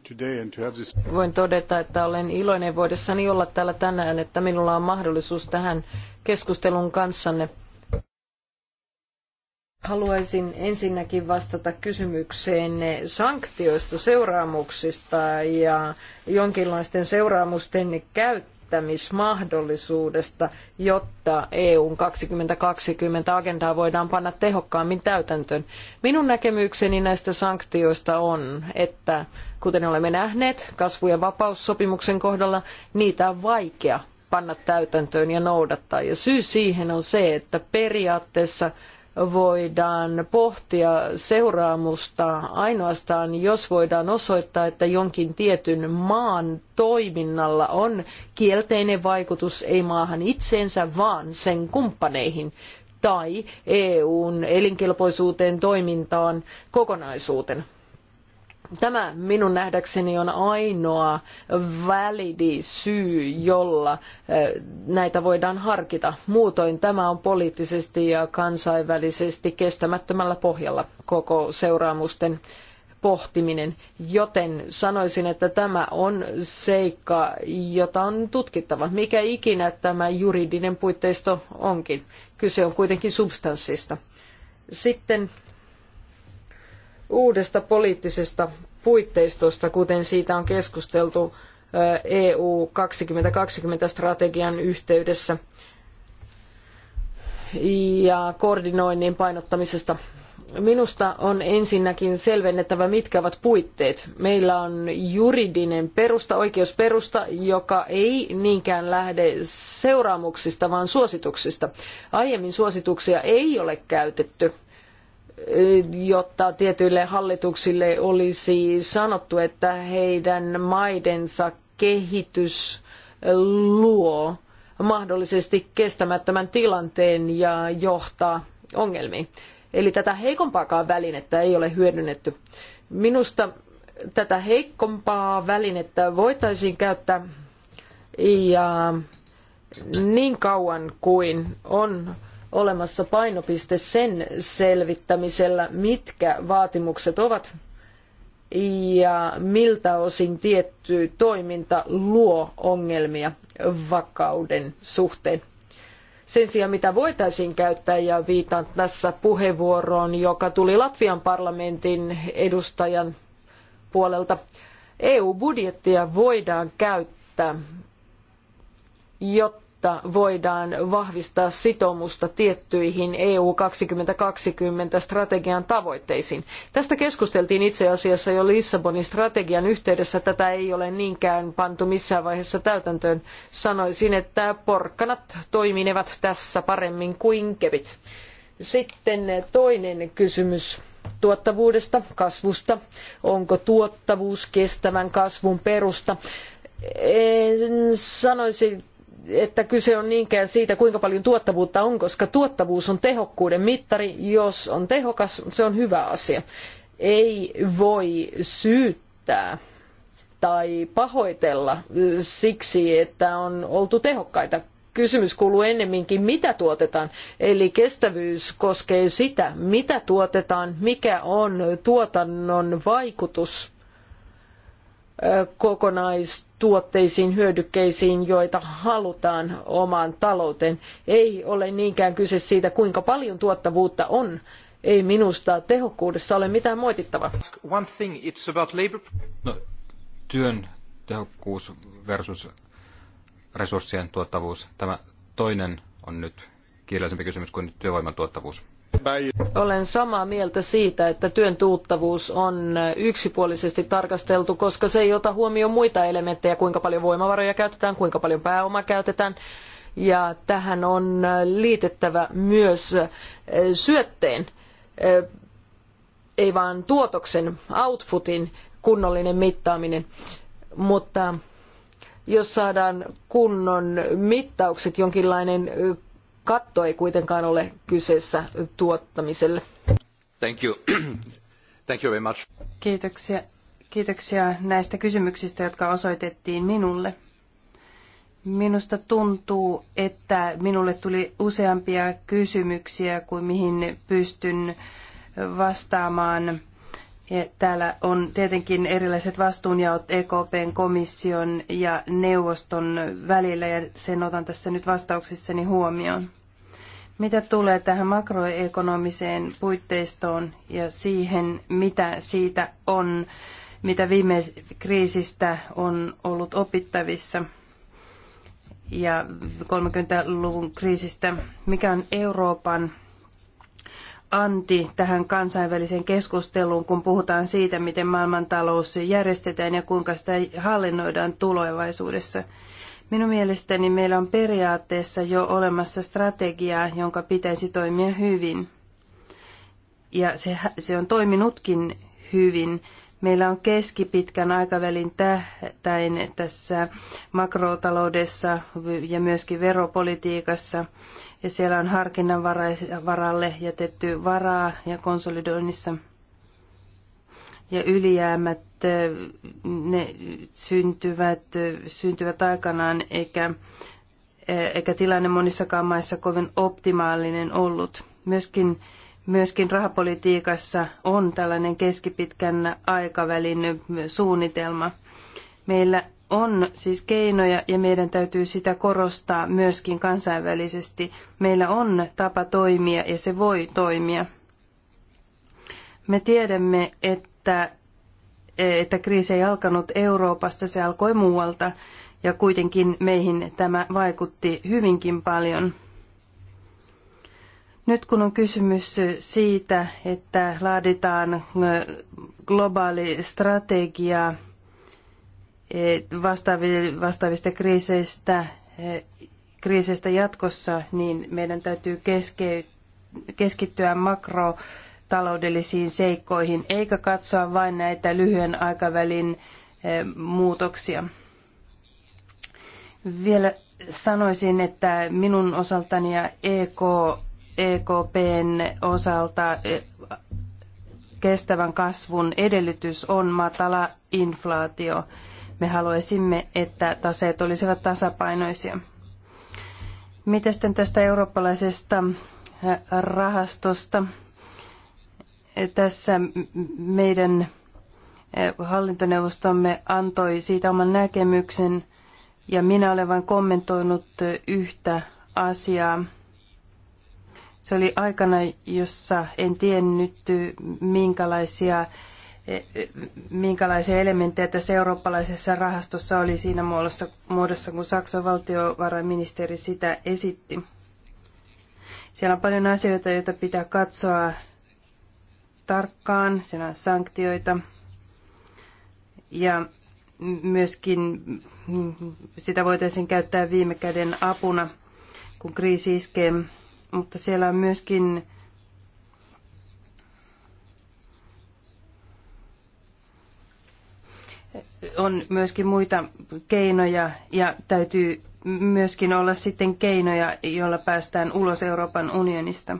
today and to have this. Voin todeta, että olen iloinen voidessani olla täällä tänään, että minulla on mahdollisuus tähän keskustelun kanssanne. Haluaisin ensinnäkin vastata kysymykseen sanktioista, seuraamuksista ja jonkinlaisten seuraamusten käyttämismahdollisuudesta, jotta EUn 2020 agendaa voidaan panna tehokkaammin täytäntöön. Minun näkemykseni näistä sanktioista on, että kuten olemme nähneet kasvu- ja vapaussopimuksen kohdalla, niitä on vaikea panna täytäntöön ja noudattaa. Ja syy siihen on se, että periaatteessa – voidaan pohtia seuraamusta ainoastaan, jos voidaan osoittaa, että jonkin tietyn maan toiminnalla on kielteinen vaikutus ei maahan itseensä, vaan sen kumppaneihin tai EUn elinkelpoisuuteen toimintaan kokonaisuutena. Tämä minun nähdäkseni on ainoa validi syy, jolla eh, näitä voidaan harkita. Muutoin tämä on poliittisesti ja kansainvälisesti kestämättömällä pohjalla koko seuraamusten pohtiminen, joten sanoisin, että tämä on seikka, jota on tutkittava, mikä ikinä tämä juridinen puitteisto onkin. Kyse on kuitenkin substanssista. Sitten uudesta poliittisesta puitteistosta, kuten siitä on keskusteltu EU 2020-strategian yhteydessä ja koordinoinnin painottamisesta. Minusta on ensinnäkin selvennettävä, mitkä ovat puitteet. Meillä on juridinen perusta, oikeusperusta, joka ei niinkään lähde seuraamuksista, vaan suosituksista. Aiemmin suosituksia ei ole käytetty jotta tietyille hallituksille olisi sanottu, että heidän maidensa kehitys luo mahdollisesti kestämättömän tilanteen ja johtaa ongelmiin. Eli tätä heikompaakaan välinettä ei ole hyödynnetty. Minusta tätä heikompaa välinettä voitaisiin käyttää ja niin kauan kuin on olemassa painopiste sen selvittämisellä, mitkä vaatimukset ovat ja miltä osin tietty toiminta luo ongelmia vakauden suhteen. Sen sijaan, mitä voitaisiin käyttää, ja viitan tässä puheenvuoroon, joka tuli Latvian parlamentin edustajan puolelta, EU-budjettia voidaan käyttää, jotta jotta voidaan vahvistaa sitoumusta tiettyihin EU 2020 strategian tavoitteisiin. Tästä keskusteltiin itse asiassa jo Lissabonin strategian yhteydessä. Tätä ei ole niinkään pantu missään vaiheessa täytäntöön. Sanoisin, että porkkanat toiminevat tässä paremmin kuin kepit. Sitten toinen kysymys tuottavuudesta, kasvusta. Onko tuottavuus kestävän kasvun perusta? En sanoisi että kyse on niinkään siitä, kuinka paljon tuottavuutta on, koska tuottavuus on tehokkuuden mittari. Jos on tehokas, se on hyvä asia. Ei voi syyttää tai pahoitella siksi, että on oltu tehokkaita. Kysymys kuuluu ennemminkin, mitä tuotetaan. Eli kestävyys koskee sitä, mitä tuotetaan, mikä on tuotannon vaikutus kokonaistuotteisiin, hyödykkeisiin, joita halutaan omaan talouteen. Ei ole niinkään kyse siitä, kuinka paljon tuottavuutta on. Ei minusta tehokkuudessa ole mitään moitittavaa. No, työn tehokkuus versus resurssien tuottavuus. Tämä toinen on nyt kiireellisempi kysymys kuin työvoiman tuottavuus. Olen samaa mieltä siitä, että työn tuuttavuus on yksipuolisesti tarkasteltu, koska se ei ota huomioon muita elementtejä, kuinka paljon voimavaroja käytetään, kuinka paljon pääomaa käytetään. Ja tähän on liitettävä myös syötteen, ei vaan tuotoksen, outputin kunnollinen mittaaminen. Mutta jos saadaan kunnon mittaukset, jonkinlainen Katto ei kuitenkaan ole kyseessä tuottamiselle. Thank you. Thank you very much. Kiitoksia. Kiitoksia näistä kysymyksistä, jotka osoitettiin minulle. Minusta tuntuu, että minulle tuli useampia kysymyksiä kuin mihin pystyn vastaamaan Täällä on tietenkin erilaiset vastuunjaot EKPn komission ja neuvoston välillä ja sen otan tässä nyt vastauksissani huomioon. Mitä tulee tähän makroekonomiseen puitteistoon ja siihen, mitä siitä on, mitä viime kriisistä on ollut opittavissa ja 30-luvun kriisistä, mikä on Euroopan anti tähän kansainväliseen keskusteluun, kun puhutaan siitä, miten maailmantalous järjestetään ja kuinka sitä hallinnoidaan tulevaisuudessa. Minun mielestäni meillä on periaatteessa jo olemassa strategia, jonka pitäisi toimia hyvin. Ja se, se on toiminutkin hyvin. Meillä on keskipitkän aikavälin tähtäin tässä makrotaloudessa ja myöskin veropolitiikassa ja siellä on harkinnan varalle jätetty varaa ja konsolidoinnissa. Ja ylijäämät, ne syntyvät, syntyvät aikanaan, eikä, eikä tilanne monissakaan maissa kovin optimaalinen ollut. Myöskin, myöskin rahapolitiikassa on tällainen keskipitkän aikavälin suunnitelma. Meillä on siis keinoja ja meidän täytyy sitä korostaa myöskin kansainvälisesti. Meillä on tapa toimia ja se voi toimia. Me tiedämme, että, että kriisi ei alkanut Euroopasta, se alkoi muualta ja kuitenkin meihin tämä vaikutti hyvinkin paljon. Nyt kun on kysymys siitä, että laaditaan globaali strategia Eh, vastaavista kriiseistä, eh, kriiseistä jatkossa, niin meidän täytyy keske, keskittyä makrotaloudellisiin seikkoihin, eikä katsoa vain näitä lyhyen aikavälin eh, muutoksia. Vielä sanoisin, että minun osaltani ja EK, EKPn osalta kestävän kasvun edellytys on matala inflaatio. Me haluaisimme, että taseet olisivat tasapainoisia. Miten sitten tästä eurooppalaisesta rahastosta? Tässä meidän hallintoneuvostomme antoi siitä oman näkemyksen ja minä olen vain kommentoinut yhtä asiaa. Se oli aikana, jossa en tiennyt minkälaisia E, e, minkälaisia elementtejä tässä eurooppalaisessa rahastossa oli siinä muodossa, muodossa kun Saksan valtiovarainministeri sitä esitti. Siellä on paljon asioita, joita pitää katsoa tarkkaan. Siellä on sanktioita ja myöskin sitä voitaisiin käyttää viime käden apuna, kun kriisi iskee. Mutta siellä on myöskin on myöskin muita keinoja ja täytyy myöskin olla sitten keinoja, joilla päästään ulos Euroopan unionista.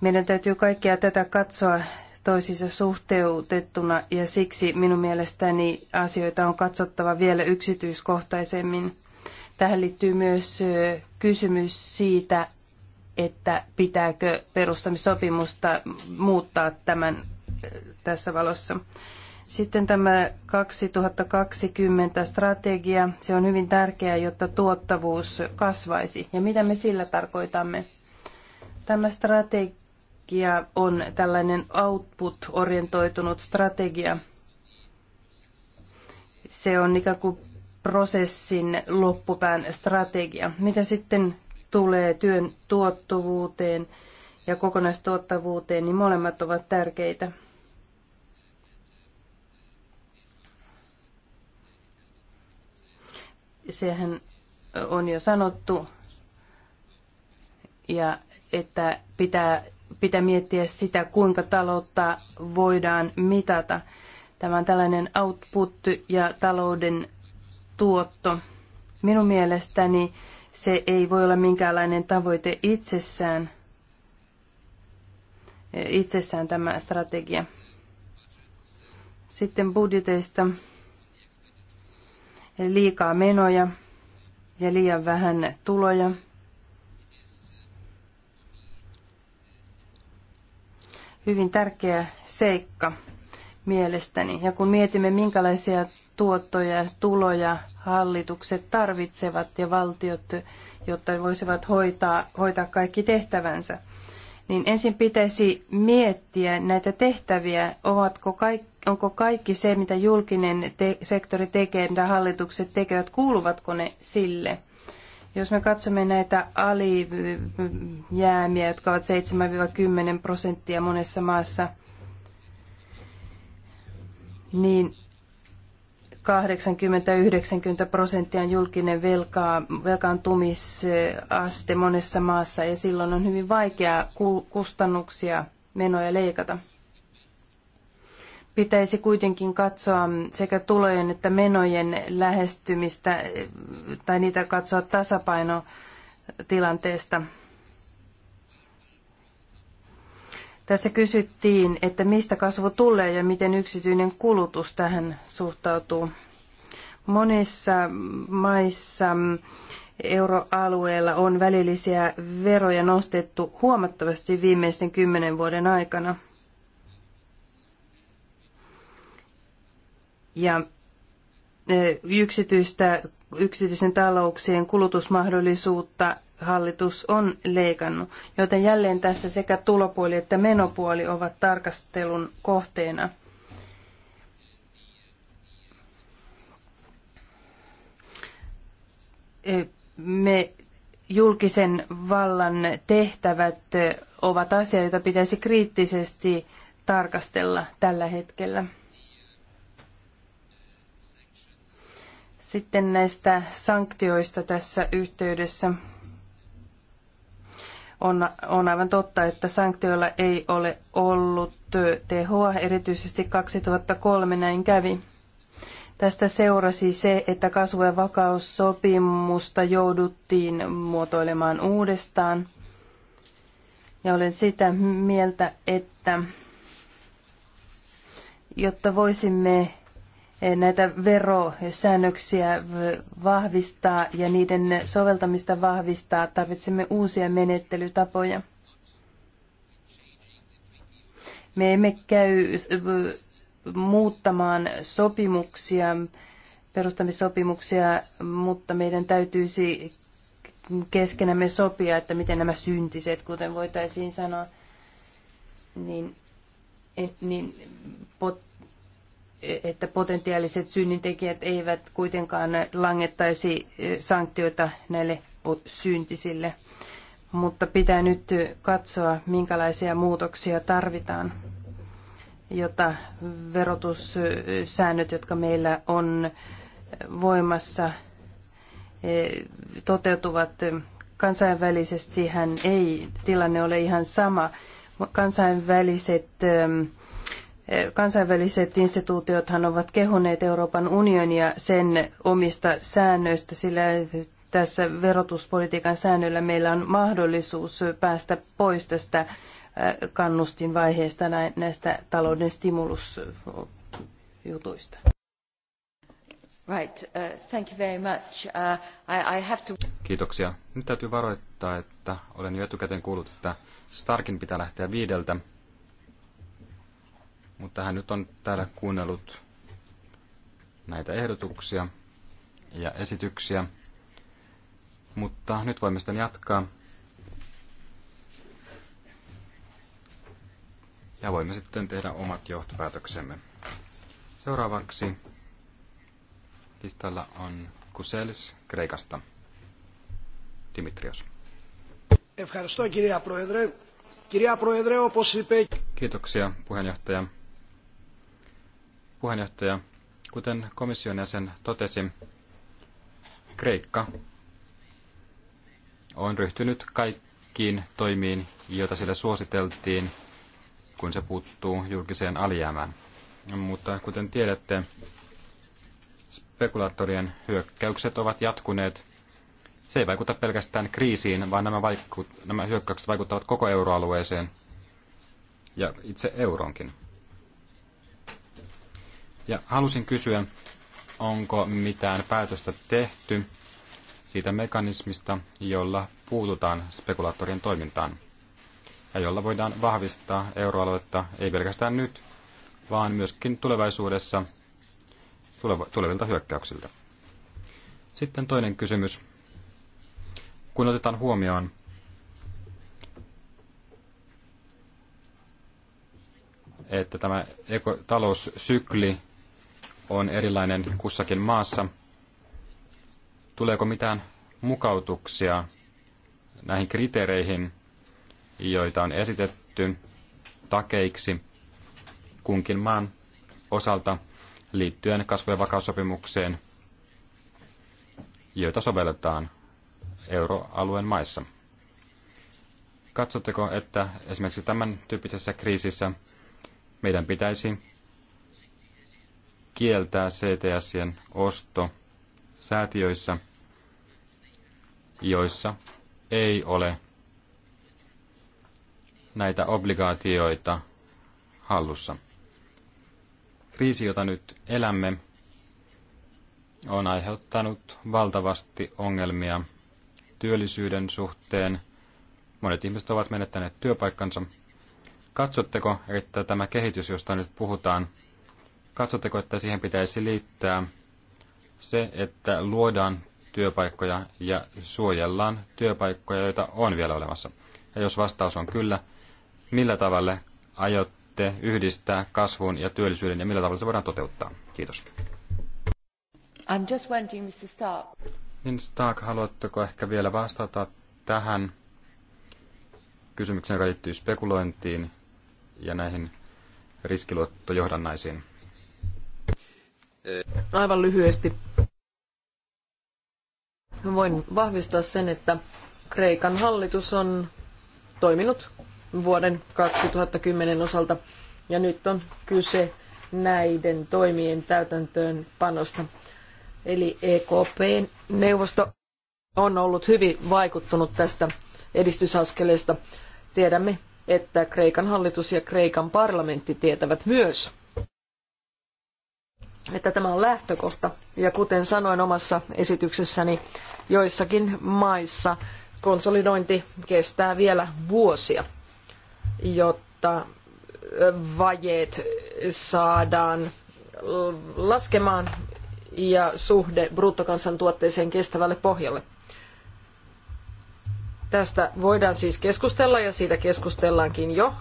Meidän täytyy kaikkea tätä katsoa toisiinsa suhteutettuna ja siksi minun mielestäni asioita on katsottava vielä yksityiskohtaisemmin. Tähän liittyy myös kysymys siitä, että pitääkö perustamissopimusta muuttaa tämän tässä valossa. Sitten tämä 2020 strategia, se on hyvin tärkeää, jotta tuottavuus kasvaisi. Ja mitä me sillä tarkoitamme? Tämä strategia on tällainen output-orientoitunut strategia. Se on ikään kuin prosessin loppupään strategia. Mitä sitten tulee työn tuottavuuteen ja kokonaistuottavuuteen, niin molemmat ovat tärkeitä. sehän on jo sanottu, ja että pitää, pitää miettiä sitä, kuinka taloutta voidaan mitata. Tämä on tällainen output ja talouden tuotto. Minun mielestäni se ei voi olla minkäänlainen tavoite itsessään, itsessään tämä strategia. Sitten budjeteista liikaa menoja ja liian vähän tuloja. Hyvin tärkeä seikka mielestäni. Ja kun mietimme, minkälaisia tuottoja ja tuloja hallitukset tarvitsevat ja valtiot, jotta voisivat hoitaa, hoitaa kaikki tehtävänsä niin ensin pitäisi miettiä näitä tehtäviä, ovatko kaikki, onko kaikki se, mitä julkinen te- sektori tekee, mitä hallitukset tekevät, kuuluvatko ne sille. Jos me katsomme näitä alijäämiä, jotka ovat 7-10 prosenttia monessa maassa, niin 80-90 prosenttia on julkinen velkaa, velkaantumisaste monessa maassa ja silloin on hyvin vaikea kustannuksia menoja leikata. Pitäisi kuitenkin katsoa sekä tulojen että menojen lähestymistä tai niitä katsoa tasapainotilanteesta. tilanteesta Tässä kysyttiin, että mistä kasvu tulee ja miten yksityinen kulutus tähän suhtautuu. Monissa maissa mm, euroalueella on välillisiä veroja nostettu huomattavasti viimeisten kymmenen vuoden aikana. Ja e, yksityistä, yksityisen talouksien kulutusmahdollisuutta hallitus on leikannut, joten jälleen tässä sekä tulopuoli että menopuoli ovat tarkastelun kohteena. E, me julkisen vallan tehtävät ovat asia, joita pitäisi kriittisesti tarkastella tällä hetkellä. Sitten näistä sanktioista tässä yhteydessä. On, on aivan totta, että sanktioilla ei ole ollut tehoa, erityisesti 2003 näin kävi. Tästä seurasi se, että kasvu- ja vakaussopimusta jouduttiin muotoilemaan uudestaan. Ja olen sitä mieltä, että jotta voisimme näitä verosäännöksiä vahvistaa ja niiden soveltamista vahvistaa. Tarvitsemme uusia menettelytapoja. Me emme käy muuttamaan sopimuksia, perustamissopimuksia, mutta meidän täytyisi keskenämme sopia, että miten nämä syntiset, kuten voitaisiin sanoa, niin, niin pot, että potentiaaliset synnintekijät eivät kuitenkaan langettaisi sanktioita näille syntisille. Mutta pitää nyt katsoa, minkälaisia muutoksia tarvitaan, jotta verotussäännöt, jotka meillä on voimassa, toteutuvat. Kansainvälisesti hän ei tilanne ole ihan sama. Kansainväliset Kansainväliset instituutiothan ovat kehuneet Euroopan unionia sen omista säännöistä, sillä tässä verotuspolitiikan säännöllä meillä on mahdollisuus päästä pois tästä äh, kannustinvaiheesta näistä talouden stimulusjutuista. Right. Uh, thank you very much. Uh, I, have to... Kiitoksia. Nyt täytyy varoittaa, että olen jo etukäteen kuullut, että Starkin pitää lähteä viideltä. Mutta hän nyt on täällä kuunnellut näitä ehdotuksia ja esityksiä. Mutta nyt voimme sitten jatkaa. Ja voimme sitten tehdä omat johtopäätöksemme. Seuraavaksi listalla on Kuselis Kreikasta. Dimitrios. Kiitoksia puheenjohtaja puheenjohtaja. Kuten komission jäsen totesi, Kreikka on ryhtynyt kaikkiin toimiin, joita sille suositeltiin, kun se puuttuu julkiseen alijäämään. Mutta kuten tiedätte, spekulaattorien hyökkäykset ovat jatkuneet. Se ei vaikuta pelkästään kriisiin, vaan nämä, vaikut- nämä hyökkäykset vaikuttavat koko euroalueeseen ja itse euroonkin. Ja halusin kysyä, onko mitään päätöstä tehty siitä mekanismista, jolla puututaan spekulaattorien toimintaan ja jolla voidaan vahvistaa euroaluetta ei pelkästään nyt, vaan myöskin tulevaisuudessa tulevilta hyökkäyksiltä. Sitten toinen kysymys. Kun otetaan huomioon että tämä taloussykli on erilainen kussakin maassa. Tuleeko mitään mukautuksia näihin kriteereihin, joita on esitetty takeiksi kunkin maan osalta liittyen kasvu- ja vakaussopimukseen, joita sovelletaan euroalueen maissa. Katsotteko, että esimerkiksi tämän tyyppisessä kriisissä meidän pitäisi kieltää CTSien osto säätiöissä, joissa ei ole näitä obligaatioita hallussa. Kriisi, jota nyt elämme, on aiheuttanut valtavasti ongelmia työllisyyden suhteen. Monet ihmiset ovat menettäneet työpaikkansa. Katsotteko, että tämä kehitys, josta nyt puhutaan, Katsotteko, että siihen pitäisi liittää se, että luodaan työpaikkoja ja suojellaan työpaikkoja, joita on vielä olemassa? Ja jos vastaus on kyllä, millä tavalla aiotte yhdistää kasvun ja työllisyyden ja millä tavalla se voidaan toteuttaa? Kiitos. I'm just wondering, Mr. Stark. Niin Stark, haluatteko ehkä vielä vastata tähän kysymykseen, joka liittyy spekulointiin ja näihin riskiluottojohdannaisiin? Aivan lyhyesti. Voin vahvistaa sen, että Kreikan hallitus on toiminut vuoden 2010 osalta ja nyt on kyse näiden toimien täytäntöön panosta. Eli EKP-neuvosto on ollut hyvin vaikuttunut tästä edistysaskeleesta. Tiedämme, että Kreikan hallitus ja Kreikan parlamentti tietävät myös että tämä on lähtökohta. Ja kuten sanoin omassa esityksessäni, joissakin maissa konsolidointi kestää vielä vuosia, jotta vajeet saadaan laskemaan ja suhde bruttokansantuotteeseen kestävälle pohjalle. Tästä voidaan siis keskustella ja siitä keskustellaankin jo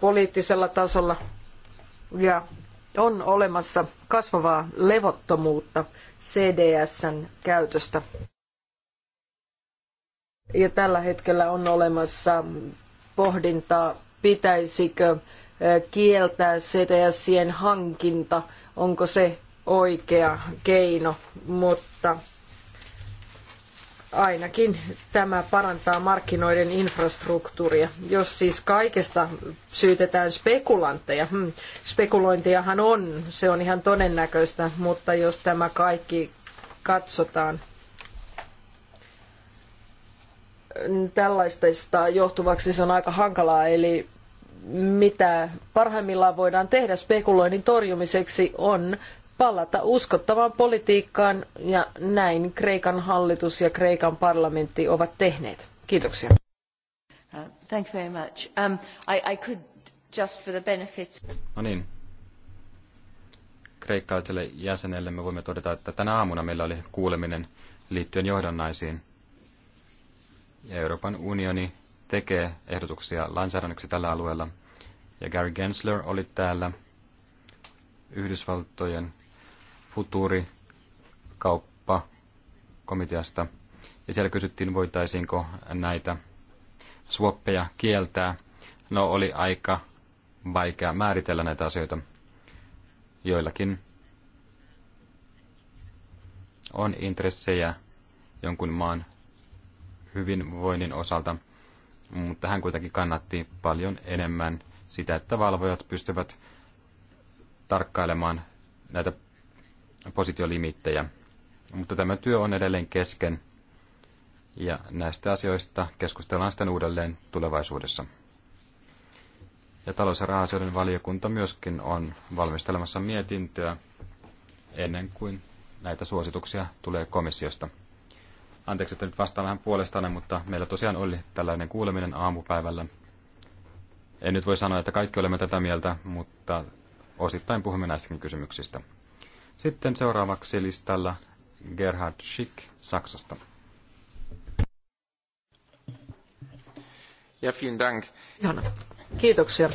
poliittisella tasolla ja on olemassa kasvavaa levottomuutta CDSn käytöstä. Ja tällä hetkellä on olemassa pohdintaa, pitäisikö kieltää CDSien hankinta, onko se oikea keino, mutta ainakin tämä parantaa markkinoiden infrastruktuuria. Jos siis kaikesta syytetään spekulantteja, hmm, spekulointiahan on, se on ihan todennäköistä, mutta jos tämä kaikki katsotaan tällaista johtuvaksi, se on aika hankalaa, eli mitä parhaimmillaan voidaan tehdä spekuloinnin torjumiseksi on palata uskottavaan politiikkaan ja näin Kreikan hallitus ja Kreikan parlamentti ovat tehneet. Kiitoksia. Uh, thank you very much. Um, I, I could just for the benefit... No niin. Kreikkalaiselle jäsenelle me voimme todeta, että tänä aamuna meillä oli kuuleminen liittyen johdannaisiin. Ja Euroopan unioni tekee ehdotuksia lainsäädännöksi tällä alueella. Ja Gary Gensler oli täällä Yhdysvaltojen Futuri komiteasta. Ja siellä kysyttiin, voitaisiinko näitä swappeja kieltää. No oli aika vaikea määritellä näitä asioita. Joillakin on intressejä jonkun maan hyvinvoinnin osalta, mutta hän kuitenkin kannatti paljon enemmän sitä, että valvojat pystyvät tarkkailemaan näitä positiolimittejä. Mutta tämä työ on edelleen kesken ja näistä asioista keskustellaan sitten uudelleen tulevaisuudessa. Ja talous- ja rahasioiden valiokunta myöskin on valmistelemassa mietintöä ennen kuin näitä suosituksia tulee komissiosta. Anteeksi, että nyt vastaan vähän puolestaan, mutta meillä tosiaan oli tällainen kuuleminen aamupäivällä. En nyt voi sanoa, että kaikki olemme tätä mieltä, mutta osittain puhumme näistäkin kysymyksistä. Sitten seuraavaksi listalla Gerhard Schick Saksasta. Ja vielen dank. Ihana. Kiitoksia.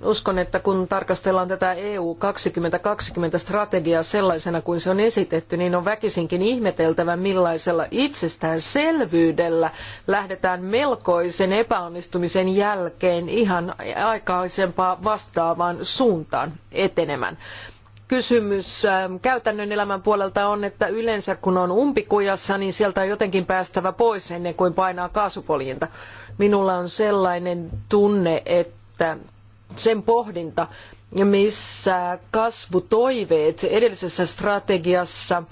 Uskon, että kun tarkastellaan tätä EU 2020-strategiaa sellaisena kuin se on esitetty, niin on väkisinkin ihmeteltävä, millaisella itsestäänselvyydellä lähdetään melkoisen epäonnistumisen jälkeen ihan aikaisempaa vastaavaan suuntaan etenemään kysymys ähm, käytännön elämän puolelta on, että yleensä kun on umpikujassa, niin sieltä on jotenkin päästävä pois ennen kuin painaa kaasupoljinta. Minulla on sellainen tunne, että sen pohdinta, missä kasvutoiveet edellisessä strategiassa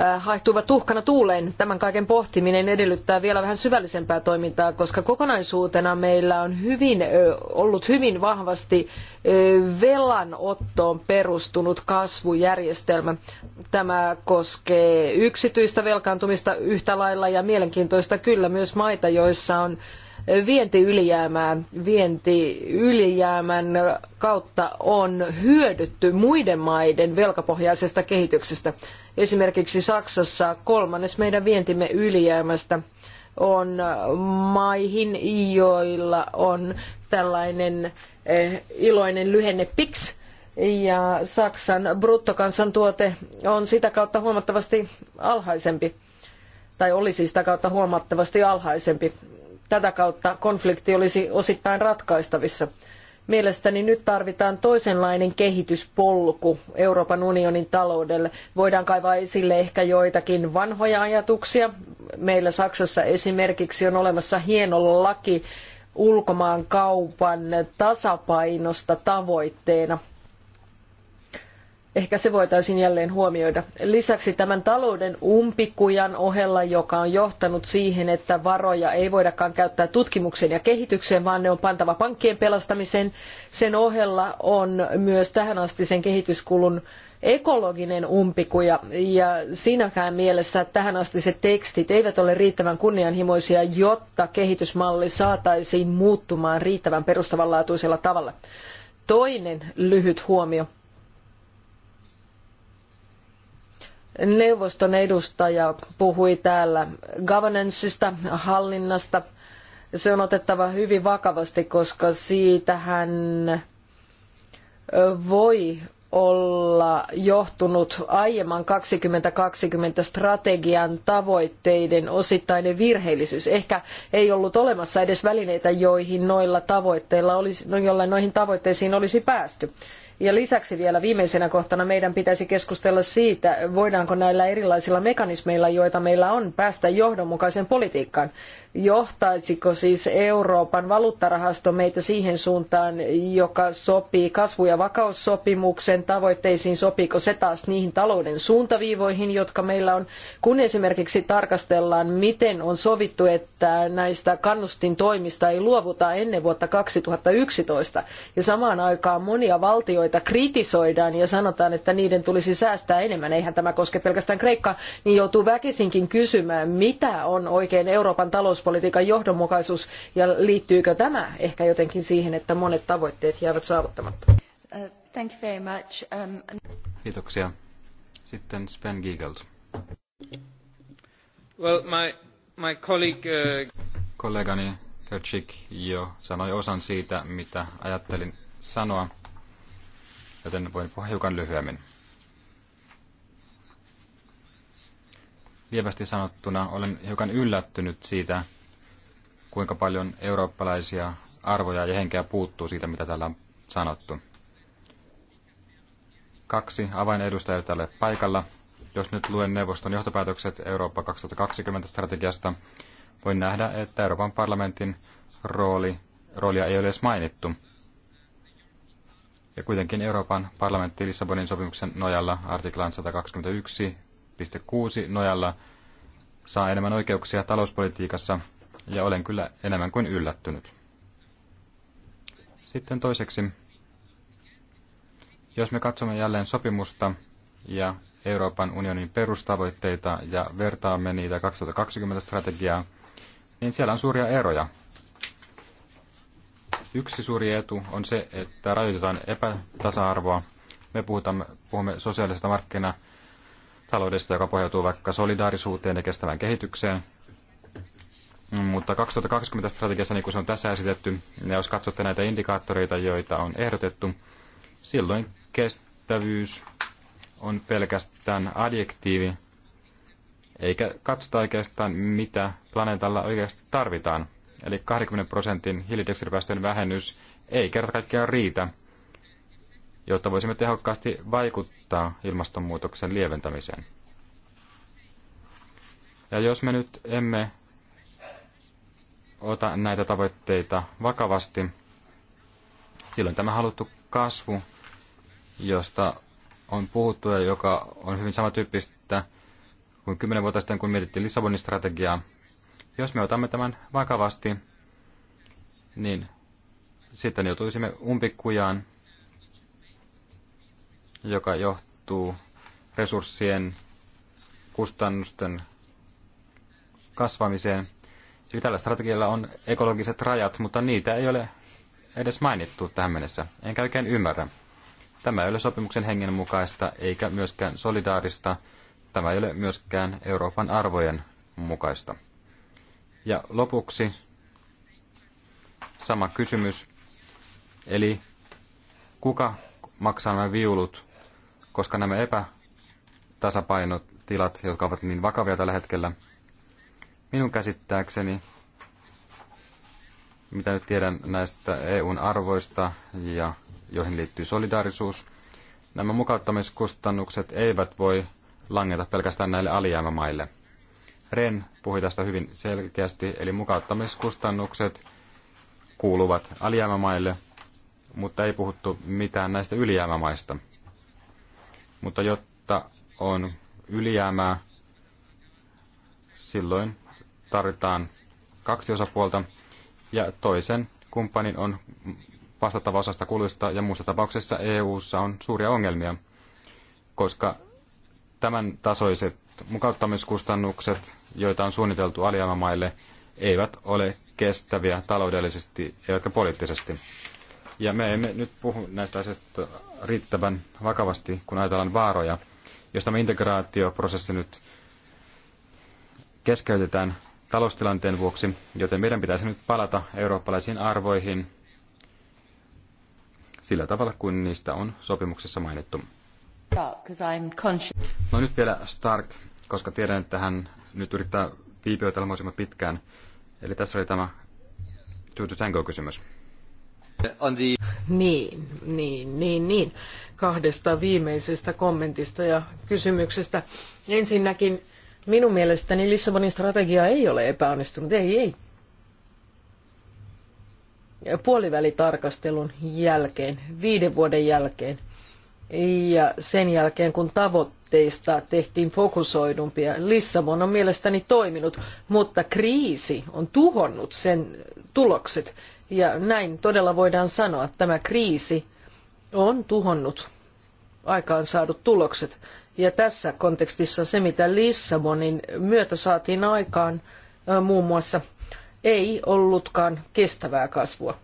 Äh, haihtuivat tuhkana tuuleen. Tämän kaiken pohtiminen edellyttää vielä vähän syvällisempää toimintaa, koska kokonaisuutena meillä on hyvin, ollut hyvin vahvasti velanottoon perustunut kasvujärjestelmä. Tämä koskee yksityistä velkaantumista yhtä lailla ja mielenkiintoista kyllä myös maita, joissa on vientiylijäämää. Vientiylijäämän kautta on hyödytty muiden maiden velkapohjaisesta kehityksestä. Esimerkiksi Saksassa kolmannes meidän vientimme ylijäämästä on maihin, joilla on tällainen eh, iloinen lyhenne PIX, ja Saksan bruttokansantuote on sitä kautta huomattavasti alhaisempi, tai olisi siis sitä kautta huomattavasti alhaisempi. Tätä kautta konflikti olisi osittain ratkaistavissa. Mielestäni nyt tarvitaan toisenlainen kehityspolku Euroopan unionin taloudelle. Voidaan kaivaa esille ehkä joitakin vanhoja ajatuksia. Meillä Saksassa esimerkiksi on olemassa hieno laki ulkomaankaupan tasapainosta tavoitteena. Ehkä se voitaisiin jälleen huomioida. Lisäksi tämän talouden umpikujan ohella, joka on johtanut siihen, että varoja ei voidakaan käyttää tutkimukseen ja kehitykseen, vaan ne on pantava pankkien pelastamiseen, sen ohella on myös tähänastisen kehityskulun ekologinen umpikuja ja siinäkään mielessä tähänastiset tekstit eivät ole riittävän kunnianhimoisia, jotta kehitysmalli saataisiin muuttumaan riittävän perustavanlaatuisella tavalla. Toinen lyhyt huomio. Neuvoston edustaja puhui täällä governanceista, hallinnasta. Se on otettava hyvin vakavasti, koska siitähän voi olla johtunut aiemman 2020 strategian tavoitteiden osittainen virheellisyys. Ehkä ei ollut olemassa edes välineitä, joihin noilla tavoitteilla olisi, joilla noihin tavoitteisiin olisi päästy. Ja lisäksi vielä viimeisenä kohtana meidän pitäisi keskustella siitä, voidaanko näillä erilaisilla mekanismeilla, joita meillä on, päästä johdonmukaiseen politiikkaan. Johtaisiko siis Euroopan valuuttarahasto meitä siihen suuntaan, joka sopii kasvu- ja vakaussopimuksen tavoitteisiin, sopiiko se taas niihin talouden suuntaviivoihin, jotka meillä on, kun esimerkiksi tarkastellaan, miten on sovittu, että näistä kannustintoimista ei luovuta ennen vuotta 2011, ja samaan aikaan monia valtioita kritisoidaan ja sanotaan, että niiden tulisi säästää enemmän, eihän tämä koske pelkästään Kreikkaa, niin joutuu väkisinkin kysymään, mitä on oikein Euroopan talous talouspolitiikan johdonmukaisuus ja liittyykö tämä ehkä jotenkin siihen, että monet tavoitteet jäävät saavuttamatta? thank you very much. Um, Kiitoksia. Sitten Sven Well, my, my colleague, uh... Kollegani Kerchik jo sanoi osan siitä, mitä ajattelin sanoa, joten voin puhua hiukan lyhyemmin. Lievästi sanottuna olen hiukan yllättynyt siitä, kuinka paljon eurooppalaisia arvoja ja henkeä puuttuu siitä, mitä täällä on sanottu. Kaksi avainedustajaa tälle paikalla. Jos nyt luen neuvoston johtopäätökset Eurooppa 2020 strategiasta, voin nähdä, että Euroopan parlamentin rooli, roolia ei ole edes mainittu. Ja kuitenkin Euroopan parlamentti Lissabonin sopimuksen nojalla artiklan 121.6 nojalla saa enemmän oikeuksia talouspolitiikassa ja olen kyllä enemmän kuin yllättynyt. Sitten toiseksi, jos me katsomme jälleen sopimusta ja Euroopan unionin perustavoitteita ja vertaamme niitä 2020-strategiaa, niin siellä on suuria eroja. Yksi suuri etu on se, että rajoitetaan epätasa-arvoa. Me puhutaan, puhumme sosiaalisesta markkinataloudesta, joka pohjautuu vaikka solidaarisuuteen ja kestävään kehitykseen, mutta 2020 strategiassa, niin kuin se on tässä esitetty, ja jos katsotte näitä indikaattoreita, joita on ehdotettu, silloin kestävyys on pelkästään adjektiivi, eikä katsota oikeastaan, mitä planeetalla oikeasti tarvitaan. Eli 20 prosentin hiilidioksidipäästöjen vähennys ei kerta kaikkiaan riitä, jotta voisimme tehokkaasti vaikuttaa ilmastonmuutoksen lieventämiseen. Ja jos me nyt emme ota näitä tavoitteita vakavasti, silloin tämä haluttu kasvu, josta on puhuttu ja joka on hyvin samantyyppistä kuin kymmenen vuotta sitten, kun mietittiin Lissabonin strategiaa. Jos me otamme tämän vakavasti, niin sitten joutuisimme umpikujaan, joka johtuu resurssien kustannusten kasvamiseen – Eli tällä strategialla on ekologiset rajat, mutta niitä ei ole edes mainittu tähän mennessä. Enkä oikein ymmärrä. Tämä ei ole sopimuksen hengen mukaista eikä myöskään solidaarista. Tämä ei ole myöskään Euroopan arvojen mukaista. Ja lopuksi sama kysymys. Eli kuka maksaa nämä viulut, koska nämä epätasapainotilat, jotka ovat niin vakavia tällä hetkellä, Minun käsittääkseni, mitä nyt tiedän näistä EUn arvoista ja joihin liittyy solidaarisuus, nämä mukauttamiskustannukset eivät voi langeta pelkästään näille alijäämämaille. Ren puhui tästä hyvin selkeästi, eli mukauttamiskustannukset kuuluvat alijäämämaille, mutta ei puhuttu mitään näistä ylijäämämaista. Mutta jotta on ylijäämää, silloin tarvitaan kaksi osapuolta ja toisen kumppanin on vastattava osasta kuluista ja muussa tapauksessa EU:ssa on suuria ongelmia, koska tämän tasoiset mukauttamiskustannukset, joita on suunniteltu alijäämämaille, eivät ole kestäviä taloudellisesti eivätkä poliittisesti. Ja me emme nyt puhu näistä asioista riittävän vakavasti, kun ajatellaan vaaroja. Jos tämä integraatioprosessi nyt keskeytetään, taloustilanteen vuoksi, joten meidän pitäisi nyt palata eurooppalaisiin arvoihin sillä tavalla kuin niistä on sopimuksessa mainittu. No nyt vielä Stark, koska tiedän, että hän nyt yrittää viipyötellä mahdollisimman pitkään. Eli tässä oli tämä Juju Tango-kysymys. Niin, niin, niin, niin. Kahdesta viimeisestä kommentista ja kysymyksestä. Ensinnäkin Minun mielestäni Lissabonin strategia ei ole epäonnistunut, ei, ei. Puolivälitarkastelun jälkeen, viiden vuoden jälkeen ja sen jälkeen, kun tavoitteista tehtiin fokusoidumpia, Lissabon on mielestäni toiminut, mutta kriisi on tuhonnut sen tulokset. Ja näin todella voidaan sanoa, että tämä kriisi on tuhonnut aikaansaadut tulokset. Ja tässä kontekstissa se, mitä Lissabonin myötä saatiin aikaan muun muassa, ei ollutkaan kestävää kasvua.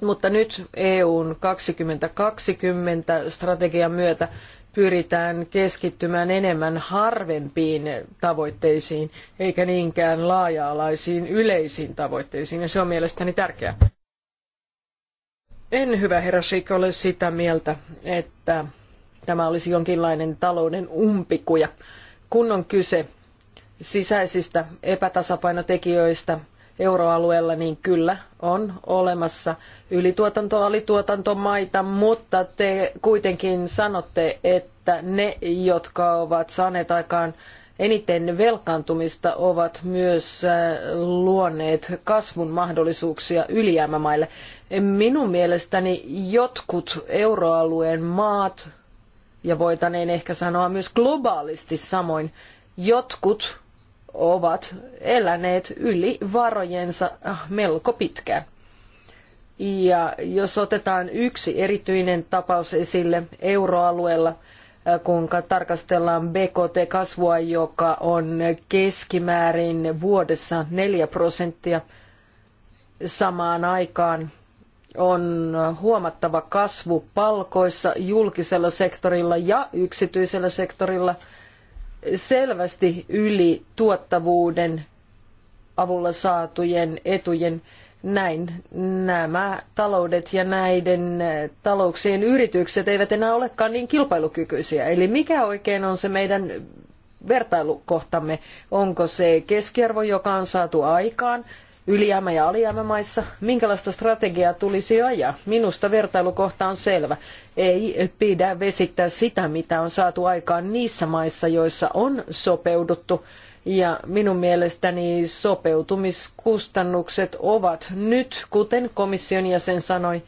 Mutta nyt EUn 2020 strategian myötä pyritään keskittymään enemmän harvempiin tavoitteisiin, eikä niinkään laaja-alaisiin yleisiin tavoitteisiin, ja se on mielestäni tärkeää. En, hyvä herra Schick, ole sitä mieltä, että tämä olisi jonkinlainen talouden umpikuja. Kun on kyse sisäisistä epätasapainotekijöistä euroalueella, niin kyllä on olemassa ylituotanto- alituotantomaita, mutta te kuitenkin sanotte, että ne, jotka ovat saaneet aikaan eniten velkaantumista, ovat myös äh, luoneet kasvun mahdollisuuksia ylijäämämaille. Minun mielestäni jotkut euroalueen maat ja voitaneen ehkä sanoa myös globaalisti samoin, jotkut ovat eläneet yli varojensa ah, melko pitkään. Ja jos otetaan yksi erityinen tapaus esille euroalueella, äh, kun tarkastellaan BKT-kasvua, joka on keskimäärin vuodessa neljä prosenttia samaan aikaan, on huomattava kasvu palkoissa julkisella sektorilla ja yksityisellä sektorilla selvästi yli tuottavuuden avulla saatujen etujen. Näin nämä taloudet ja näiden eh, talouksien yritykset eivät enää olekaan niin kilpailukykyisiä. Eli mikä oikein on se meidän vertailukohtamme? Onko se keskiarvo, joka on saatu aikaan ylijäämä- ja alijäämämaissa, minkälaista strategiaa tulisi ajaa. Minusta vertailukohta on selvä. Ei pidä vesittää sitä, mitä on saatu aikaan niissä maissa, joissa on sopeuduttu. Ja minun mielestäni sopeutumiskustannukset ovat nyt, kuten komission jäsen sanoi,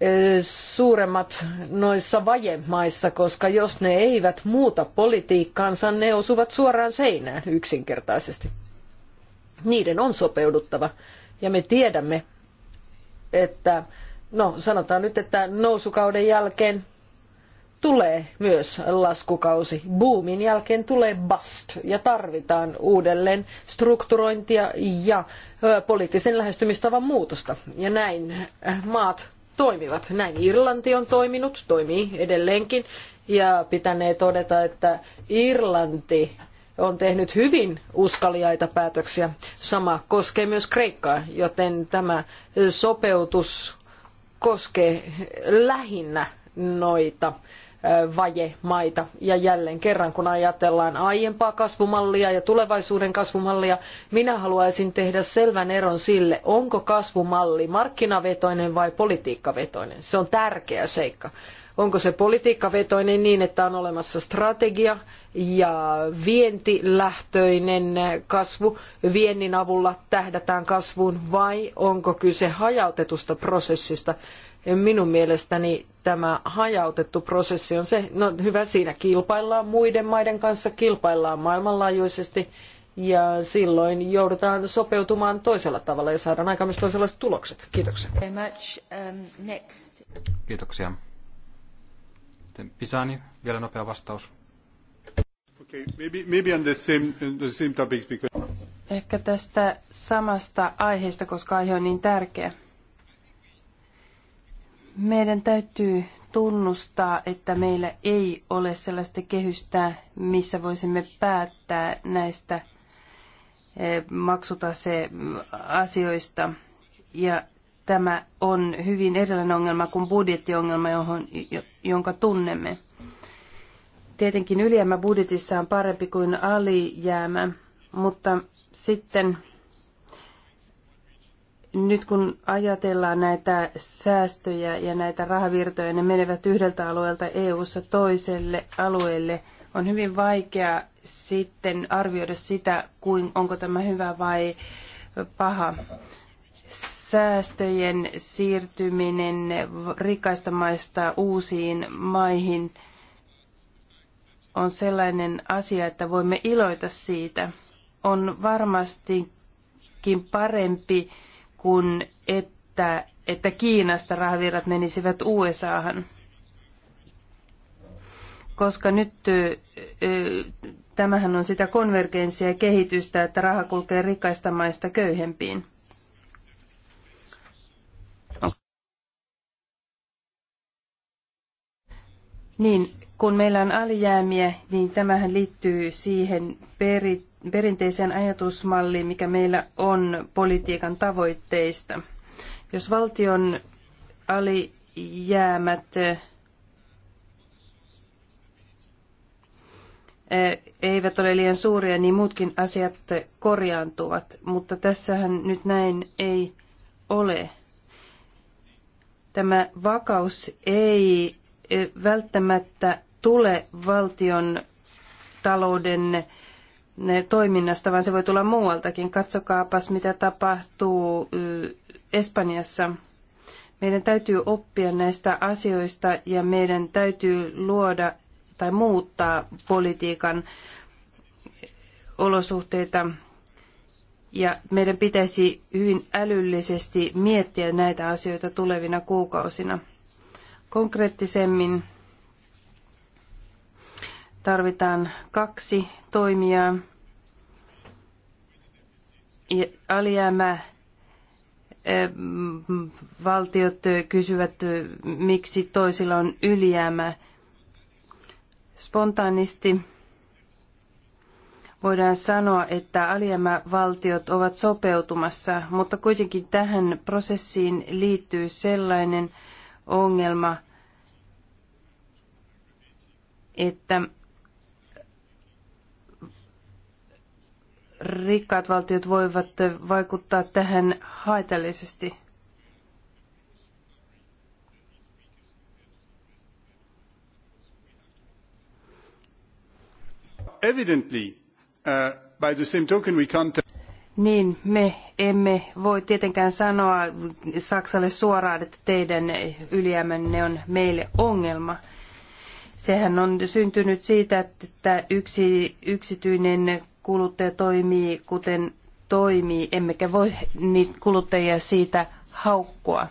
eh, suuremmat noissa vajemaissa, koska jos ne eivät muuta politiikkaansa, ne osuvat suoraan seinään yksinkertaisesti. Niiden on sopeuduttava. Ja me tiedämme, että no sanotaan nyt, että nousukauden jälkeen tulee myös laskukausi. Boomin jälkeen tulee bust ja tarvitaan uudelleen strukturointia ja poliittisen lähestymistavan muutosta. Ja näin äh, maat toimivat. Näin Irlanti on toiminut, toimii edelleenkin. Ja pitänee todeta, että Irlanti on tehnyt hyvin uskaliaita päätöksiä. Sama koskee myös Kreikkaa, joten tämä sopeutus koskee lähinnä noita vajemaita. Ja jälleen kerran, kun ajatellaan aiempaa kasvumallia ja tulevaisuuden kasvumallia, minä haluaisin tehdä selvän eron sille, onko kasvumalli markkinavetoinen vai politiikkavetoinen. Se on tärkeä seikka. Onko se politiikkavetoinen niin, että on olemassa strategia ja vientilähtöinen kasvu, viennin avulla tähdätään kasvuun, vai onko kyse hajautetusta prosessista? Minun mielestäni tämä hajautettu prosessi on se, no hyvä siinä kilpaillaan muiden maiden kanssa, kilpaillaan maailmanlaajuisesti, ja silloin joudutaan sopeutumaan toisella tavalla ja saadaan aika myös toisenlaiset tulokset. Kiitoksia. Um, Kiitoksia. Sitten Pisani, vielä nopea vastaus. Okay, maybe, maybe on the same, the same topic because... Ehkä tästä samasta aiheesta, koska aihe on niin tärkeä. Meidän täytyy tunnustaa, että meillä ei ole sellaista kehystä, missä voisimme päättää näistä eh, maksutaseasioista. Ja tämä on hyvin erilainen ongelma kuin budjettiongelma, johon, jonka tunnemme. Tietenkin ylijäämä budjetissa on parempi kuin alijäämä, mutta sitten nyt kun ajatellaan näitä säästöjä ja näitä rahavirtoja, ne menevät yhdeltä alueelta EU-ssa toiselle alueelle, on hyvin vaikea sitten arvioida sitä, kuin, onko tämä hyvä vai paha säästöjen siirtyminen rikkaista maista uusiin maihin on sellainen asia, että voimme iloita siitä. On varmastikin parempi kuin että, että Kiinasta rahavirrat menisivät USAhan. Koska nyt tämähän on sitä konvergenssia ja kehitystä, että raha kulkee rikkaista maista köyhempiin. Niin, kun meillä on alijäämiä, niin tämähän liittyy siihen peri, perinteiseen ajatusmalliin, mikä meillä on politiikan tavoitteista. Jos valtion alijäämät eh, eivät ole liian suuria, niin muutkin asiat korjaantuvat. Mutta tässähän nyt näin ei ole. Tämä vakaus ei välttämättä tule valtion talouden toiminnasta, vaan se voi tulla muualtakin. Katsokaapas, mitä tapahtuu Espanjassa. Meidän täytyy oppia näistä asioista ja meidän täytyy luoda tai muuttaa politiikan olosuhteita. Ja meidän pitäisi hyvin älyllisesti miettiä näitä asioita tulevina kuukausina konkreettisemmin. Tarvitaan kaksi toimijaa. Alijäämä valtiot kysyvät, miksi toisilla on ylijäämä spontaanisti voidaan sanoa, että alijäämävaltiot ovat sopeutumassa, mutta kuitenkin tähän prosessiin liittyy sellainen ongelma, että rikkaat valtiot voivat vaikuttaa tähän haitallisesti. Evidently, uh, by the same token, we can't niin me emme voi tietenkään sanoa Saksalle suoraan, että teidän ylijäämänne on meille ongelma. Sehän on syntynyt siitä, että yksi yksityinen kuluttaja toimii kuten toimii, emmekä voi niitä kuluttajia siitä haukkua.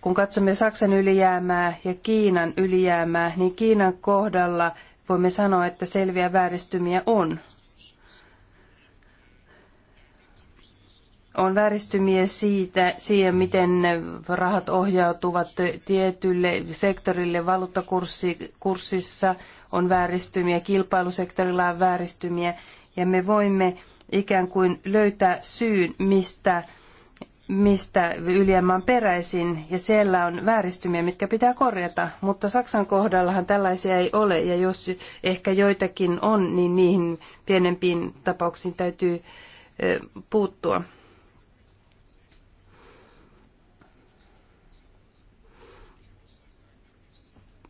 Kun katsomme Saksan ylijäämää ja Kiinan ylijäämää, niin Kiinan kohdalla voimme sanoa, että selviä vääristymiä on. on vääristymiä siitä, siihen, miten rahat ohjautuvat tietylle sektorille valuuttakurssissa, on vääristymiä, kilpailusektorilla on vääristymiä, ja me voimme ikään kuin löytää syyn, mistä, mistä ylijäämä on peräisin, ja siellä on vääristymiä, mitkä pitää korjata, mutta Saksan kohdallahan tällaisia ei ole, ja jos ehkä joitakin on, niin niihin pienempiin tapauksiin täytyy puuttua.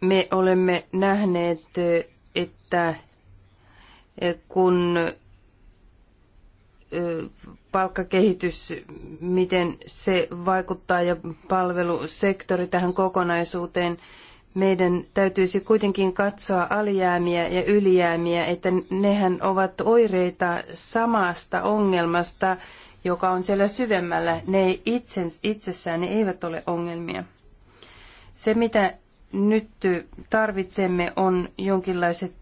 Me olemme nähneet, että kun palkkakehitys, miten se vaikuttaa ja palvelusektori tähän kokonaisuuteen, meidän täytyisi kuitenkin katsoa alijäämiä ja ylijäämiä, että nehän ovat oireita samasta ongelmasta, joka on siellä syvemmällä. Ne itsessään ne eivät ole ongelmia. Se, mitä nyt tarvitsemme on jonkinlaiset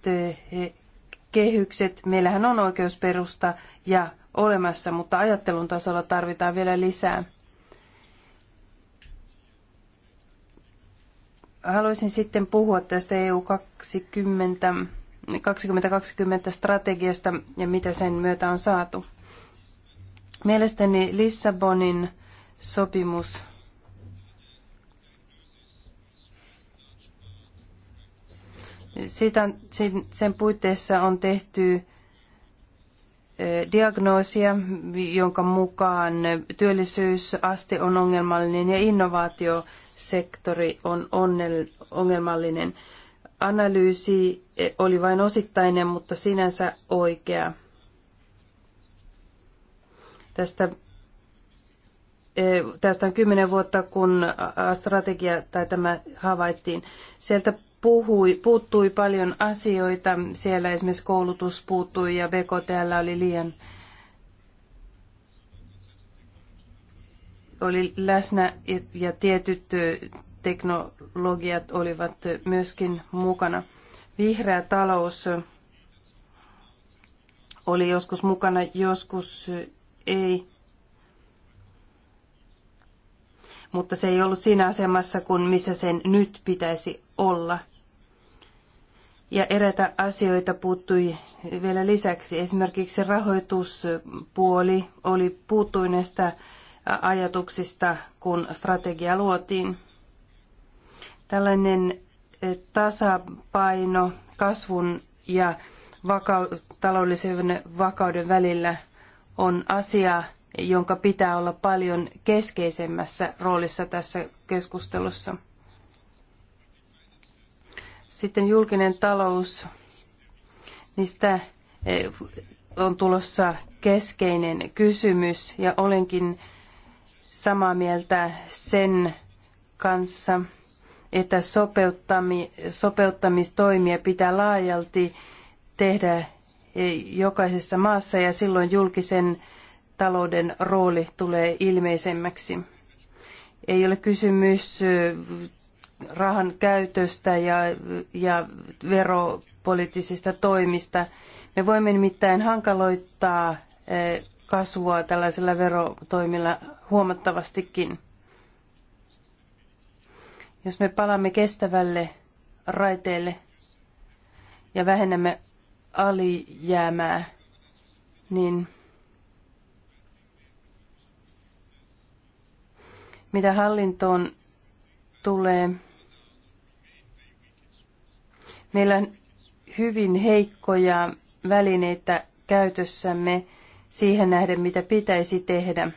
kehykset. Meillähän on oikeusperusta ja olemassa, mutta ajattelun tasolla tarvitaan vielä lisää. Haluaisin sitten puhua tästä EU 20, 2020 strategiasta ja mitä sen myötä on saatu. Mielestäni Lissabonin sopimus Sitä, sen puitteissa on tehty e, diagnoosia, jonka mukaan työllisyysaste on ongelmallinen ja innovaatiosektori on ongelmallinen. Analyysi e, oli vain osittainen, mutta sinänsä oikea. Tästä, e, tästä on kymmenen vuotta, kun strategia tai tämä havaittiin. Sieltä puhui, puuttui paljon asioita. Siellä esimerkiksi koulutus puuttui ja BKTL oli liian oli läsnä ja tietyt teknologiat olivat myöskin mukana. Vihreä talous oli joskus mukana, joskus ei. Mutta se ei ollut siinä asemassa kun missä sen nyt pitäisi olla – ja eräitä asioita puuttui vielä lisäksi. Esimerkiksi rahoituspuoli oli puuttuineesta ajatuksista, kun strategia luotiin. Tällainen eh, tasapaino kasvun ja vakau- taloudellisen vakauden välillä on asia, jonka pitää olla paljon keskeisemmässä roolissa tässä keskustelussa. Sitten julkinen talous, niistä eh, on tulossa keskeinen kysymys ja olenkin samaa mieltä sen kanssa, että sopeuttamistoimia pitää laajalti tehdä eh, jokaisessa maassa ja silloin julkisen talouden rooli tulee ilmeisemmäksi. Ei ole kysymys eh, rahan käytöstä ja, ja veropoliittisista toimista. Me voimme nimittäin hankaloittaa eh, kasvua tällaisilla verotoimilla huomattavastikin. Jos me palaamme kestävälle raiteelle ja vähennämme alijäämää, niin mitä hallintoon tulee, Meillä on hyvin heikkoja välineitä käytössämme siihen nähden, mitä pitäisi tehdä.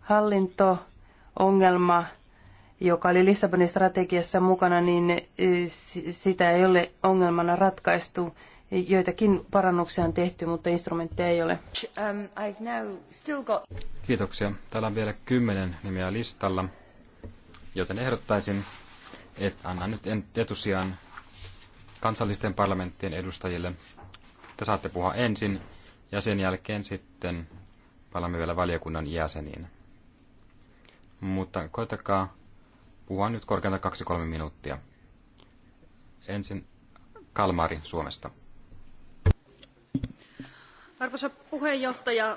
Hallinto-ongelma, joka oli Lissabonin strategiassa mukana, niin eh, sitä ei ole ongelmana ratkaistu. Joitakin parannuksia on tehty, mutta instrumentteja ei ole. Um, Kiitoksia. Täällä on vielä kymmenen nimeä listalla, joten ehdottaisin, että annan nyt etusijan kansallisten parlamenttien edustajille. Te saatte puhua ensin ja sen jälkeen sitten palaamme vielä valiokunnan jäseniin. Mutta koetakaa puhua nyt korkeintaan 2-3 minuuttia. Ensin Kalmari Suomesta. Arvoisa puheenjohtaja,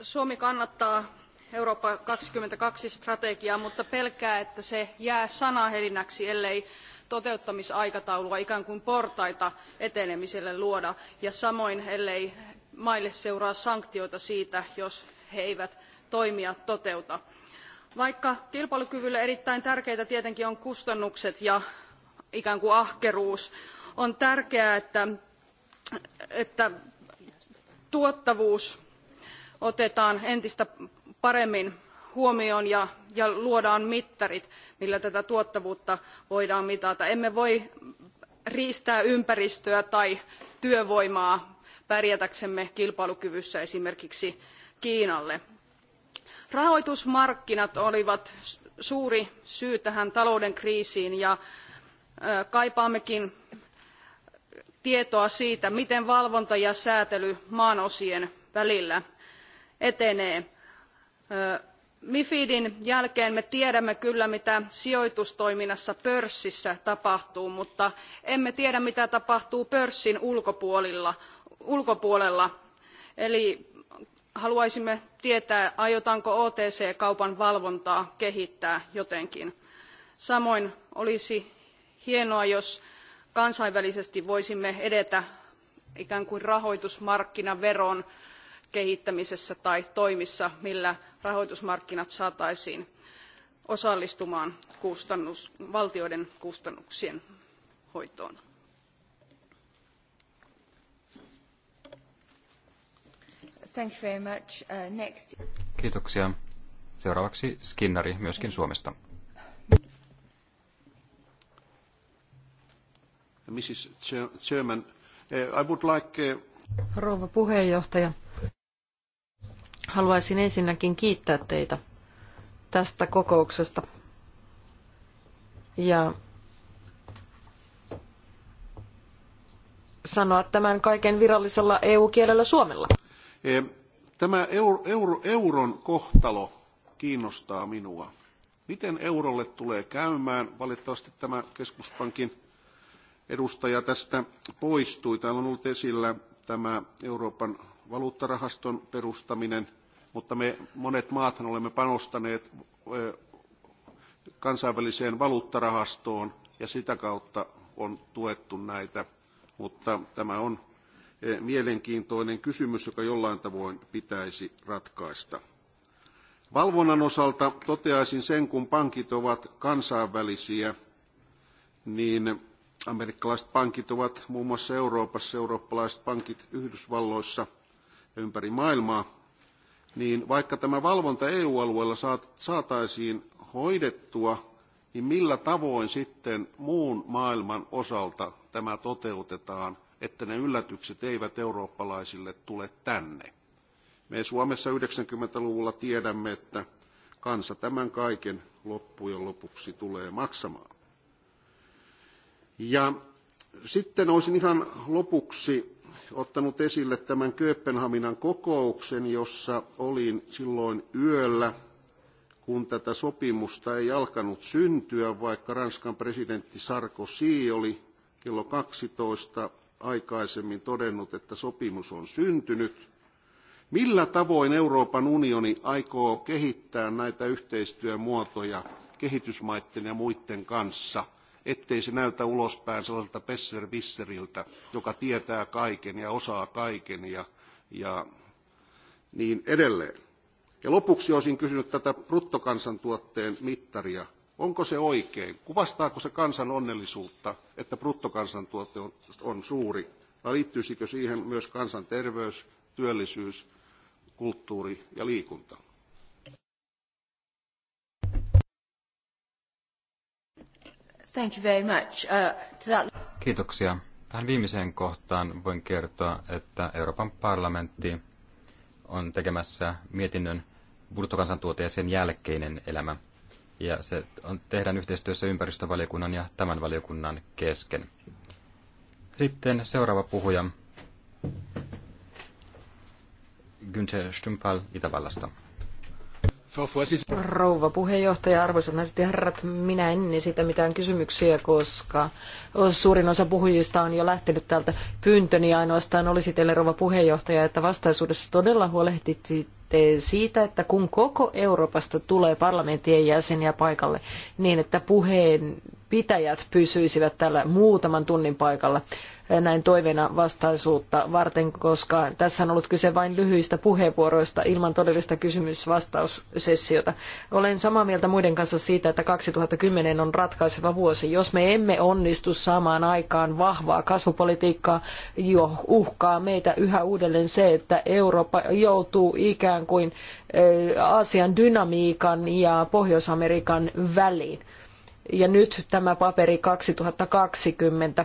Suomi kannattaa Eurooppa 22 strategiaa, mutta pelkää, että se jää sanahelinäksi, ellei toteuttamisaikataulua ikään kuin portaita etenemiselle luoda ja samoin ellei maille seuraa sanktioita siitä jos he eivät toimia toteuta. vaikka kilpailukyvylle erittäin tärkeitä tietenkin ovat kustannukset ja ikään kuin ahkeruus on tärkeää että, että tuottavuus otetaan entistä paremmin huomioon ja, ja luodaan mittarit millä tätä tuottavuutta voidaan mitata. emme voi riistää ympäristöä tai työvoimaa pärjätäksemme kilpailukyvyssä esimerkiksi kiinalle. rahoitusmarkkinat olivat suuri syy tähän talouden kriisiin ja kaipaammekin tietoa siitä miten valvonta ja säätely maanosien välillä etenee mifidin jälkeen me tiedämme kyllä mitä sijoitustoiminnassa pörssissä tapahtuu mutta emme tiedä mitä tapahtuu pörssin ulkopuolella, ulkopuolella. eli haluaisimme tietää aiotaanko otc kaupan valvontaa kehittää jotenkin. samoin olisi hienoa jos kansainvälisesti voisimme edetä ikään kuin rahoitusmarkkinaveron kehittämisessä tai toimissa, millä rahoitusmarkkinat saataisiin osallistumaan kustannus, valtioiden kustannuksien hoitoon. Thank you very much. Uh, next. Kiitoksia. Seuraavaksi Skinnari myöskin Suomesta. Mrs. Chairman, uh, I would like... Uh, Rouva puheenjohtaja, Haluaisin ensinnäkin kiittää teitä tästä kokouksesta. Ja sanoa tämän kaiken virallisella EU-kielellä Suomella. E, tämä euro, euro, euron kohtalo kiinnostaa minua. Miten eurolle tulee käymään? Valitettavasti tämä keskuspankin edustaja tästä poistui. Täällä on ollut esillä tämä Euroopan valuuttarahaston perustaminen – mutta me monet maathan olemme panostaneet kansainväliseen valuuttarahastoon ja sitä kautta on tuettu näitä, mutta tämä on mielenkiintoinen kysymys, joka jollain tavoin pitäisi ratkaista. Valvonnan osalta toteaisin sen, kun pankit ovat kansainvälisiä, niin amerikkalaiset pankit ovat muun muassa Euroopassa, eurooppalaiset pankit Yhdysvalloissa ja ympäri maailmaa, niin vaikka tämä valvonta EU-alueella saataisiin hoidettua, niin millä tavoin sitten muun maailman osalta tämä toteutetaan, että ne yllätykset eivät eurooppalaisille tule tänne. Me Suomessa 90-luvulla tiedämme, että kansa tämän kaiken loppujen lopuksi tulee maksamaan. Ja sitten olisin ihan lopuksi ottanut esille tämän Kööpenhaminan kokouksen, jossa olin silloin yöllä, kun tätä sopimusta ei alkanut syntyä, vaikka Ranskan presidentti Sarkozy oli kello 12 aikaisemmin todennut, että sopimus on syntynyt. Millä tavoin Euroopan unioni aikoo kehittää näitä yhteistyömuotoja kehitysmaiden ja muiden kanssa? ettei se näytä ulospäin sellaiselta pesservisseriltä, joka tietää kaiken ja osaa kaiken ja, ja niin edelleen. Ja lopuksi olisin kysynyt tätä bruttokansantuotteen mittaria. Onko se oikein? Kuvastaako se kansan onnellisuutta, että bruttokansantuote on, on suuri? Vai liittyisikö siihen myös kansanterveys, työllisyys, kulttuuri ja liikunta? Thank you very much. Uh, that... Kiitoksia. Tähän viimeiseen kohtaan voin kertoa, että Euroopan parlamentti on tekemässä mietinnön bruttokansantuote ja sen jälkeinen elämä. Ja se on, tehdään yhteistyössä ympäristövaliokunnan ja tämän valiokunnan kesken. Sitten seuraava puhuja, Günther Stümpal Itävallasta. Rouva puheenjohtaja, arvoisat naiset ja herrat, minä en esitä mitään kysymyksiä, koska suurin osa puhujista on jo lähtenyt täältä. Pyyntöni ainoastaan olisi teille, rouva puheenjohtaja, että vastaisuudessa todella huolehtisit siitä, että kun koko Euroopasta tulee parlamenttien jäseniä paikalle, niin että puheenpitäjät pysyisivät tällä muutaman tunnin paikalla näin toiveena vastaisuutta varten, koska tässä on ollut kyse vain lyhyistä puheenvuoroista ilman todellista kysymys-vastaussessiota. Olen samaa mieltä muiden kanssa siitä, että 2010 on ratkaiseva vuosi. Jos me emme onnistu saamaan aikaan vahvaa kasvupolitiikkaa, jo uhkaa meitä yhä uudelleen se, että Eurooppa joutuu ikään kuin Aasian dynamiikan ja Pohjois-Amerikan väliin. Ja nyt tämä paperi 2020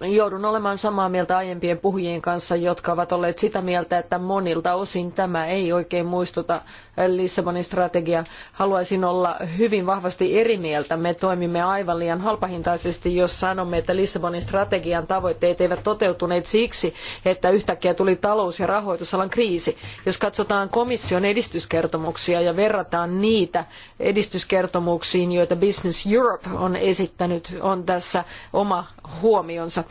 Joudun olemaan samaa mieltä aiempien puhujien kanssa, jotka ovat olleet sitä mieltä, että monilta osin tämä ei oikein muistuta Lissabonin strategiaa. Haluaisin olla hyvin vahvasti eri mieltä. Me toimimme aivan liian halpahintaisesti, jos sanomme, että Lissabonin strategian tavoitteet eivät toteutuneet siksi, että yhtäkkiä tuli talous- ja rahoitusalan kriisi. Jos katsotaan komission edistyskertomuksia ja verrataan niitä edistyskertomuksiin, joita Business Europe on esittänyt, on tässä oma huomionsa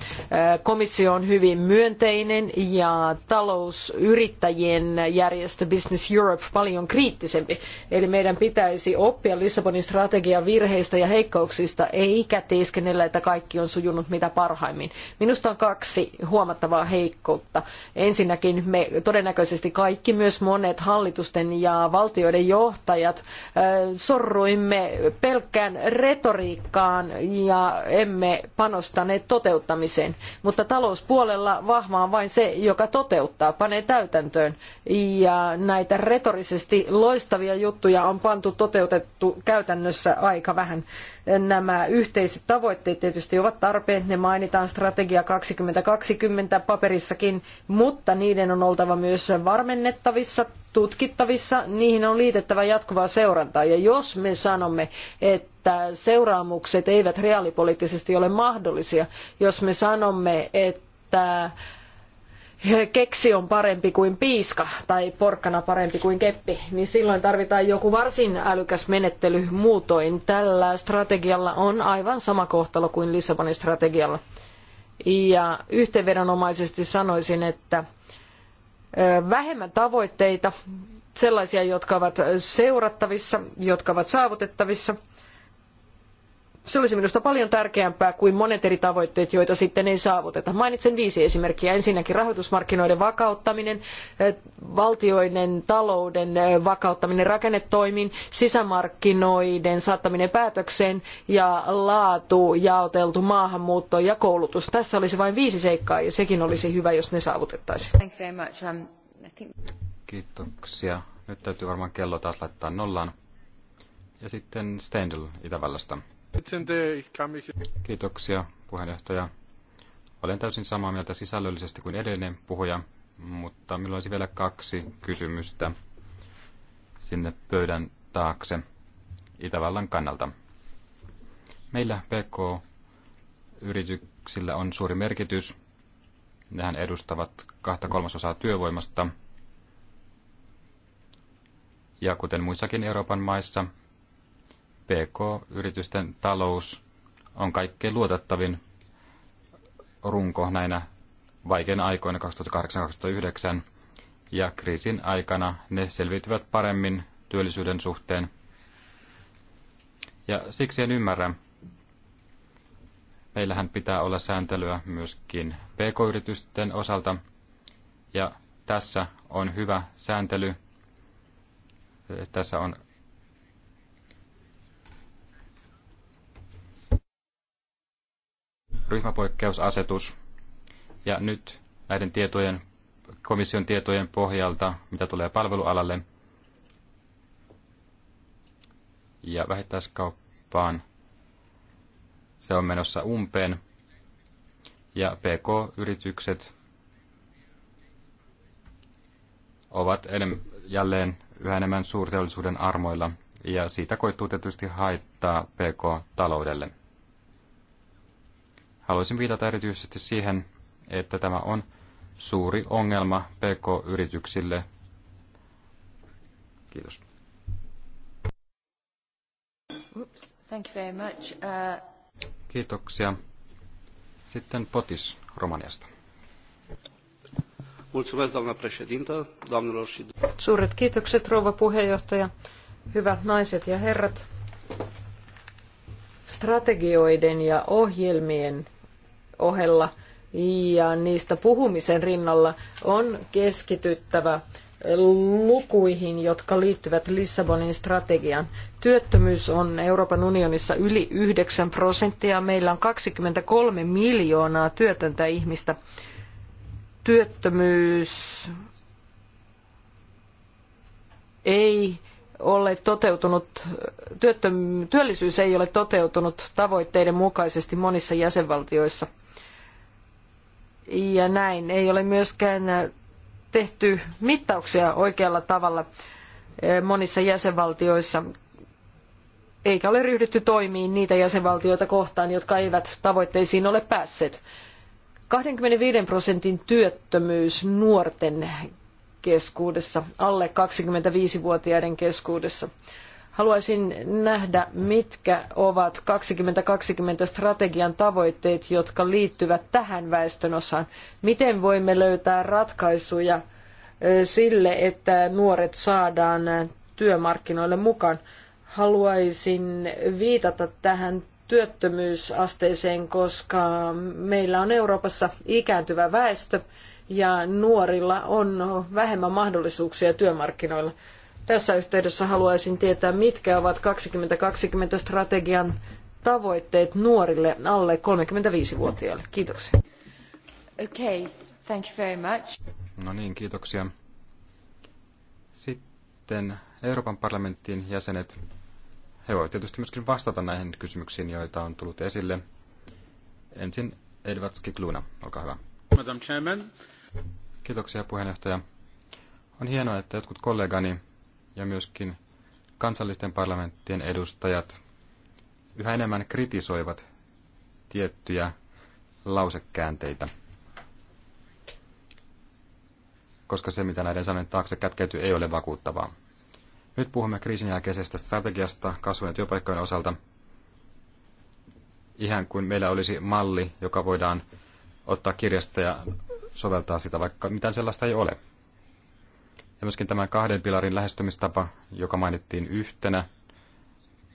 Komissio on hyvin myönteinen ja talousyrittäjien järjestö Business Europe paljon kriittisempi. Eli meidän pitäisi oppia Lissabonin strategian virheistä ja heikkouksista, eikä teeskennellä, että kaikki on sujunut mitä parhaimmin. Minusta on kaksi huomattavaa heikkoutta. Ensinnäkin me todennäköisesti kaikki, myös monet hallitusten ja valtioiden johtajat, sorruimme pelkkään retoriikkaan ja emme panostaneet toteuttamiseen parantamiseen, mutta talouspuolella vahva on vain se, joka toteuttaa, panee täytäntöön. Ja näitä retorisesti loistavia juttuja on pantu toteutettu käytännössä aika vähän. Nämä yhteiset tavoitteet tietysti ovat tarpeen, ne mainitaan strategia 2020 paperissakin, mutta niiden on oltava myös varmennettavissa tutkittavissa, niihin on liitettävä jatkuvaa seurantaa. Ja jos me sanomme, että seuraamukset eivät reaalipoliittisesti ole mahdollisia, jos me sanomme, että keksi on parempi kuin piiska tai porkkana parempi kuin keppi, niin silloin tarvitaan joku varsin älykäs menettely muutoin. Tällä strategialla on aivan sama kohtalo kuin Lissabonin strategialla. Ja yhteenvedonomaisesti sanoisin, että vähemmän tavoitteita, sellaisia, jotka ovat seurattavissa, jotka ovat saavutettavissa – se olisi minusta paljon tärkeämpää kuin monet eri tavoitteet, joita sitten ei saavuteta. Mainitsen viisi esimerkkiä. Ensinnäkin rahoitusmarkkinoiden vakauttaminen, valtioiden talouden vakauttaminen rakennetoimin, sisämarkkinoiden saattaminen päätökseen ja laatu, jaoteltu maahanmuutto ja koulutus. Tässä olisi vain viisi seikkaa ja sekin olisi hyvä, jos ne saavutettaisiin. Um, Kiitoksia. Nyt täytyy varmaan kello taas laittaa nollaan. Ja sitten Stendel Itävallasta. Kiitoksia, puheenjohtaja. Olen täysin samaa mieltä sisällöllisesti kuin edellinen puhuja, mutta minulla olisi vielä kaksi kysymystä sinne pöydän taakse Itävallan kannalta. Meillä PK-yrityksillä on suuri merkitys. Nehän edustavat kahta kolmasosaa työvoimasta. Ja kuten muissakin Euroopan maissa, PK-yritysten talous on kaikkein luotettavin runko näinä vaikeina aikoina 2008-2009 ja kriisin aikana ne selviytyvät paremmin työllisyyden suhteen. Ja siksi en ymmärrä, meillähän pitää olla sääntelyä myöskin pk-yritysten osalta ja tässä on hyvä sääntely. Tässä on ryhmäpoikkeusasetus. Ja nyt näiden tietojen, komission tietojen pohjalta, mitä tulee palvelualalle ja vähittäiskauppaan, se on menossa umpeen. Ja PK-yritykset ovat jälleen yhä enemmän suurteollisuuden armoilla, ja siitä koituu tietysti haittaa PK-taloudelle. Haluaisin viitata erityisesti siihen, että tämä on suuri ongelma PK-yrityksille. Kiitos. Oops, thank you very much. Uh... Kiitoksia. Sitten Potis Romaniasta. Mulțumesc, doamna președintă, doamnelor și... Suuret kiitokset, rouva puheenjohtaja. Hyvät naiset ja herrat, strategioiden ja ohjelmien ohella ja niistä puhumisen rinnalla on keskityttävä lukuihin, jotka liittyvät Lissabonin strategiaan. Työttömyys on Euroopan unionissa yli 9 prosenttia. Meillä on 23 miljoonaa työtöntä ihmistä. Työttömyys ei ole toteutunut, työttöm, työllisyys ei ole toteutunut tavoitteiden mukaisesti monissa jäsenvaltioissa ja näin. Ei ole myöskään tehty mittauksia oikealla tavalla e, monissa jäsenvaltioissa, eikä ole ryhdytty toimiin niitä jäsenvaltioita kohtaan, jotka eivät tavoitteisiin ole päässeet. 25 prosentin työttömyys nuorten keskuudessa, alle 25-vuotiaiden keskuudessa. Haluaisin nähdä, mitkä ovat 2020 strategian tavoitteet, jotka liittyvät tähän väestönosaan. Miten voimme löytää ratkaisuja sille, että nuoret saadaan työmarkkinoille mukaan? Haluaisin viitata tähän työttömyysasteeseen, koska meillä on Euroopassa ikääntyvä väestö ja nuorilla on vähemmän mahdollisuuksia työmarkkinoilla. Tässä yhteydessä haluaisin tietää, mitkä ovat 2020 strategian tavoitteet nuorille alle 35-vuotiaille. Kiitoksia. Okay, thank you very much. No niin, kiitoksia. Sitten Euroopan parlamentin jäsenet, he voivat tietysti myöskin vastata näihin kysymyksiin, joita on tullut esille. Ensin Edward Skikluna, olkaa hyvä. Madam Chairman. Kiitoksia puheenjohtaja. On hienoa, että jotkut kollegani ja myöskin kansallisten parlamenttien edustajat yhä enemmän kritisoivat tiettyjä lausekäänteitä. Koska se, mitä näiden sanojen taakse kätkeytyy, ei ole vakuuttavaa. Nyt puhumme kriisin jälkeisestä strategiasta kasvun ja työpaikkojen osalta. Ihan kuin meillä olisi malli, joka voidaan ottaa kirjasta ja soveltaa sitä, vaikka mitään sellaista ei ole. Ja myöskin tämä kahden pilarin lähestymistapa, joka mainittiin yhtenä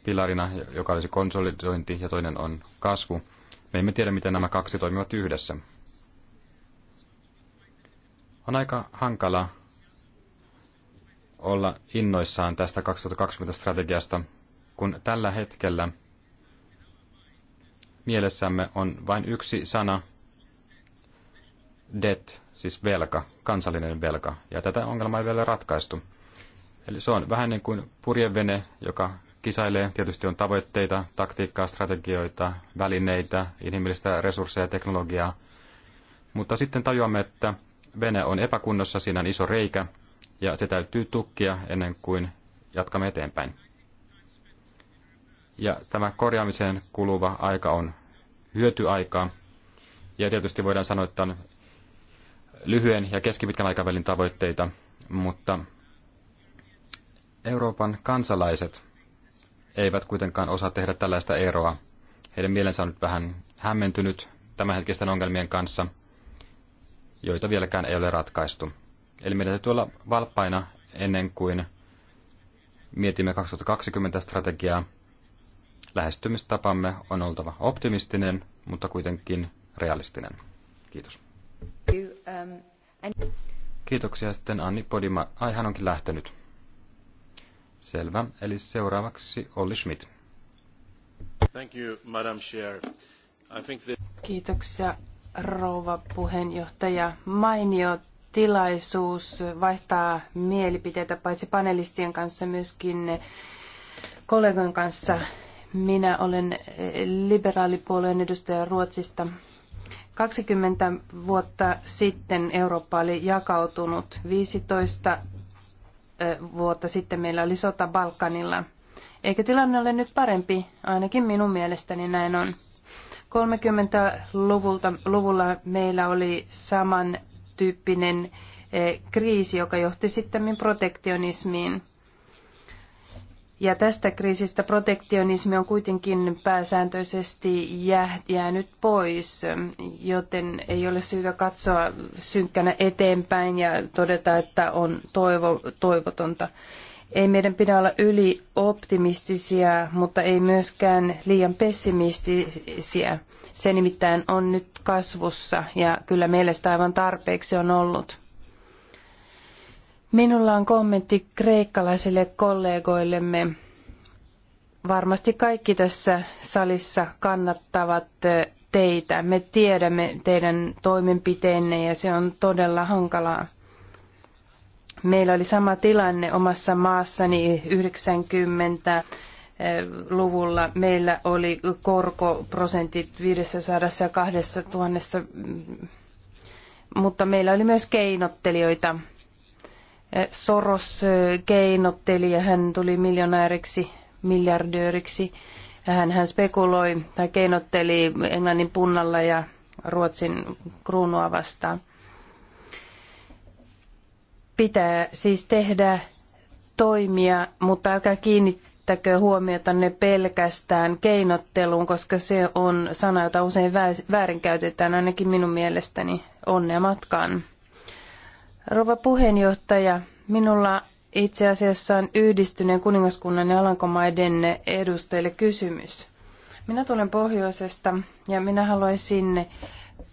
pilarina, joka olisi konsolidointi ja toinen on kasvu. Me emme tiedä, miten nämä kaksi toimivat yhdessä. On aika hankala olla innoissaan tästä 2020-strategiasta, kun tällä hetkellä mielessämme on vain yksi sana, debt, siis velka, kansallinen velka, ja tätä ongelmaa ei vielä ratkaistu. Eli se on vähän niin kuin purjevene, joka kisailee. Tietysti on tavoitteita, taktiikkaa, strategioita, välineitä, inhimillistä resursseja ja teknologiaa. Mutta sitten tajuamme, että vene on epäkunnossa, siinä on iso reikä, ja se täytyy tukkia ennen kuin jatkamme eteenpäin. Ja tämä korjaamiseen kuluva aika on hyötyaikaa. Ja tietysti voidaan sanoa, että on lyhyen ja keskipitkän aikavälin tavoitteita, mutta Euroopan kansalaiset eivät kuitenkaan osaa tehdä tällaista eroa. Heidän mielensä on nyt vähän hämmentynyt tämänhetkisten ongelmien kanssa, joita vieläkään ei ole ratkaistu. Eli meidän täytyy olla valppaina ennen kuin mietimme 2020 strategiaa. Lähestymistapamme on oltava optimistinen, mutta kuitenkin realistinen. Kiitos. Kiitoksia sitten Anni Podima. Ai hän onkin lähtenyt. Selvä. Eli seuraavaksi Olli Schmidt. Thank you, Madam Chair. I think that... Kiitoksia rouva puheenjohtaja. Mainio tilaisuus vaihtaa mielipiteitä paitsi panelistien kanssa myöskin kollegojen kanssa. Minä olen liberaalipuolueen edustaja Ruotsista 20 vuotta sitten Eurooppa oli jakautunut. 15 vuotta sitten meillä oli sota Balkanilla. Eikö tilanne ole nyt parempi? Ainakin minun mielestäni näin on. 30-luvulla meillä oli samantyyppinen kriisi, joka johti sitten protektionismiin. Ja tästä kriisistä protektionismi on kuitenkin pääsääntöisesti jäänyt pois, joten ei ole syytä katsoa synkkänä eteenpäin ja todeta, että on toivo, toivotonta. Ei meidän pidä olla ylioptimistisia, mutta ei myöskään liian pessimistisiä. Se nimittäin on nyt kasvussa ja kyllä meillä sitä aivan tarpeeksi on ollut. Minulla on kommentti kreikkalaisille kollegoillemme. Varmasti kaikki tässä salissa kannattavat teitä. Me tiedämme teidän toimenpiteenne ja se on todella hankalaa. Meillä oli sama tilanne omassa maassani 90 luvulla meillä oli korkoprosentit 502 000, mutta meillä oli myös keinottelijoita – Eh, Soros eh, keinotteli ja hän tuli miljonääriksi, miljardööriksi. Hän, hän spekuloi tai keinotteli Englannin punnalla ja Ruotsin kruunua vastaan. Pitää siis tehdä toimia, mutta älkää kiinnittäkö huomiota ne pelkästään keinotteluun, koska se on sana, jota usein väärinkäytetään, ainakin minun mielestäni. Onnea matkaan! Rova puheenjohtaja, minulla itse asiassa on yhdistyneen kuningaskunnan ja Alankomaiden edustajille kysymys. Minä tulen pohjoisesta ja minä haluaisin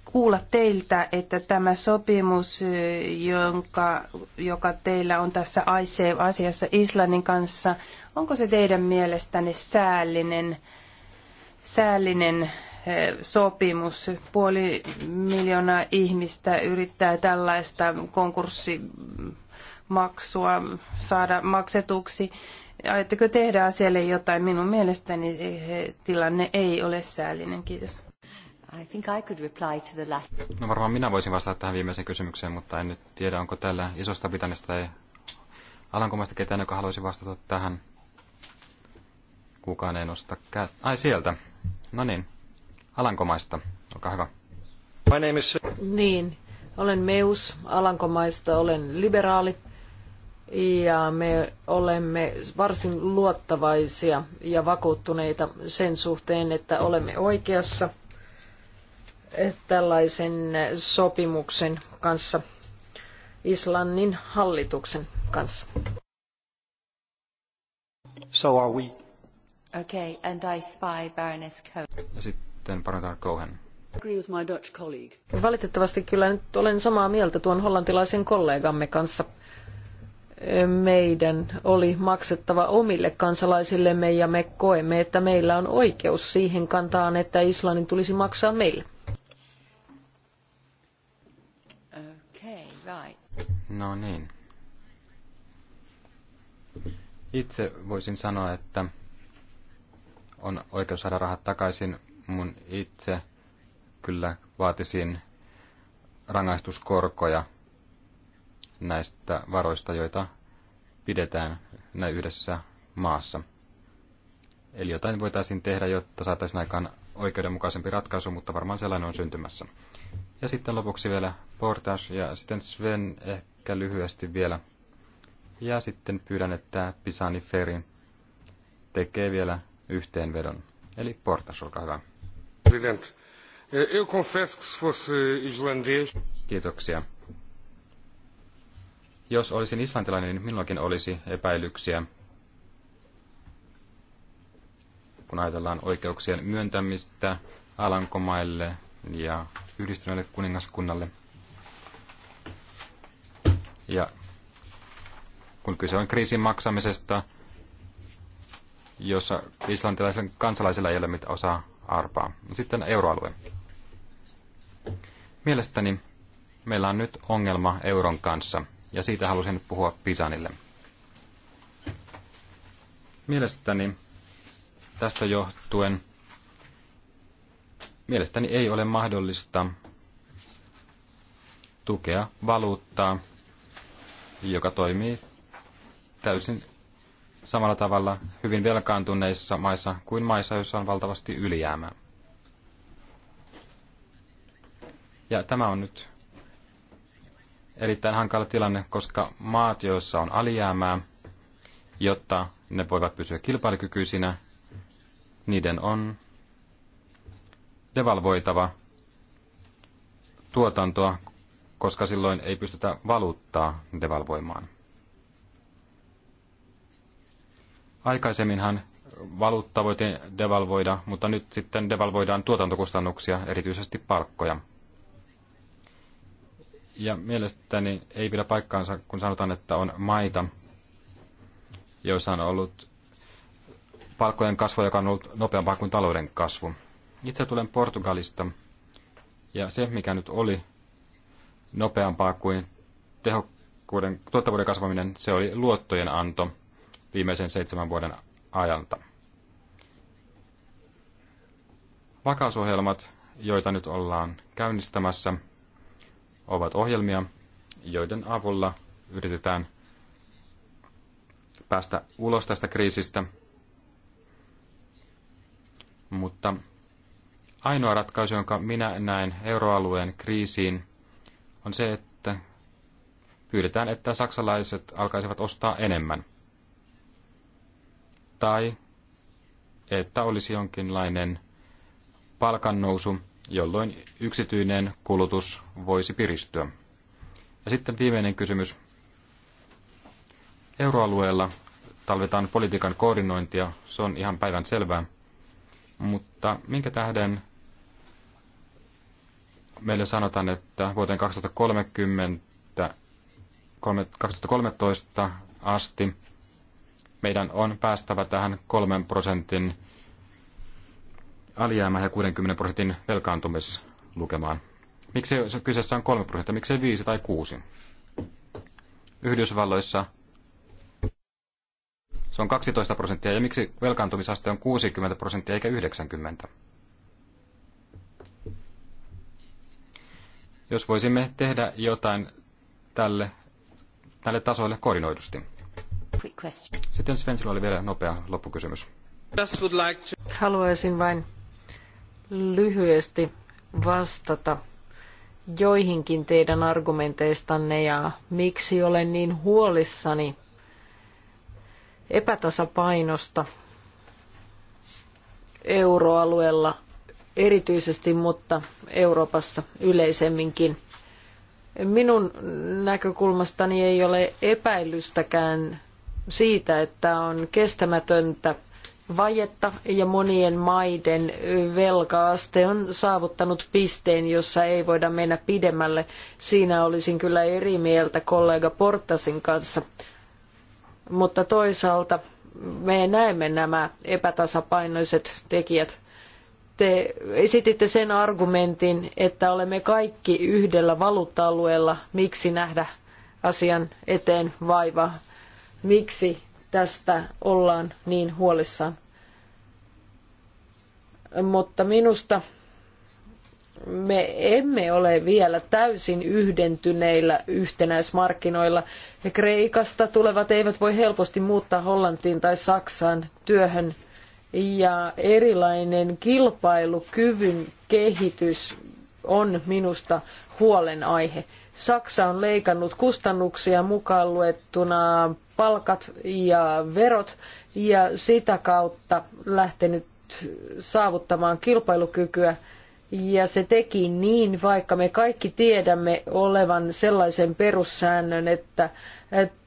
kuulla teiltä, että tämä sopimus, jonka, joka teillä on tässä asiassa Islannin kanssa, onko se teidän mielestänne säällinen, säällinen sopimus. Puoli miljoonaa ihmistä yrittää tällaista konkurssimaksua saada maksetuksi. Aiotteko tehdä asialle jotain? Minun mielestäni tilanne ei ole säällinen. Kiitos. I think I could reply to the last. No varmaan minä voisin vastata tähän viimeiseen kysymykseen, mutta en nyt tiedä, onko tällä isosta Britanniasta tai Alankomaista ketään, joka haluaisi vastata tähän. Kukaan ei nosta kä- Ai sieltä. No niin. Alankomaista. Olkaa hyvä. My name is... Niin, olen Meus Alankomaista, olen liberaali ja me olemme varsin luottavaisia ja vakuuttuneita sen suhteen, että olemme oikeassa tällaisen sopimuksen kanssa, Islannin hallituksen kanssa. So are we. Okay, and I spy Baroness Cohen. Ja sitten sitten parantaa Cohen. Valitettavasti kyllä nyt olen samaa mieltä tuon hollantilaisen kollegamme kanssa. Meidän oli maksettava omille kansalaisillemme ja me koemme, että meillä on oikeus siihen kantaan, että Islannin tulisi maksaa meille. Okay, right. No niin. Itse voisin sanoa, että on oikeus saada rahat takaisin, mun itse kyllä vaatisin rangaistuskorkoja näistä varoista, joita pidetään näin yhdessä maassa. Eli jotain voitaisiin tehdä, jotta saataisiin aikaan oikeudenmukaisempi ratkaisu, mutta varmaan sellainen on syntymässä. Ja sitten lopuksi vielä Portas ja sitten Sven ehkä lyhyesti vielä. Ja sitten pyydän, että Pisani Ferin tekee vielä yhteenvedon. Eli Portage, olkaa hyvä. Presidente. Eh, eu confesso que se fosse islandês... Kiitoksia. Jos olisin islantilainen, niin minullakin olisi epäilyksiä, kun ajatellaan oikeuksien myöntämistä Alankomaille ja yhdistyneelle kuningaskunnalle. Ja kun kyse on kriisin maksamisesta, jossa islantilaisilla kansalaisilla ei ole mitään osaa arpaa. Sitten euroalue. Mielestäni meillä on nyt ongelma euron kanssa, ja siitä halusin nyt puhua Pisanille. Mielestäni tästä johtuen mielestäni ei ole mahdollista tukea valuuttaa, joka toimii täysin samalla tavalla hyvin velkaantuneissa maissa kuin maissa, joissa on valtavasti ylijäämää. Ja tämä on nyt erittäin hankala tilanne, koska maat, joissa on alijäämää, jotta ne voivat pysyä kilpailukykyisinä, niiden on devalvoitava tuotantoa, koska silloin ei pystytä valuuttaa devalvoimaan. Aikaisemminhan valuutta voitiin devalvoida, mutta nyt sitten devalvoidaan tuotantokustannuksia, erityisesti palkkoja. Ja mielestäni ei pidä paikkaansa, kun sanotaan, että on maita, joissa on ollut palkkojen kasvu, joka on ollut nopeampaa kuin talouden kasvu. Itse tulen Portugalista, ja se, mikä nyt oli nopeampaa kuin tehokkuuden, tuottavuuden kasvaminen, se oli luottojen anto – viimeisen seitsemän vuoden ajalta. Vakausohjelmat, joita nyt ollaan käynnistämässä, ovat ohjelmia, joiden avulla yritetään päästä ulos tästä kriisistä. Mutta ainoa ratkaisu, jonka minä näen euroalueen kriisiin, on se, että pyydetään, että saksalaiset alkaisivat ostaa enemmän tai että olisi jonkinlainen palkannousu, jolloin yksityinen kulutus voisi piristyä. Ja sitten viimeinen kysymys. Euroalueella talvetaan politiikan koordinointia, se on ihan päivän selvää. Mutta minkä tähden meille sanotaan, että vuoteen 2030, 2013 asti meidän on päästävä tähän kolmen prosentin alijäämään ja 60 prosentin velkaantumislukemaan. Miksi kyseessä on 3 prosenttia, miksei 5 tai 6? Yhdysvalloissa se on 12 prosenttia ja miksi velkaantumisaste on 60 prosenttia eikä 90? Jos voisimme tehdä jotain tälle, tälle tasolle koordinoidusti quick question. Sitten oli vielä nopea loppukysymys. Haluaisin vain lyhyesti vastata joihinkin teidän argumenteistanne ja miksi olen niin huolissani epätasapainosta euroalueella erityisesti, mutta Euroopassa yleisemminkin. Minun näkökulmastani ei ole epäilystäkään siitä, että on kestämätöntä vajetta ja monien maiden velkaaste on saavuttanut pisteen, jossa ei voida mennä pidemmälle. Siinä olisin kyllä eri mieltä kollega Portasin kanssa. Mutta toisaalta me näemme nämä epätasapainoiset tekijät. Te esititte sen argumentin, että olemme kaikki yhdellä valuutta-alueella, miksi nähdä asian eteen vaivaa miksi tästä ollaan niin huolissaan. Mutta minusta me emme ole vielä täysin yhdentyneillä yhtenäismarkkinoilla. Ja Kreikasta tulevat eivät voi helposti muuttaa Hollantiin tai Saksaan työhön. Ja erilainen kilpailukyvyn kehitys on minusta huolenaihe. Saksa on leikannut kustannuksia mukaan luettuna palkat ja verot ja sitä kautta lähtenyt saavuttamaan kilpailukykyä. Ja se teki niin, vaikka me kaikki tiedämme olevan sellaisen perussäännön, että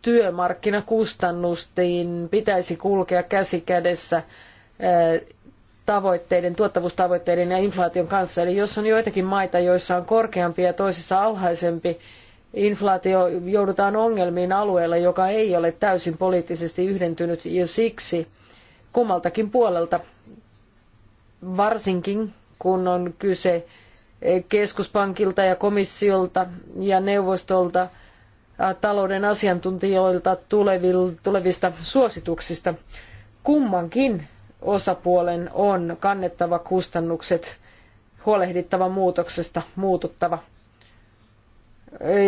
työmarkkinakustannusten pitäisi kulkea käsi kädessä tavoitteiden, tuottavuustavoitteiden ja inflaation kanssa. Eli jos on joitakin maita, joissa on korkeampi ja toisissa alhaisempi inflaatio, joudutaan ongelmiin alueella, joka ei ole täysin poliittisesti yhdentynyt ja siksi kummaltakin puolelta, varsinkin kun on kyse keskuspankilta ja komissiolta ja neuvostolta, talouden asiantuntijoilta tulevista suosituksista. Kummankin osapuolen on kannettava kustannukset, huolehdittava muutoksesta, muututtava.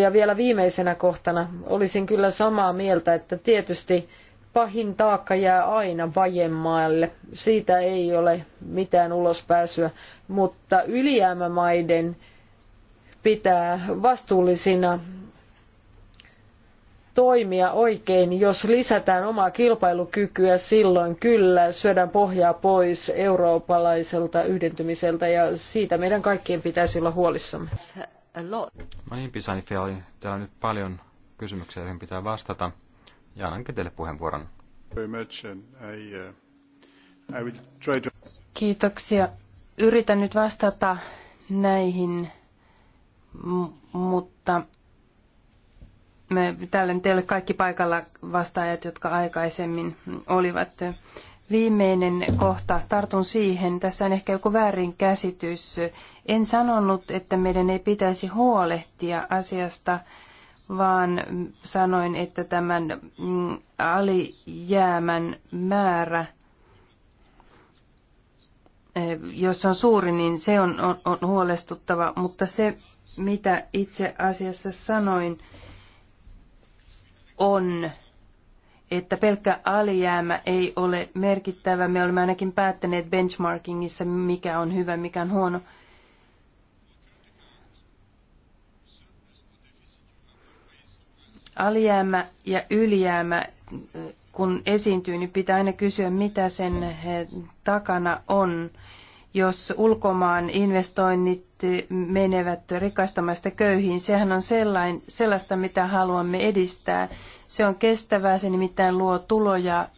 Ja vielä viimeisenä kohtana olisin kyllä samaa mieltä, että tietysti pahin taakka jää aina vajemaalle. Siitä ei ole mitään ulospääsyä, mutta ylijäämämaiden pitää vastuullisina toimia oikein, jos lisätään omaa kilpailukykyä, silloin kyllä syödään pohjaa pois eurooppalaiselta yhdentymiseltä ja siitä meidän kaikkien pitäisi olla huolissamme. No niin, Pisani Fiali, täällä on nyt paljon kysymyksiä, joihin pitää vastata. Ja annankin teille puheenvuoron. Uh, Kiitoksia. Yritän nyt vastata näihin, mutta Täällä nyt ei ole kaikki paikalla vastaajat, jotka aikaisemmin olivat. Viimeinen kohta, tartun siihen. Tässä on ehkä joku väärinkäsitys. En sanonut, että meidän ei pitäisi huolehtia asiasta, vaan sanoin, että tämän mm, alijäämän määrä, eh, jos on suuri, niin se on, on, on huolestuttava. Mutta se, mitä itse asiassa sanoin, on, että pelkkä alijäämä ei ole merkittävä. Me olemme ainakin päättäneet benchmarkingissa, mikä on hyvä, mikä on huono. Alijäämä ja ylijäämä, kun esiintyy, niin pitää aina kysyä, mitä sen eh, takana on jos ulkomaan investoinnit menevät rikaista maista köyhiin. Sehän on sellain, sellaista, mitä haluamme edistää. Se on kestävää, se nimittäin luo tuloja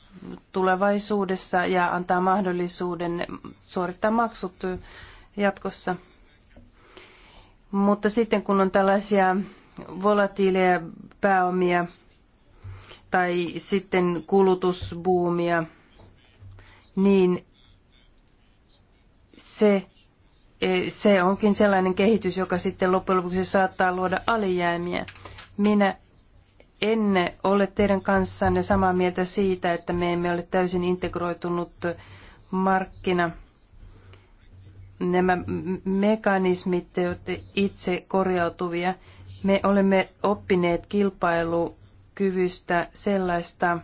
tulevaisuudessa ja antaa mahdollisuuden suorittaa maksut jatkossa. Mutta sitten kun on tällaisia volatiileja pääomia tai sitten kulutusbuumia, niin se, e, se onkin sellainen kehitys, joka sitten loppujen lopuksi saattaa luoda alijäämiä. Minä en ole teidän kanssanne samaa mieltä siitä, että me emme ole täysin integroitunut markkina. Nämä mekanismit ovat itse korjautuvia. Me olemme oppineet kilpailukyvystä sellaista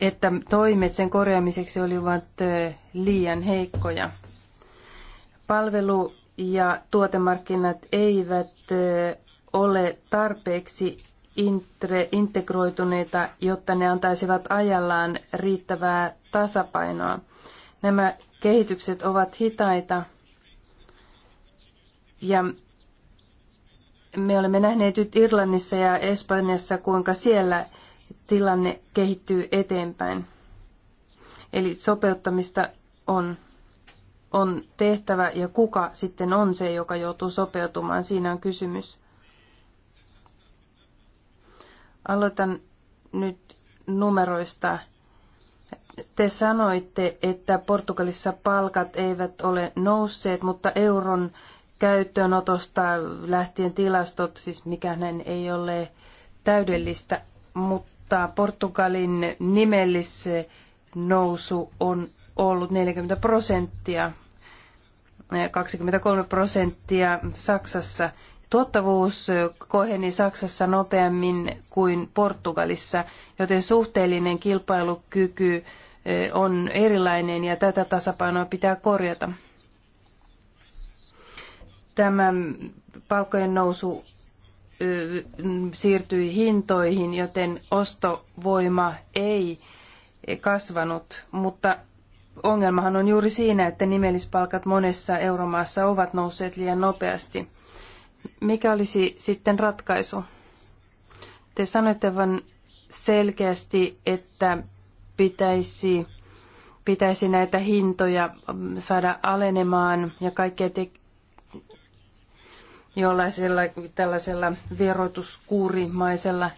että toimet sen korjaamiseksi olivat liian heikkoja. Palvelu- ja tuotemarkkinat eivät ole tarpeeksi integroituneita, jotta ne antaisivat ajallaan riittävää tasapainoa. Nämä kehitykset ovat hitaita ja me olemme nähneet nyt Irlannissa ja Espanjassa, kuinka siellä tilanne kehittyy eteenpäin. Eli sopeuttamista on, on tehtävä ja kuka sitten on se, joka joutuu sopeutumaan, siinä on kysymys. Aloitan nyt numeroista. Te sanoitte, että Portugalissa palkat eivät ole nousseet, mutta euron käyttöönotosta lähtien tilastot, siis mikään ei ole täydellistä, mutta mutta Portugalin nimellisnousu on ollut 40 prosenttia, 23 eh, prosenttia Saksassa. Tuottavuus koheni Saksassa nopeammin kuin Portugalissa, joten suhteellinen kilpailukyky eh, on erilainen ja tätä tasapainoa pitää korjata. Tämä palkkojen nousu siirtyi hintoihin, joten ostovoima ei kasvanut, mutta ongelmahan on juuri siinä, että nimellispalkat monessa euromaassa ovat nousseet liian nopeasti. Mikä olisi sitten ratkaisu? Te sanoitte vain selkeästi, että pitäisi, pitäisi näitä hintoja mm, saada alenemaan ja kaikkea te- jollaisella tällaisella verotuskuurimaisella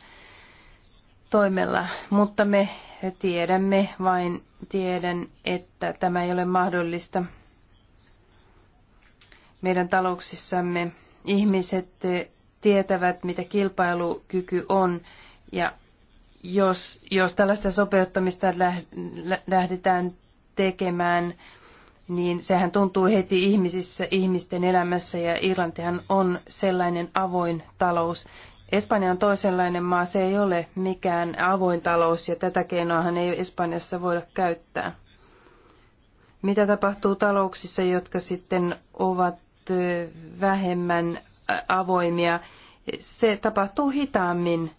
toimella, mutta me tiedämme vain, tiedän, että tämä ei ole mahdollista. Meidän talouksissamme ihmiset tietävät, mitä kilpailukyky on ja jos, jos tällaista sopeuttamista lähdetään tekemään, niin sehän tuntuu heti ihmisissä, ihmisten elämässä ja Irlantihan on sellainen avoin talous. Espanja on toisenlainen maa, se ei ole mikään avoin talous ja tätä keinoahan ei Espanjassa voida käyttää. Mitä tapahtuu talouksissa, jotka sitten ovat vähemmän avoimia? Se tapahtuu hitaammin.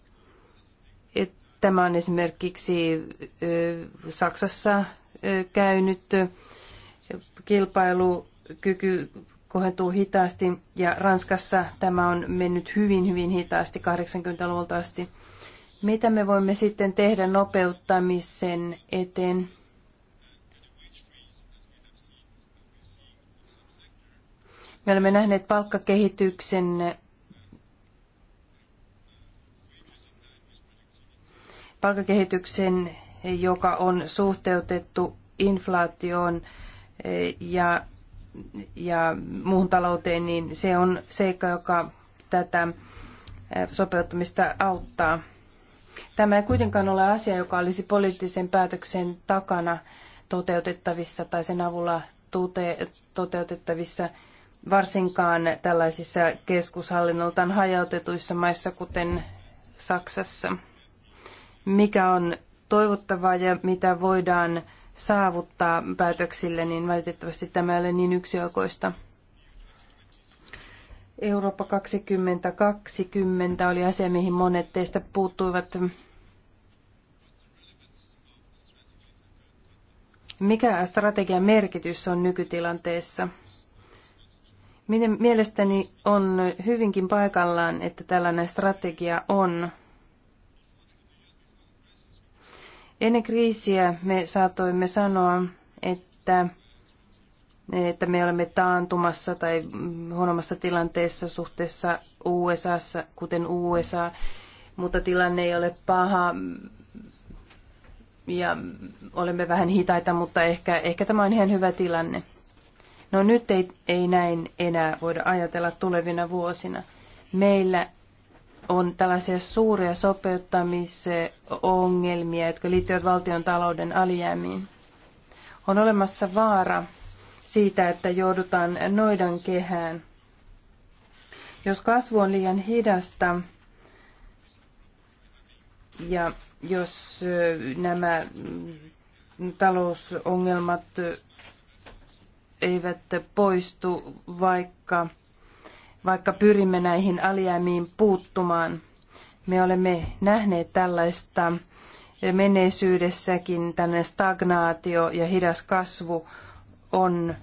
Tämä on esimerkiksi Saksassa käynyt kilpailukyky kohentuu hitaasti ja Ranskassa tämä on mennyt hyvin, hyvin hitaasti 80-luvulta asti. Mitä me voimme sitten tehdä nopeuttamisen eteen? Me olemme nähneet palkkakehityksen palkkakehityksen, joka on suhteutettu inflaatioon ja, ja muuhun talouteen, niin se on seikka, joka tätä sopeuttamista auttaa. Tämä ei kuitenkaan ole asia, joka olisi poliittisen päätöksen takana toteutettavissa tai sen avulla toteutettavissa varsinkaan tällaisissa keskushallinnoltaan hajautetuissa maissa, kuten Saksassa. Mikä on toivottavaa ja mitä voidaan saavuttaa päätöksille, niin valitettavasti tämä ei ole niin yksioikoista. Eurooppa 2020 oli asia, mihin monet teistä puuttuivat. Mikä strategian merkitys on nykytilanteessa? mielestäni on hyvinkin paikallaan, että tällainen strategia on. Ennen kriisiä me saatoimme sanoa, että, että me olemme taantumassa tai huonommassa tilanteessa suhteessa USAssa, kuten USA, mutta tilanne ei ole paha ja olemme vähän hitaita, mutta ehkä, ehkä tämä on ihan hyvä tilanne. No nyt ei, ei näin enää voida ajatella tulevina vuosina. Meillä on tällaisia suuria sopeuttamisongelmia, jotka liittyvät valtion talouden alijäämiin. On olemassa vaara siitä, että joudutaan noidan kehään. Jos kasvu on liian hidasta ja jos nämä mm, talousongelmat eivät poistu, vaikka vaikka pyrimme näihin alijäämiin puuttumaan. Me olemme nähneet tällaista menneisyydessäkin, tällainen stagnaatio ja hidas kasvu on,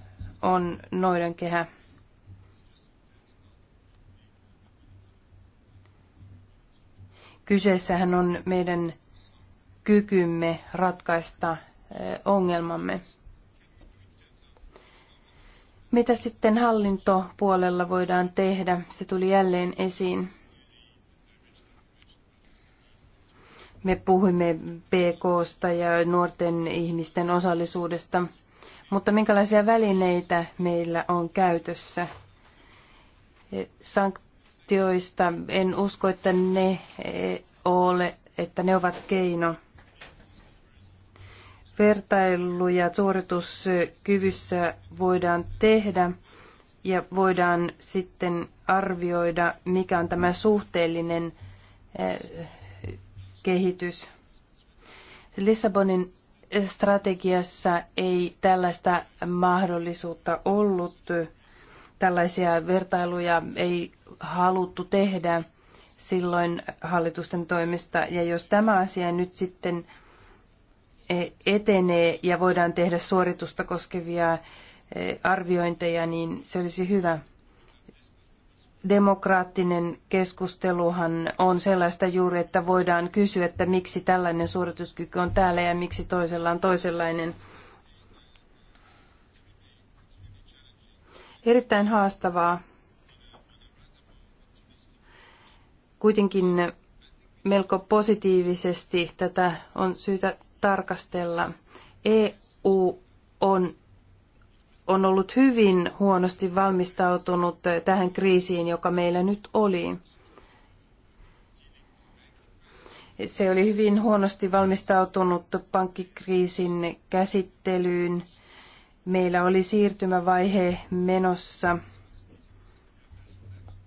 on noiden kehä. Kyseessähän on meidän kykymme ratkaista ongelmamme. Mitä sitten hallintopuolella voidaan tehdä? Se tuli jälleen esiin. Me puhuimme PKsta ja nuorten ihmisten osallisuudesta, mutta minkälaisia välineitä meillä on käytössä? E, sanktioista en usko, että ne e, ole, että ne ovat keino – vertailuja suorituskyvyssä voidaan tehdä ja voidaan sitten arvioida, mikä on tämä suhteellinen eh, kehitys. Lissabonin strategiassa ei tällaista mahdollisuutta ollut. Tällaisia vertailuja ei haluttu tehdä silloin hallitusten toimesta. Ja jos tämä asia nyt sitten etenee ja voidaan tehdä suoritusta koskevia eh, arviointeja, niin se olisi hyvä. Demokraattinen keskusteluhan on sellaista juuri, että voidaan kysyä, että miksi tällainen suorituskyky on täällä ja miksi toisella on toisenlainen. Erittäin haastavaa. Kuitenkin melko positiivisesti tätä on syytä tarkastella. EU on, on ollut hyvin huonosti valmistautunut tähän kriisiin, joka meillä nyt oli. Se oli hyvin huonosti valmistautunut pankkikriisin käsittelyyn. Meillä oli siirtymävaihe menossa –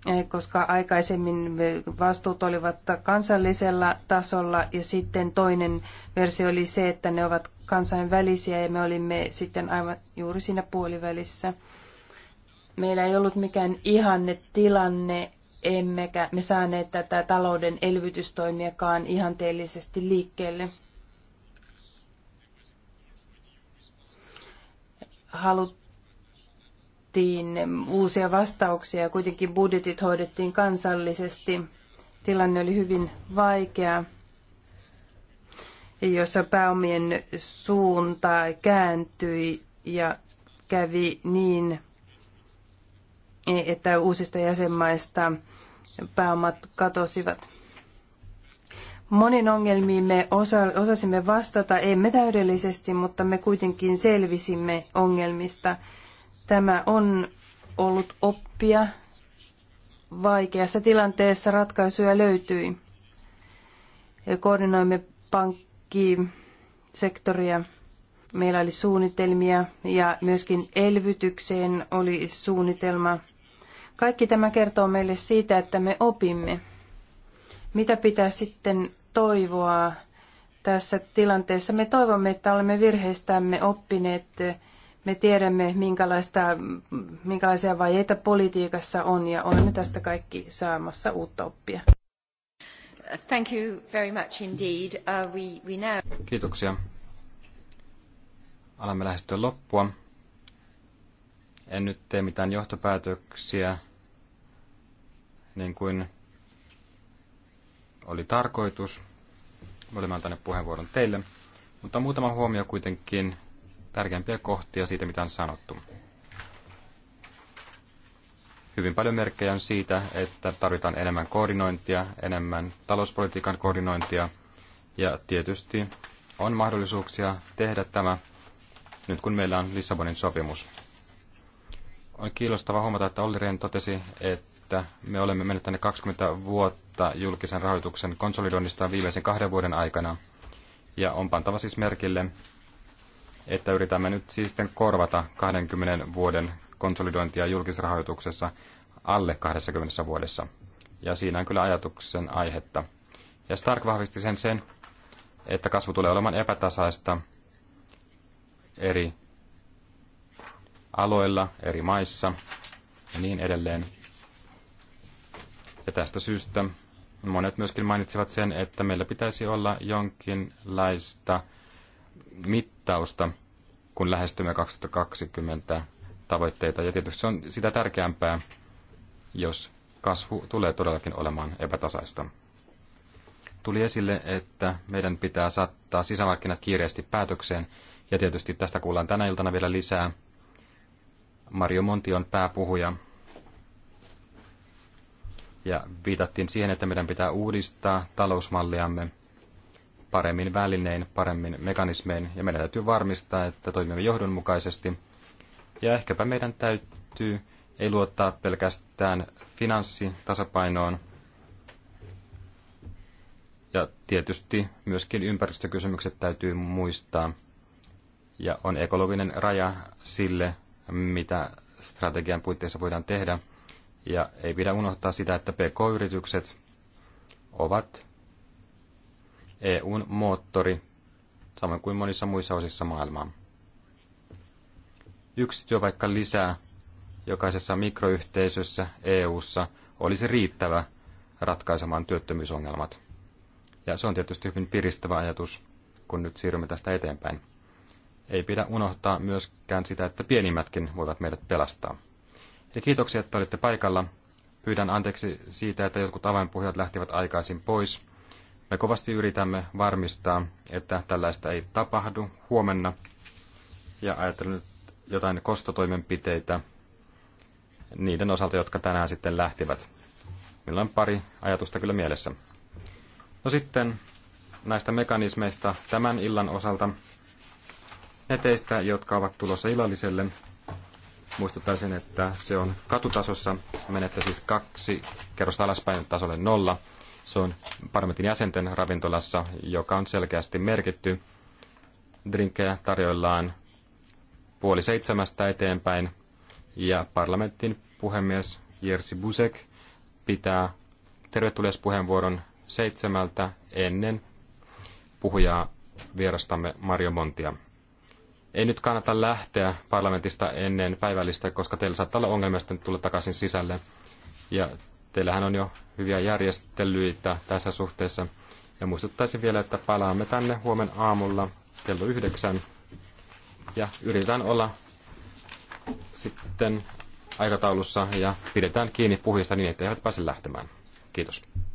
Eh, koska aikaisemmin vastuut olivat kansallisella tasolla ja sitten toinen versio oli se, että ne ovat kansainvälisiä ja me olimme sitten aivan juuri siinä puolivälissä. Meillä ei ollut mikään ihanne tilanne, emmekä me saaneet tätä talouden elvytystoimiakaan ihanteellisesti liikkeelle. Halut, pyydettiin uusia vastauksia. Kuitenkin budjetit hoidettiin kansallisesti. Tilanne oli hyvin vaikea, jossa pääomien suunta kääntyi ja kävi niin, että uusista jäsenmaista pääomat katosivat. Monin ongelmiin me osa, osasimme vastata, emme täydellisesti, mutta me kuitenkin selvisimme ongelmista. Tämä on ollut oppia. Vaikeassa tilanteessa ratkaisuja löytyi. Koordinoimme pankkisektoria. Meillä oli suunnitelmia ja myöskin elvytykseen oli suunnitelma. Kaikki tämä kertoo meille siitä, että me opimme. Mitä pitää sitten toivoa tässä tilanteessa? Me toivomme, että olemme virheistämme oppineet me tiedämme, minkälaista, minkälaisia vajeita politiikassa on ja olemme tästä kaikki saamassa uutta oppia. Thank you very much indeed. Uh, we, we now... Kiitoksia. Alamme lähestyä loppua. En nyt tee mitään johtopäätöksiä, niin kuin oli tarkoitus. olemme antaneet puheenvuoron teille. Mutta muutama huomio kuitenkin tärkeimpiä kohtia siitä, mitä on sanottu. Hyvin paljon merkkejä on siitä, että tarvitaan enemmän koordinointia, enemmän talouspolitiikan koordinointia ja tietysti on mahdollisuuksia tehdä tämä nyt kun meillä on Lissabonin sopimus. On kiinnostava huomata, että Olli Rehn totesi, että me olemme menettäneet 20 vuotta julkisen rahoituksen konsolidoinnista viimeisen kahden vuoden aikana. Ja on pantava siis merkille, että yritämme nyt siis sitten korvata 20 vuoden konsolidointia julkisrahoituksessa alle 20 vuodessa. Ja siinä on kyllä ajatuksen aihetta. Ja Stark vahvisti sen sen, että kasvu tulee olemaan epätasaista eri aloilla, eri maissa ja niin edelleen. Ja tästä syystä monet myöskin mainitsivat sen, että meillä pitäisi olla jonkinlaista mittaa, mittausta, kun lähestymme 2020 tavoitteita. Ja tietysti se on sitä tärkeämpää, jos kasvu tulee todellakin olemaan epätasaista. Tuli esille, että meidän pitää saattaa sisämarkkinat kiireesti päätökseen, ja tietysti tästä kuullaan tänä iltana vielä lisää. Mario Monti on pääpuhuja, ja viitattiin siihen, että meidän pitää uudistaa talousmalliamme paremmin välinein, paremmin mekanismein, ja meidän täytyy varmistaa, että toimimme johdonmukaisesti. Ja ehkäpä meidän täytyy ei luottaa pelkästään finanssitasapainoon, ja tietysti myöskin ympäristökysymykset täytyy muistaa, ja on ekologinen raja sille, mitä strategian puitteissa voidaan tehdä, ja ei pidä unohtaa sitä, että PK-yritykset ovat EUn moottori, samoin kuin monissa muissa osissa maailmaa. Yksi työpaikka lisää jokaisessa mikroyhteisössä EUssa olisi riittävä ratkaisemaan työttömyysongelmat. Ja se on tietysti hyvin piristävä ajatus, kun nyt siirrymme tästä eteenpäin. Ei pidä unohtaa myöskään sitä, että pienimmätkin voivat meidät pelastaa. Ja kiitoksia, että olitte paikalla. Pyydän anteeksi siitä, että jotkut avainpuhjat lähtivät aikaisin pois. Me kovasti yritämme varmistaa, että tällaista ei tapahdu huomenna. Ja ajattelen nyt jotain kostotoimenpiteitä niiden osalta, jotka tänään sitten lähtivät. Meillä on pari ajatusta kyllä mielessä. No sitten näistä mekanismeista tämän illan osalta. Ne teistä, jotka ovat tulossa illalliselle, muistuttaisin, että se on katutasossa. Menette siis kaksi kerrosta alaspäin tasolle nolla. Se on parlamentin jäsenten ravintolassa, joka on selkeästi merkitty. Drinkkejä tarjoillaan puoli seitsemästä eteenpäin ja parlamentin puhemies Jerzy Busek pitää tervetulleespuheenvuoron seitsemältä ennen puhujaa vierastamme Mario Montia. Ei nyt kannata lähteä parlamentista ennen päivällistä, koska teillä saattaa olla ongelmia sitten tulla takaisin sisälle. Ja Teillähän on jo hyviä järjestelyitä tässä suhteessa. Ja muistuttaisin vielä, että palaamme tänne huomen aamulla kello yhdeksän. Ja yritetään olla sitten aikataulussa ja pidetään kiinni puhista niin, että eivät pääse lähtemään. Kiitos.